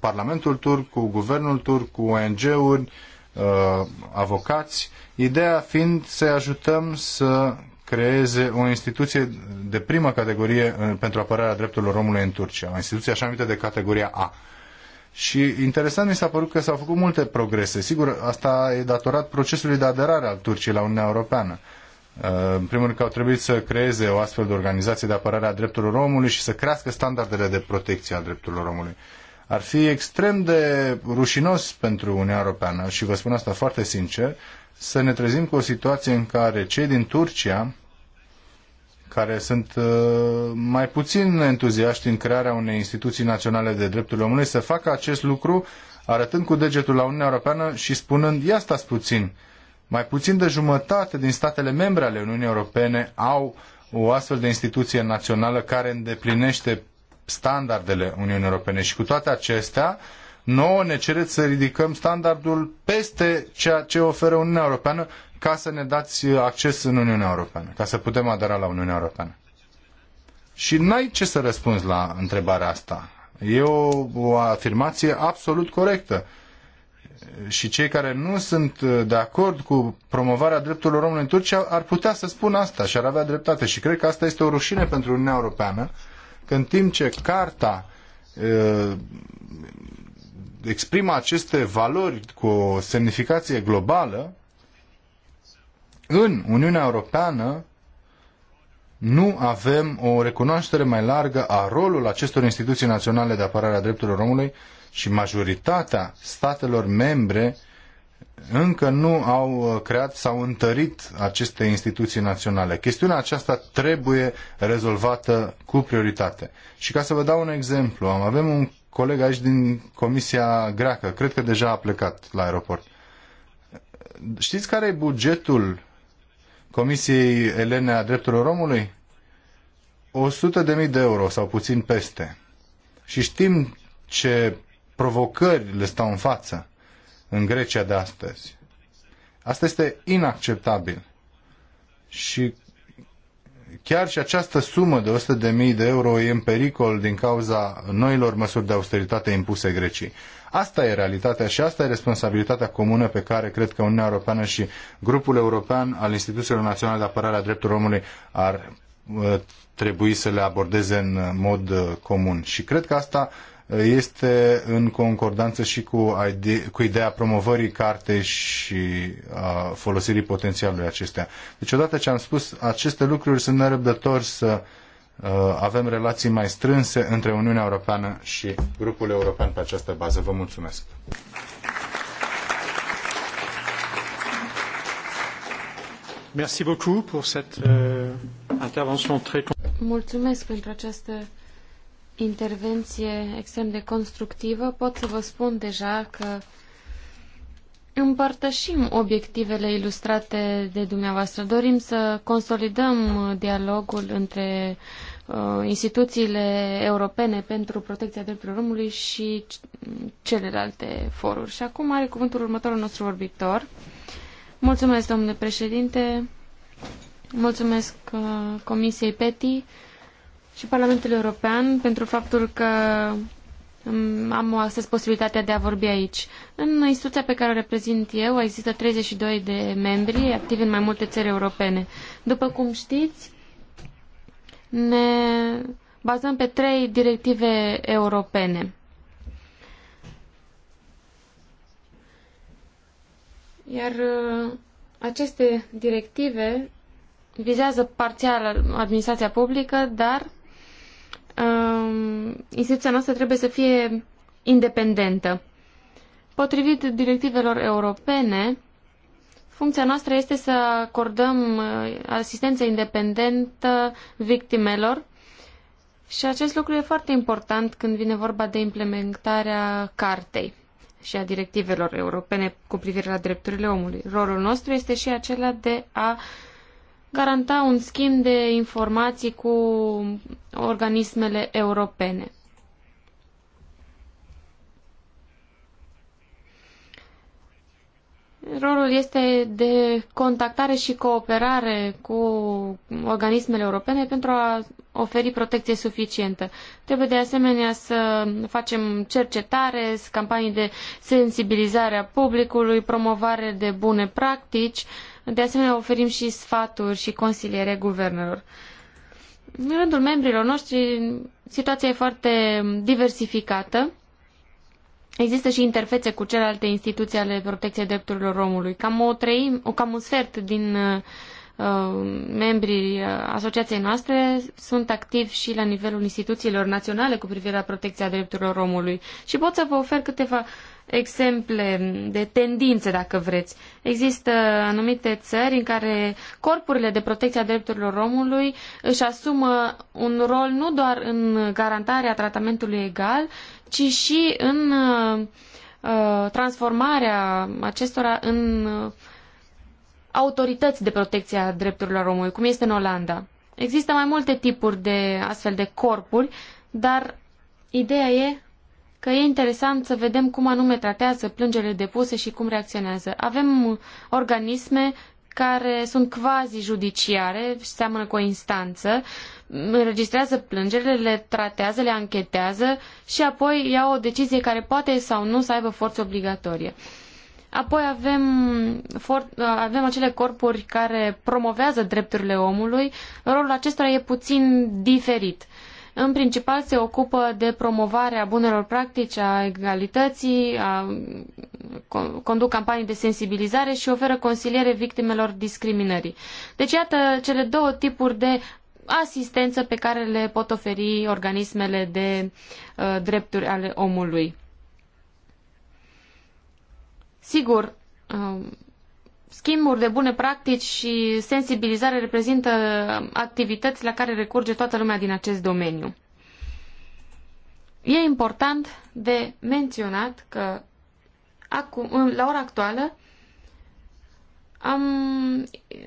Parlamentul turc, cu guvernul turc, cu ONG-uri, avocați, ideea fiind să ajutăm să creeze o instituție de primă categorie uh, pentru apărarea drepturilor omului în Turcia, o instituție așa numită de categoria A. Și interesant mi s-a părut că s-au făcut multe progrese. Sigur, asta e datorat procesului de aderare al Turciei la Uniunea Europeană. Uh, în primul rând că au trebuit să creeze o astfel de organizație de apărare a drepturilor omului și să crească standardele de protecție a drepturilor omului ar fi extrem de rușinos pentru Uniunea Europeană, și vă spun asta foarte sincer, să ne trezim cu o situație în care cei din Turcia, care sunt uh, mai puțin entuziaști în crearea unei instituții naționale de drepturile omului, să facă acest lucru arătând cu degetul la Uniunea Europeană și spunând, ia stați puțin, mai puțin de jumătate din statele membre ale Uniunii Europene au o astfel de instituție națională care îndeplinește standardele Uniunii Europene și cu toate acestea, nouă ne cereți să ridicăm standardul peste ceea ce oferă Uniunea Europeană ca să ne dați acces în Uniunea Europeană, ca să putem adera la Uniunea Europeană. Și n-ai ce să răspunzi la întrebarea asta. E o, o afirmație absolut corectă. Și cei care nu sunt de acord cu promovarea drepturilor omului în Turcia ar putea să spună asta și ar avea dreptate. Și cred că asta este o rușine pentru Uniunea Europeană că în timp ce carta exprimă aceste valori cu o semnificație globală, în Uniunea Europeană nu avem o recunoaștere mai largă a rolului acestor instituții naționale de apărare a drepturilor omului și majoritatea statelor membre încă nu au uh, creat sau întărit aceste instituții naționale. Chestiunea aceasta trebuie rezolvată cu prioritate. Și ca să vă dau un exemplu, am avem un coleg aici din Comisia Greacă, cred că deja a plecat la aeroport. Știți care e bugetul Comisiei Elene a Drepturilor Omului? 100.000 de euro sau puțin peste. Și știm ce provocări le stau în față în Grecia de astăzi. Asta este inacceptabil. Și chiar și această sumă de 100.000 de euro e în pericol din cauza noilor măsuri de austeritate impuse Greciei. Asta e realitatea și asta e responsabilitatea comună pe care cred că Uniunea Europeană și grupul european al Instituțiilor Naționale de Apărare a Drepturilor Omului ar uh, trebui să le abordeze în uh, mod uh, comun. Și cred că asta este în concordanță și cu, ide- cu ideea promovării cartei și a folosirii potențialului acestea. Deci odată ce am spus aceste lucruri, sunt nerăbdător să avem relații mai strânse între Uniunea Europeană și grupul european pe această bază. Vă mulțumesc! Merci beaucoup pour cette euh, intervention très... Mulțumesc pentru această intervenție extrem de constructivă. Pot să vă spun deja că împărtășim obiectivele ilustrate de dumneavoastră. Dorim să consolidăm dialogul între uh, instituțiile europene pentru protecția drepturilor omului și celelalte foruri. Și acum are cuvântul următorul nostru vorbitor. Mulțumesc, domnule președinte. Mulțumesc uh, Comisiei PETI și Parlamentul European pentru faptul că mm, am astăzi posibilitatea de a vorbi aici. În instituția pe care o reprezint eu există 32 de membri activi în mai multe țări europene. După cum știți, ne bazăm pe trei directive europene. Iar uh, aceste directive vizează parțial administrația publică, dar um, instituția noastră trebuie să fie independentă. Potrivit directivelor europene, funcția noastră este să acordăm uh, asistență independentă victimelor și acest lucru e foarte important când vine vorba de implementarea cartei și a directivelor europene cu privire la drepturile omului. Rolul nostru este și acela de a uh, garanta un schimb de informații cu organismele europene. Rolul este de contactare și cooperare cu organismele europene pentru a oferi protecție suficientă. Trebuie de asemenea să facem cercetare, campanii de sensibilizare a publicului, promovare de bune practici, uh, de asemenea, oferim și sfaturi și consiliere guvernelor. În rândul membrilor noștri, situația e foarte diversificată. Există și interfețe cu celelalte instituții ale protecției drepturilor omului. Cam, o treim, o, cam un sfert din uh, membrii uh, asociației noastre sunt activi și la nivelul instituțiilor naționale cu privire la protecția drepturilor omului. Și pot să vă ofer câteva exemple de tendințe, dacă vreți. Există anumite țări în care corpurile de protecție a drepturilor omului își asumă un rol nu doar în garantarea tratamentului egal, ci și în uh, transformarea acestora în uh, autorități de protecție a drepturilor omului, cum este în Olanda. Există mai multe tipuri de astfel de corpuri, dar ideea e că e interesant să vedem cum anume tratează plângerile depuse și cum reacționează. Avem organisme care sunt quasi-judiciare, seamănă cu o instanță, înregistrează plângerile, le tratează, le anchetează și apoi iau o decizie care poate sau nu să aibă forță obligatorie. Apoi avem, for, avem acele corpuri care promovează drepturile omului. Rolul acestora e puțin diferit. Uh, în principal se ocupă de promovarea bunelor practici, a egalității, a, conduc campanii de sensibilizare și oferă consiliere victimelor discriminării. Deci iată cele două tipuri de asistență pe care le pot oferi organismele de uh, drepturi ale omului. Sigur, um, schimburi de bune practici și sensibilizare reprezintă activități la care recurge toată lumea din acest domeniu. E important de menționat că acum, la ora actuală am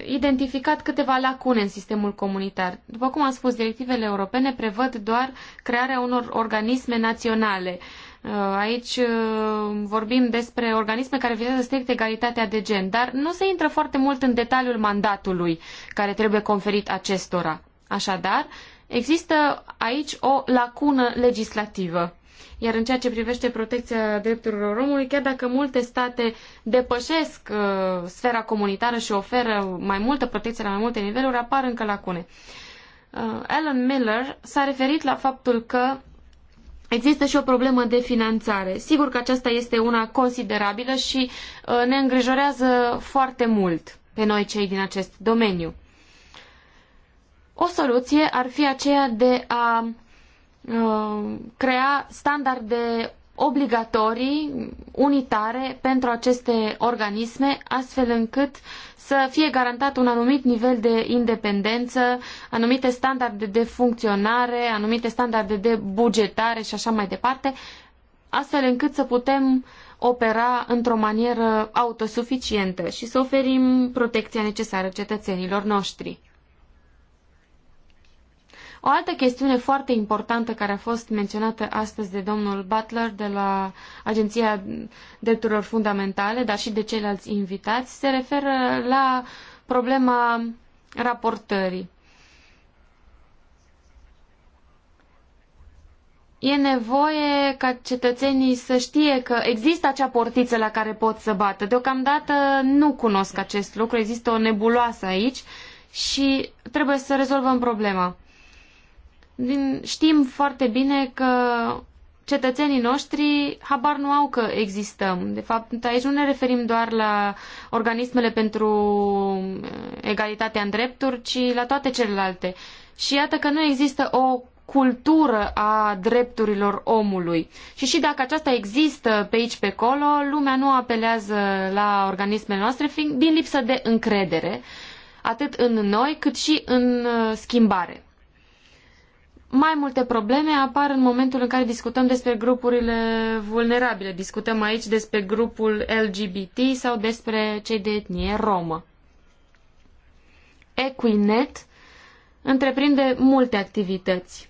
identificat câteva lacune în sistemul comunitar. După cum am spus, directivele europene prevăd doar crearea unor organisme naționale uh, Uh, aici uh, vorbim despre organisme care vizează strict egalitatea de gen, dar nu se intră foarte mult în detaliul mandatului care trebuie conferit acestora. Așadar, există aici o lacună legislativă. Iar în ceea ce privește protecția drepturilor omului, chiar dacă multe state depășesc uh, sfera comunitară și oferă mai multă protecție la mai multe niveluri, apar încă lacune. Uh, Alan Miller s-a referit la faptul că Există și o problemă de finanțare. Sigur că aceasta este una considerabilă și uh, ne îngrijorează foarte mult pe noi cei din acest domeniu. O soluție ar fi aceea de a uh, crea standarde obligatorii, unitare pentru aceste organisme, astfel încât să fie garantat un anumit nivel de independență, anumite standarde de funcționare, anumite standarde de bugetare și așa mai departe, astfel încât să putem opera într-o manieră autosuficientă și să oferim protecția necesară cetățenilor noștri. O altă chestiune foarte importantă care a fost menționată astăzi de domnul Butler de la Agenția Drepturilor Fundamentale, dar și de ceilalți invitați, se referă la problema raportării. e nevoie ca cetățenii să știe că există acea portiță la care pot să bată. Deocamdată nu cunosc acest lucru, există o nebuloasă aici și trebuie să rezolvăm problema. Din, știm foarte bine că cetățenii noștri habar nu au că existăm. De fapt, aici nu ne referim doar la organismele pentru eh, egalitatea în drepturi, ci la toate celelalte. Și iată că nu există o cultură a drepturilor omului. Și și dacă aceasta există pe aici, pe acolo, lumea nu apelează la organismele noastre fiind din lipsă de încredere, atât în noi, cât și în eh, schimbare. Mai multe probleme apar în momentul în care discutăm despre grupurile vulnerabile. Discutăm aici despre grupul LGBT sau despre cei de etnie romă. Equinet întreprinde multe activități.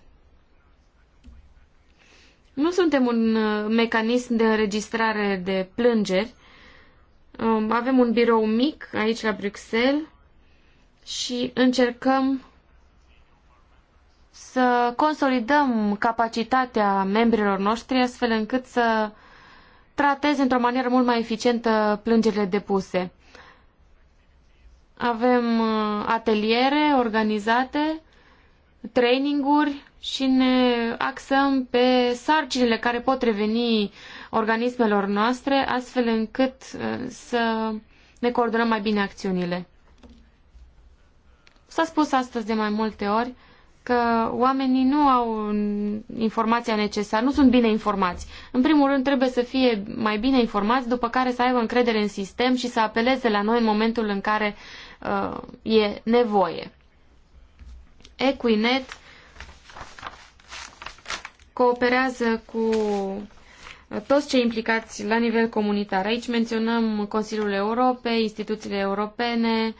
Nu suntem un uh, mecanism de înregistrare de plângeri. Um, avem un birou mic aici la Bruxelles și încercăm să consolidăm capacitatea membrilor noștri astfel încât să trateze într-o manieră mult mai eficientă plângerile depuse. Avem uh, ateliere organizate, traininguri și ne axăm pe sarcinile care pot reveni organismelor noastre, astfel încât uh, să ne coordonăm mai bine acțiunile. S-a spus astăzi de mai multe ori că oamenii nu au informația necesară, nu sunt bine informați. În primul rând trebuie să fie mai bine informați, după care să aibă încredere în sistem și să apeleze la noi în momentul în care uh, e nevoie. Equinet cooperează cu toți cei implicați la nivel comunitar. Aici menționăm Consiliul Europei, instituțiile europene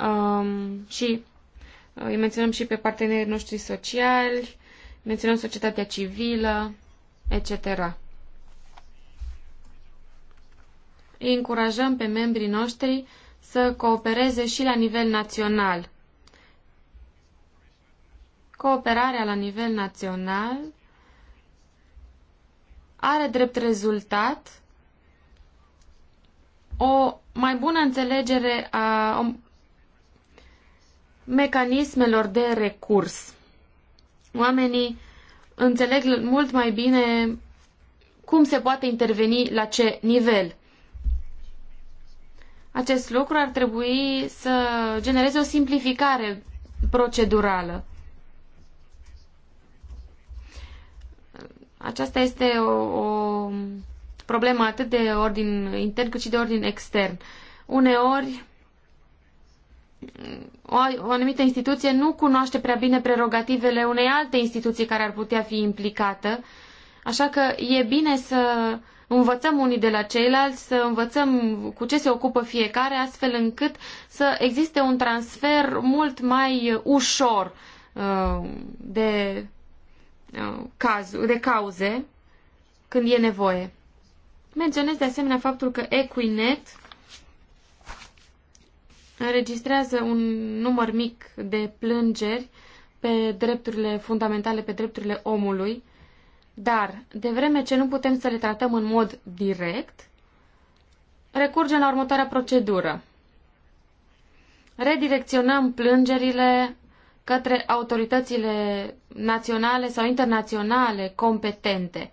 um, și îi menționăm și pe partenerii noștri sociali, menționăm societatea civilă, etc. Îi încurajăm pe membrii noștri să coopereze și la nivel național. Cooperarea la nivel național are drept rezultat o mai bună înțelegere a mecanismelor de recurs. Oamenii înțeleg mult mai bine cum se poate interveni la ce nivel. Acest lucru ar trebui să genereze o simplificare procedurală. Aceasta este o, o problemă atât de ordin intern cât și de ordin extern. Uneori o, o anumită instituție nu cunoaște prea bine prerogativele unei alte instituții care ar putea fi implicată, așa că e bine să învățăm unii de la ceilalți, să învățăm cu ce se ocupă fiecare, astfel încât să existe un transfer mult mai ușor uh, de, uh, caz, de cauze când e nevoie. Menționez de asemenea faptul că Equinet înregistrează un număr mic de plângeri pe drepturile fundamentale, pe drepturile omului, dar de vreme ce nu putem să le tratăm în mod direct, recurgem la următoarea procedură. Redirecționăm plângerile către autoritățile naționale sau internaționale competente.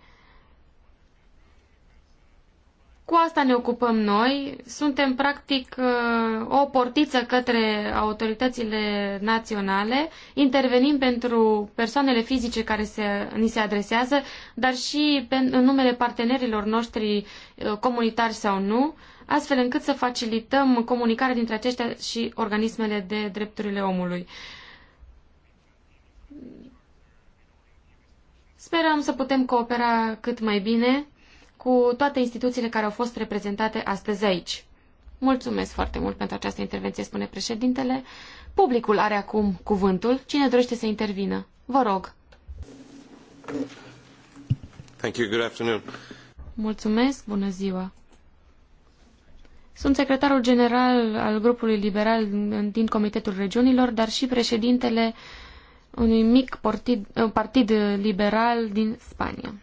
Cu asta ne ocupăm noi. Suntem practic uh, o portiță către autoritățile naționale. Intervenim pentru persoanele fizice care se, ni se adresează, dar și pe, în numele partenerilor noștri uh, comunitari sau nu, astfel încât să facilităm comunicarea dintre aceștia și organismele de drepturile omului. Sperăm să putem coopera cât mai bine cu toate instituțiile care au fost reprezentate astăzi aici. Mulțumesc foarte mult pentru această intervenție, spune președintele. Publicul are acum cuvântul. Cine dorește să intervină? Vă rog. Thank you. Good afternoon. Mulțumesc, bună ziua. Sunt secretarul general al grupului liberal din Comitetul Regiunilor, dar și președintele unui mic partid, eh, partid liberal din Spania.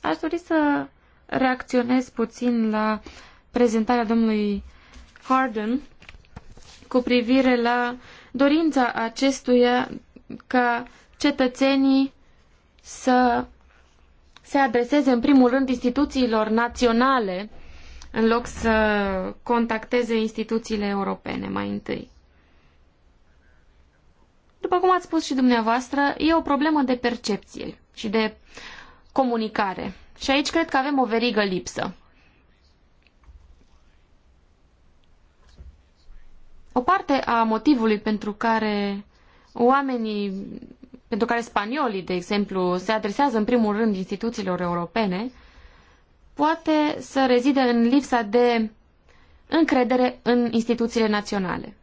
Aș dori să reacționez puțin la prezentarea domnului Harden cu privire la dorința acestuia ca cetățenii să se adreseze în primul rând instituțiilor naționale în loc să contacteze instituțiile europene mai întâi. După cum ați spus și dumneavoastră, e o problemă de percepție și de comunicare. Și aici cred că avem o verigă lipsă. O parte a motivului pentru care oamenii, pentru care spaniolii, de exemplu, se adresează în primul rând instituțiilor europene, poate să rezide în lipsa de încredere în instituțiile naționale.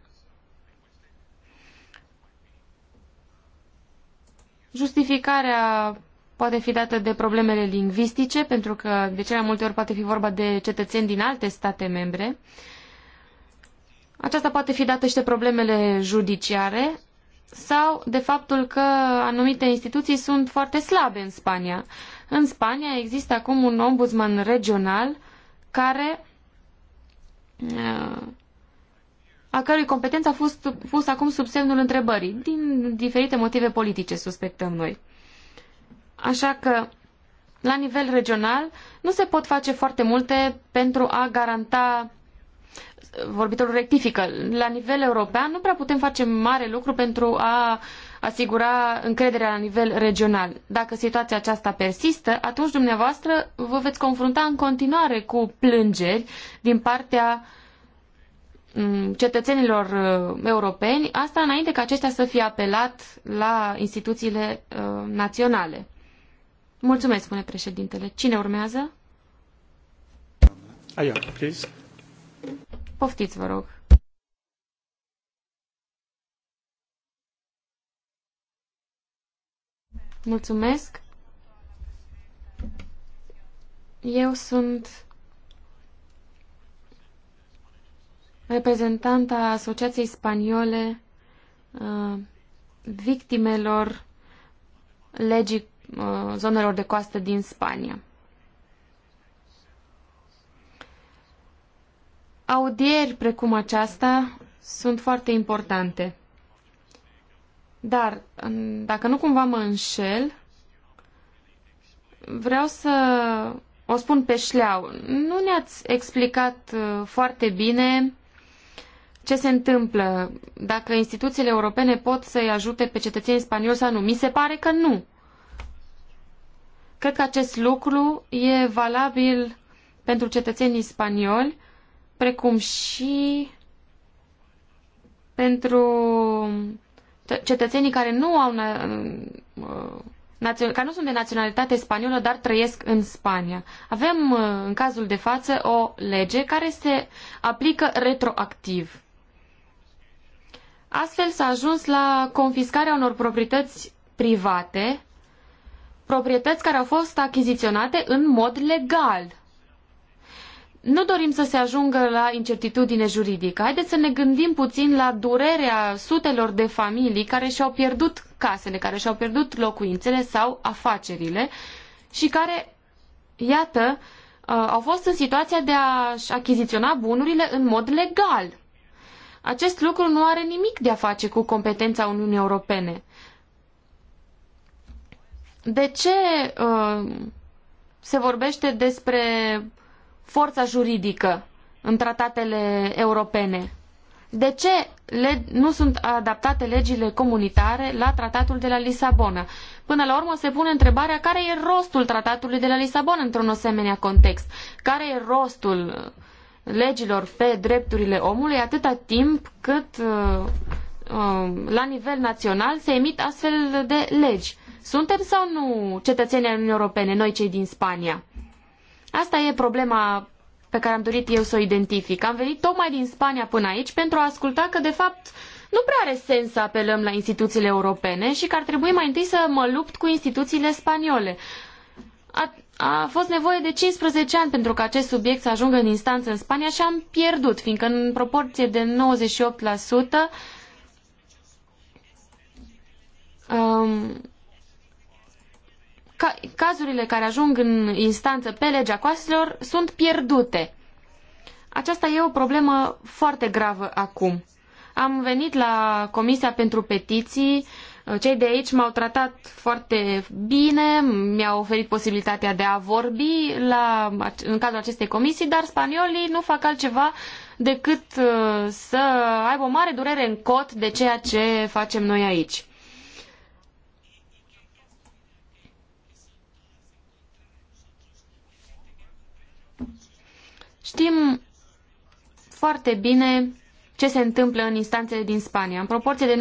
Justificarea poate fi dată de problemele lingvistice, pentru că de cele mai multe ori poate fi vorba de cetățeni din alte state membre. Aceasta poate fi dată și de problemele judiciare sau de faptul că anumite instituții sunt foarte slabe în Spania. În Spania există acum un ombudsman regional care uh, a cărui competență a fost pus acum sub semnul întrebării, din diferite motive politice, suspectăm noi. Așa că, la nivel regional, nu se pot face foarte multe pentru a garanta vorbitorul rectifică. La nivel european nu prea putem face mare lucru pentru a asigura încrederea la nivel regional. Dacă situația aceasta persistă, atunci dumneavoastră vă veți confrunta în continuare cu plângeri din partea mm, cetățenilor uh, europeni, asta înainte ca aceștia să fie apelat la instituțiile uh, naționale. Mulțumesc, spune președintele. Cine urmează? Aia, please. Poftiți, vă rog. Mulțumesc. Eu sunt reprezentanta Asociației Spaniole uh, victimelor legii Uh, zonelor de coastă din Spania. Audieri precum aceasta sunt foarte importante. Dar, dacă nu cumva mă înșel, vreau să o spun pe șleau. Nu ne-ați explicat uh, foarte bine ce se întâmplă, dacă instituțiile europene pot să-i ajute pe cetățenii spanioli sau nu. Mi se pare că nu. Cred că acest lucru e valabil pentru cetățenii spanioli, precum și pentru cetățenii care nu au uh, care nu sunt de naționalitate spaniolă, dar trăiesc în Spania. Avem uh, în cazul de față o lege care se aplică retroactiv. Astfel s-a ajuns la confiscarea unor proprietăți private proprietăți care au fost achiziționate în mod legal. Nu dorim să se ajungă la incertitudine juridică. Haideți să ne gândim puțin la durerea sutelor de familii care și-au pierdut casele, care și-au pierdut locuințele sau afacerile și care, iată, uh, au fost în situația de a-și achiziționa bunurile în mod legal. Acest lucru nu are nimic de a face cu competența Uniunii Europene. De ce uh, se vorbește despre forța juridică în tratatele europene? De ce le, nu sunt adaptate legile comunitare la tratatul de la Lisabona? Până la urmă se pune întrebarea care e rostul tratatului de la Lisabona într-un asemenea context? Care e rostul uh, legilor pe drepturile omului atâta timp cât uh, uh, la nivel național se emit astfel de legi? Suntem sau nu cetățeni ai Uniunii Europene, noi cei din Spania? Asta e problema pe care am dorit eu să o identific. Am venit tocmai din Spania până aici pentru a asculta că, de fapt, nu prea are sens să apelăm la instituțiile europene și că ar trebui mai întâi să mă lupt cu instituțiile spaniole. A, a fost nevoie de 15 ani pentru ca acest subiect să ajungă în instanță în Spania și am pierdut, fiindcă în proporție de 98% um, ca, cazurile care ajung în instanță pe legea coastelor sunt pierdute. Aceasta e o problemă foarte gravă acum. Am venit la Comisia pentru Petiții, cei de aici m-au tratat foarte bine, mi-au oferit posibilitatea de a vorbi la, în cadrul acestei comisii, dar spaniolii nu fac altceva decât uh, să aibă o mare durere în cot de ceea ce facem noi aici. Știm foarte bine ce se întâmplă în instanțele din Spania. În proporție de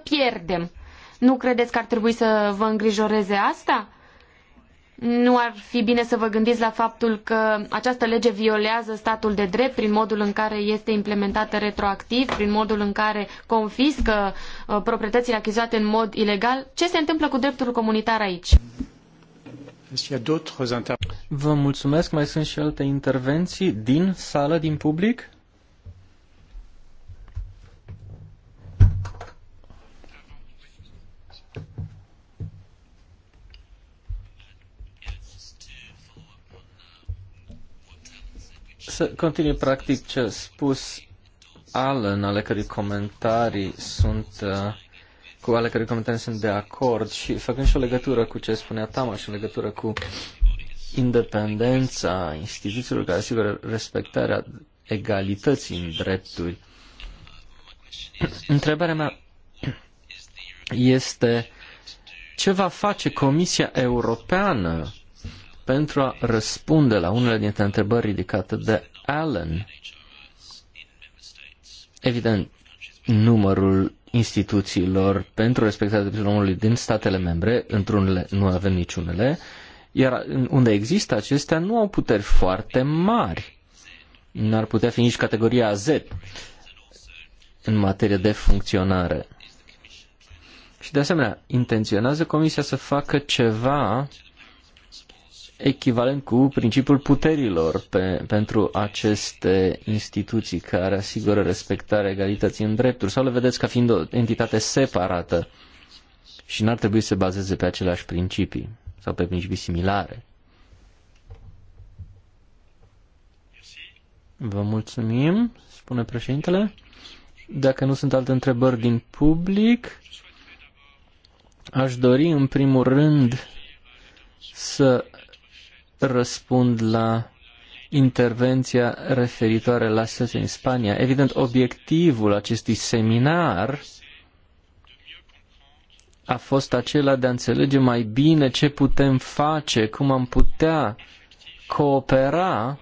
98% pierdem. Nu credeți că ar trebui să vă îngrijoreze asta? Nu ar fi bine să vă gândiți la faptul că această lege violează statul de drept prin modul în care este implementată retroactiv, prin modul în care confiscă uh, proprietățile achiziate în mod ilegal? Ce se întâmplă cu dreptul comunitar aici? Vă mulțumesc. Mai sunt și alte intervenții din sală, din public? Să continui practic ce a spus Alan, ale cărui comentarii sunt uh, cu ale cărui comentarii sunt de acord și făcând și o legătură cu ce spunea Tama și în legătură cu independența instituțiilor care asigură respectarea egalității în drepturi. Întrebarea mea este ce va face Comisia Europeană pentru a răspunde la unele dintre întrebări ridicate de Allen. Evident, numărul instituțiilor pentru respectarea drepturilor omului din statele membre, într-unele nu avem niciunele, iar unde există acestea nu au puteri foarte mari. nu ar putea fi nici categoria Z în materie de funcționare. Și de asemenea, intenționează Comisia să facă ceva echivalent cu principiul puterilor pe, pentru aceste instituții care asigură respectarea egalității în drepturi sau le vedeți ca fiind o entitate separată și n-ar trebui să se bazeze pe aceleași principii sau pe principii similare. Vă mulțumim, spune președintele. Dacă nu sunt alte întrebări din public, aș dori în primul rând să răspund la intervenția referitoare la situația în Spania. Evident, obiectivul acestui seminar a fost acela de a înțelege mai bine ce putem face, cum am putea coopera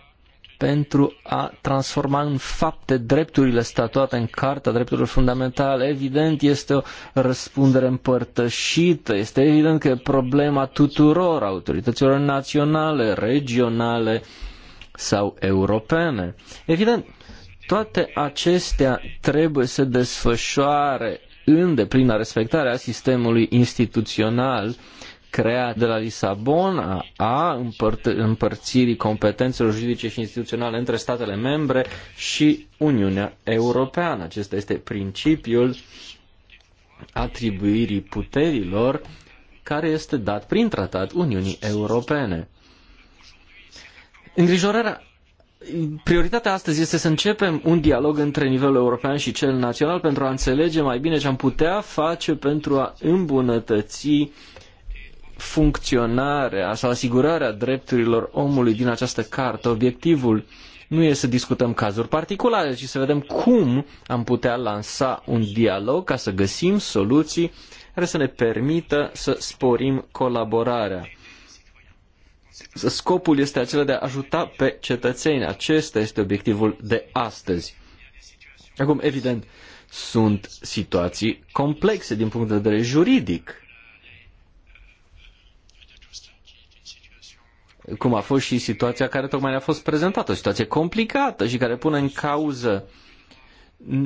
pentru a transforma în fapte drepturile statuate în Carta Drepturilor Fundamentale. Evident, este o răspundere împărtășită. Este evident că e problema tuturor autorităților naționale, regionale sau europene. Evident, toate acestea trebuie să desfășoare în deplina respectare a sistemului instituțional uh, creat de la Lisabona a împărt- împărțirii competențelor juridice și instituționale între statele membre și Uniunea Europeană. Acesta este principiul atribuirii puterilor care este dat prin tratat Uniunii Europene. Îngrijorarea Prioritatea astăzi este să începem un dialog între nivelul european și cel național pentru a înțelege mai bine ce am putea face pentru a îmbunătăți funcționarea sau asigurarea drepturilor omului din această carte, obiectivul nu e să discutăm cazuri particulare, ci să vedem cum am putea lansa un dialog ca să găsim soluții care să ne permită să sporim colaborarea. Scopul este acela de a ajuta pe cetățeni. Acesta este obiectivul de astăzi. Acum, evident, sunt situații complexe din punct de vedere juridic. cum a fost și situația care tocmai a fost prezentată, o situație complicată și care pune în cauză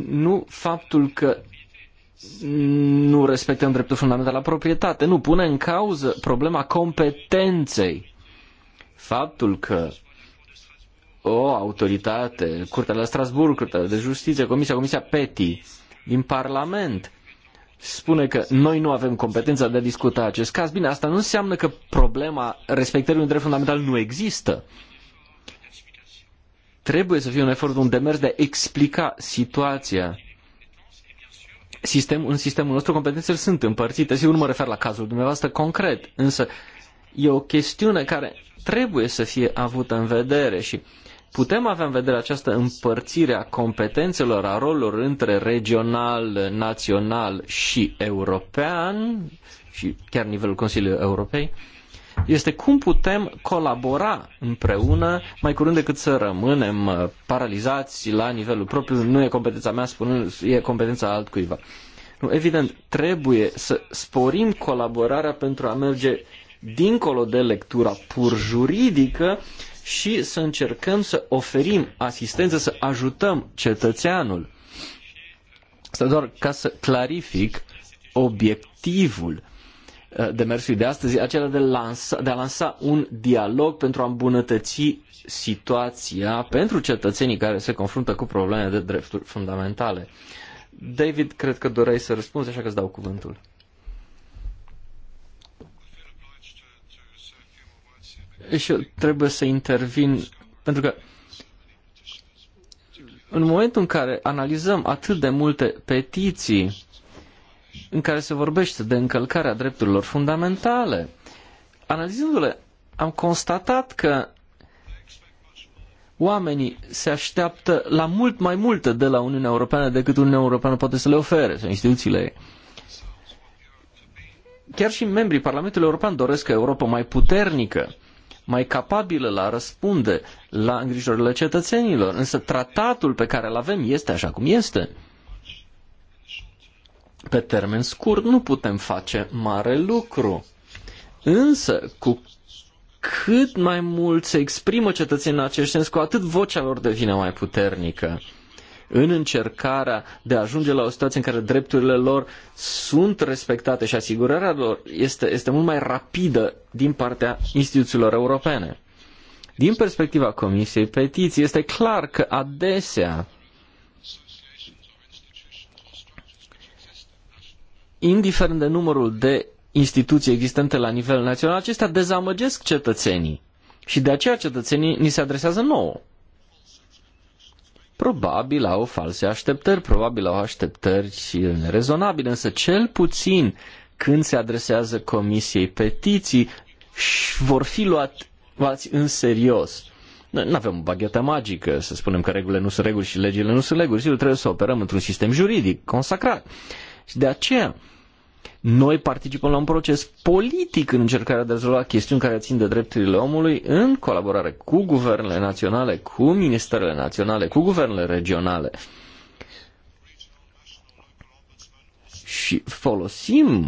nu faptul că nu respectăm dreptul fundamental la proprietate, nu pune în cauză problema competenței. Faptul că o autoritate, Curtea de la Strasburg, Curtea de Justiție, Comisia, Comisia PETI, din Parlament, spune că noi nu avem competența de a discuta acest caz, bine, asta nu înseamnă că problema respectării unui drept fundamental nu există. Trebuie să fie un efort, un demers de a explica situația. Sistem, în sistemul nostru competențele sunt împărțite. Sigur, nu mă refer la cazul dumneavoastră concret, însă e o chestiune care trebuie să fie avută în vedere și uh, Putem avea în vedere această împărțire a competențelor, a rolurilor între regional, național și european și chiar nivelul Consiliului Europei? Este cum putem colabora împreună mai curând decât să rămânem uh, paralizați la nivelul propriu. Nu e competența mea, spun, e competența altcuiva. Nu, evident, trebuie să sporim colaborarea pentru a merge dincolo de lectura pur juridică și să încercăm să oferim asistență, să ajutăm cetățeanul. Asta doar ca să clarific obiectivul uh, demersului de astăzi, acela de, lansa, de a lansa un dialog pentru a îmbunătăți situația pentru cetățenii care se confruntă cu probleme de drepturi fundamentale. David, cred că doreai să răspunzi, așa că îți dau cuvântul. și eu trebuie să intervin pentru că în momentul în care analizăm atât de multe petiții în care se vorbește de încălcarea drepturilor fundamentale, analizându-le, am constatat că oamenii se așteaptă la mult mai multe de la Uniunea Europeană decât Uniunea Europeană poate să le ofere, sau instituțiile ei. Chiar și membrii Parlamentului European doresc o Europa mai puternică, mai capabilă la a răspunde la îngrijorările cetățenilor. Însă tratatul pe care îl avem este așa cum este. Pe termen scurt nu putem face mare lucru. Însă, cu cât mai mult se exprimă cetățenii în acest sens, cu atât vocea lor devine mai puternică în încercarea de a ajunge la o situație în care drepturile lor sunt respectate și asigurarea lor este, este mult mai rapidă din partea instituțiilor europene. Din perspectiva Comisiei Petiții, este clar că adesea indiferent de numărul de instituții existente la nivel național, acestea dezamăgesc cetățenii. Și de aceea cetățenii ni se adresează nouă probabil au false așteptări, probabil au așteptări rezonabile, însă cel puțin când se adresează comisiei petiții vor fi luat, luați în serios. Nu avem bagheta magică, să spunem că regulile nu sunt reguli și legile nu sunt reguli, sigur trebuie să operăm într-un sistem juridic consacrat. Și de aceea, noi participăm la un proces politic în încercarea de a rezolva chestiuni care țin de drepturile omului în colaborare cu guvernele naționale, cu ministerele naționale, cu guvernele regionale. Și folosim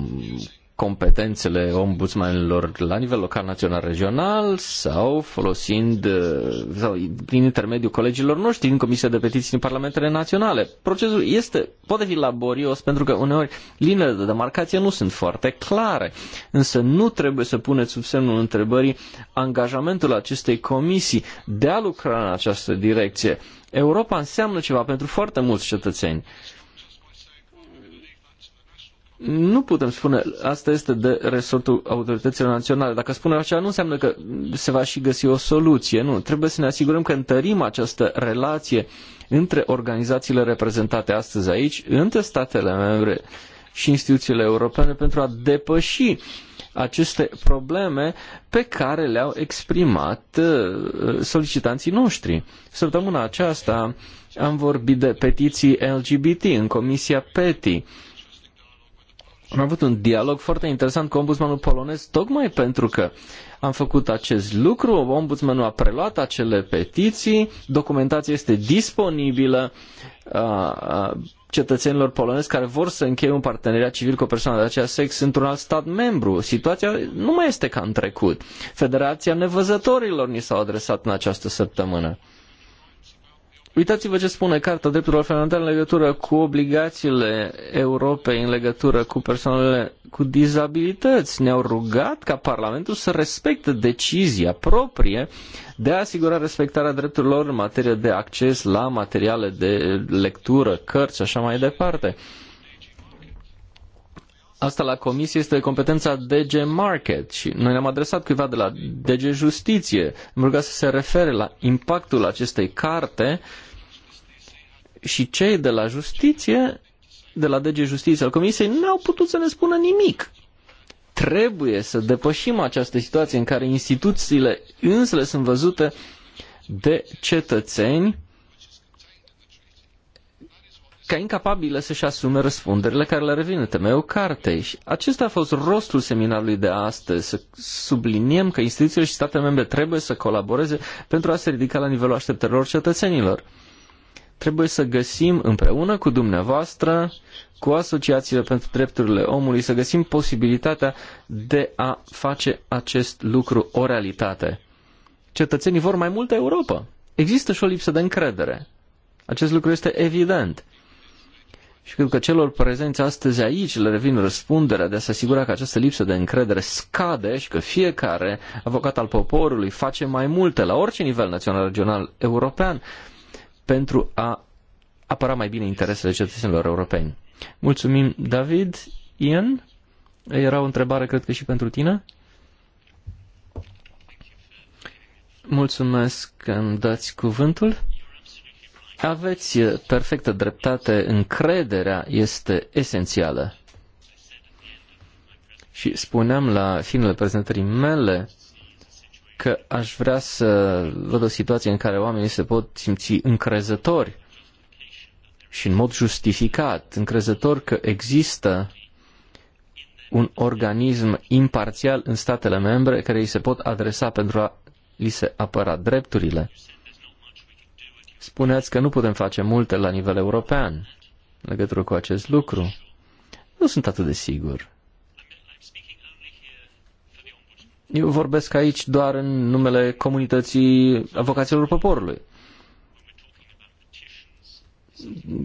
competențele ombudsmanilor la nivel local, național, regional sau folosind uh, sau prin intermediul colegilor noștri din Comisia de Petiții din Parlamentele Naționale. Procesul este, poate fi laborios pentru că uneori liniile de demarcație nu sunt foarte clare, însă nu trebuie să puneți sub semnul întrebării angajamentul acestei comisii de a lucra în această direcție. Europa înseamnă ceva pentru foarte mulți cetățeni nu putem spune asta este de resortul autorităților naționale. Dacă spunem așa, nu înseamnă că se va și găsi o soluție, nu. Trebuie să ne asigurăm că întărim această relație între organizațiile reprezentate astăzi aici, între statele membre și instituțiile europene pentru a depăși aceste probleme pe care le-au exprimat uh, solicitanții noștri. Săptămâna aceasta am vorbit de petiții LGBT în Comisia PETI am avut un dialog foarte interesant cu ombudsmanul polonez, tocmai pentru că am făcut acest lucru, ombudsmanul a preluat acele petiții, documentația este disponibilă a, cetățenilor polonezi care vor să încheie un parteneriat civil cu o persoană de același sex într-un alt stat membru. Situația nu mai este ca în trecut. Federația Nevăzătorilor ni s-a adresat în această săptămână. Uitați-vă ce spune Carta Drepturilor Fundamentale în legătură cu obligațiile Europei în legătură cu persoanele cu dizabilități. Ne-au rugat ca Parlamentul să respecte decizia proprie de a asigura respectarea drepturilor în materie de acces la materiale de lectură, cărți și așa mai departe. Uh, Asta la comisie este competența DG Market și noi ne-am adresat cuiva de la DG Justiție. Am rugat să se refere la impactul acestei carte și cei de la Justiție, de la DG Justiție al comisiei, nu au putut să ne spună nimic. Trebuie să depășim această situație în care instituțiile însele sunt văzute de cetățeni ca incapabile să-și asume răspunderile care le revin în temeiul cartei. Și acesta a fost rostul seminarului de astăzi, să subliniem că instituțiile și statele membre trebuie să colaboreze pentru a se ridica la nivelul așteptărilor cetățenilor. Trebuie să găsim împreună cu dumneavoastră, cu asociațiile pentru drepturile omului, să găsim posibilitatea de a face acest lucru o realitate. Cetățenii vor mai multă Europa. Există și o lipsă de încredere. Acest lucru este evident. Și cred că celor prezenți astăzi aici le revin răspunderea de a se asigura că această lipsă de încredere scade și că fiecare avocat al poporului face mai multe la orice nivel național, regional, european pentru a apăra mai bine interesele cetățenilor europeni. Mulțumim, David. Ian, era o întrebare, cred că și pentru tine. Mulțumesc că îmi dați cuvântul. Aveți eh, perfectă dreptate, încrederea este esențială. Și spuneam la finele prezentării mele că aș vrea să văd o situație în care oamenii se pot simți încrezători și în mod justificat, încrezători că există un organism imparțial în statele membre care îi se pot adresa pentru a li se apăra drepturile spuneați că nu putem face multe la nivel european legătură cu acest lucru. Nu sunt atât de sigur. Eu vorbesc aici doar în numele comunității avocaților poporului.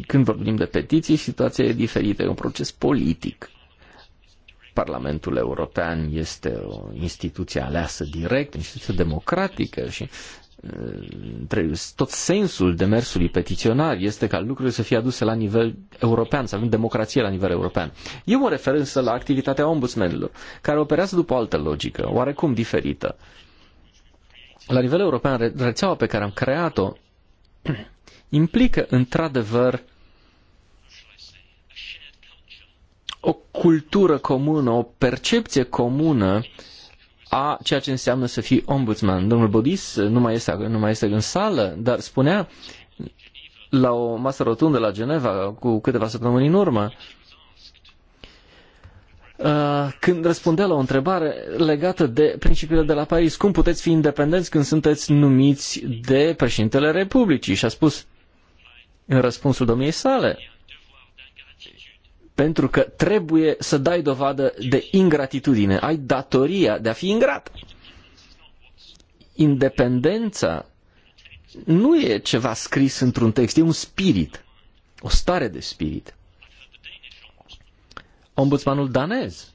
Când vorbim de petiții, situația e diferită, e un proces politic. Parlamentul European este o instituție aleasă direct, o instituție democratică și tot sensul demersului petiționar este ca lucrurile să fie aduse la nivel european, să avem democrație la nivel european. Eu mă refer însă la activitatea ombudsmenilor, care operează după o altă logică, oarecum diferită. La nivel european, rețeaua pe care am creat-o implică într-adevăr o cultură comună, o percepție comună a ceea ce înseamnă să fii ombudsman. Domnul Bodis nu mai este, nu mai este în sală, dar spunea la o masă rotundă la Geneva cu câteva săptămâni în urmă, uh, când răspundea la o întrebare legată de principiile de la Paris, cum puteți fi independenți când sunteți numiți de președintele Republicii? Și a spus în răspunsul domniei sale, pentru că trebuie să dai dovadă de ingratitudine. Ai datoria de a fi ingrat. Independența nu e ceva scris într-un text, e un spirit, o stare de spirit. Ombudsmanul danez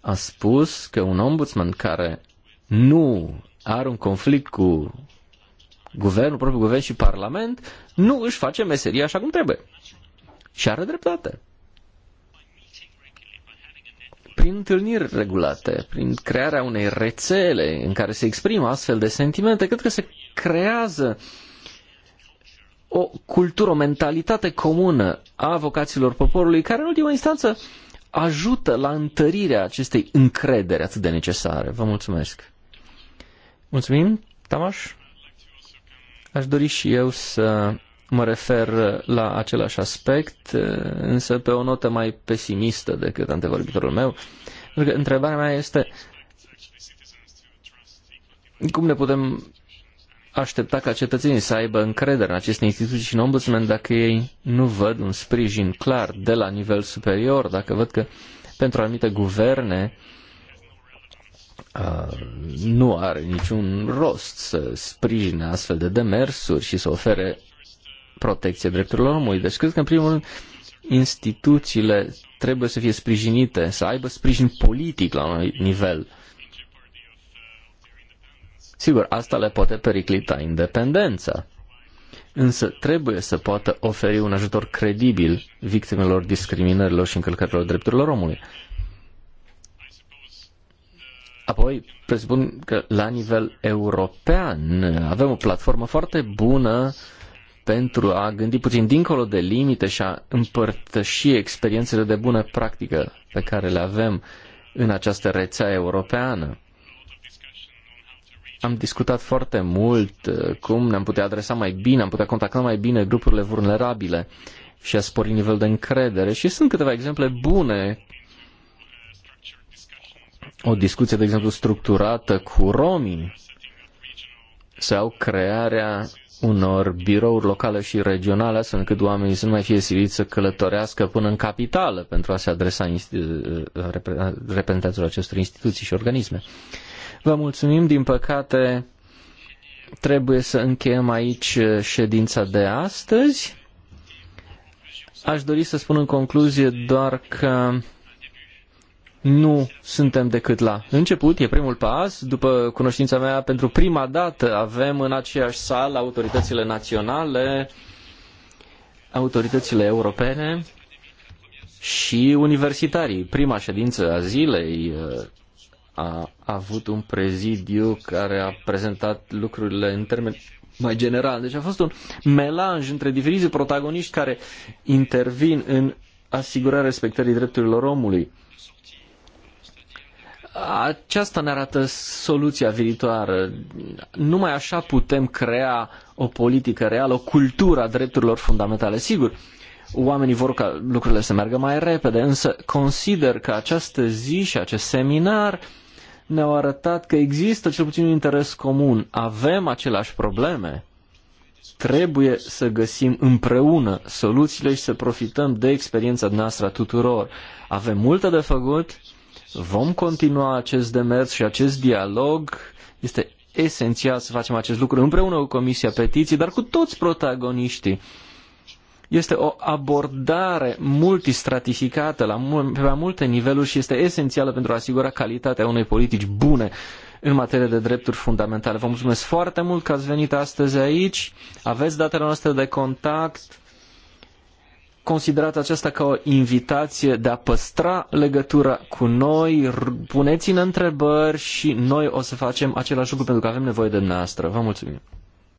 a spus că un ombudsman care nu are un conflict cu guvernul, propriul guvern și parlament, nu își face meseria așa cum trebuie. Și are dreptate prin întâlniri regulate, prin crearea unei rețele în care se exprimă astfel de sentimente, cred că se creează o cultură, o mentalitate comună a vocațiilor poporului, care în ultima instanță ajută la întărirea acestei încredere atât de necesare. Vă mulțumesc. Mulțumim, Tamaș. Aș dori și eu să Mă refer uh, la același aspect, uh, însă pe o notă mai pesimistă decât antevorbitorul meu. Pentru că întrebarea mea este cum ne putem aștepta ca cetățenii să aibă încredere în aceste instituții și în ombudsman dacă ei nu văd un sprijin clar de la nivel superior, dacă văd că pentru anumite guverne uh, nu are niciun rost să sprijine astfel de demersuri și să ofere protecție drepturilor omului. Deci cred că, în primul rând, instituțiile trebuie să fie sprijinite, să aibă sprijin politic la un nivel. Sigur, asta le poate periclita independența, însă trebuie să poată oferi un ajutor credibil victimelor discriminărilor și încălcărilor drepturilor omului. Apoi, presupun că la nivel european avem o platformă foarte bună uh, pentru a gândi puțin dincolo de limite și a împărtăși experiențele de bună practică pe care le avem în această rețea europeană. Am discutat foarte mult uh, cum ne-am putea adresa mai bine, am putea contacta mai bine grupurile vulnerabile și a spori nivelul de încredere. Și sunt câteva exemple bune. O discuție, de exemplu, structurată cu romii sau crearea unor birouri locale și regionale, astfel încât oamenii să nu mai fie siliți să călătorească până în capitală pentru a se adresa uh, uh, reprezentanților acestor instituții și organisme. Vă mulțumim, din păcate trebuie să încheiem aici uh, ședința de astăzi. Aș dori să spun în concluzie doar că nu suntem decât la început, e primul pas. După cunoștința mea, pentru prima dată avem în aceeași sală autoritățile naționale, autoritățile europene și universitarii. Prima ședință a zilei uh, a avut un prezidiu care a prezentat lucrurile în termeni mai general. Deci a fost un melanj între diferiți protagoniști care intervin în asigurarea respectării drepturilor omului. Aceasta ne arată soluția viitoare. Numai așa putem crea o politică reală, o cultură a drepturilor fundamentale. Sigur, oamenii vor ca lucrurile să meargă mai repede, însă consider că această zi și acest seminar ne-au arătat că există cel puțin un interes comun. Avem aceleași probleme. Trebuie să găsim împreună soluțiile și să profităm de experiența noastră a tuturor. Avem multe de făcut, Vom continua acest demers și acest dialog. Este esențial să facem acest lucru împreună cu Comisia Petiții, dar cu toți protagoniștii. Este o abordare multistratificată la mul- pe mai multe niveluri și este esențială pentru a asigura calitatea unei politici bune în materie de drepturi fundamentale. Vă mulțumesc foarte mult că ați venit astăzi aici. Aveți datele noastre de contact considerat aceasta ca o invitație de a păstra legătura cu noi, puneți-ne întrebări și noi o să facem același lucru pentru că avem nevoie de noastră. Vă mulțumim!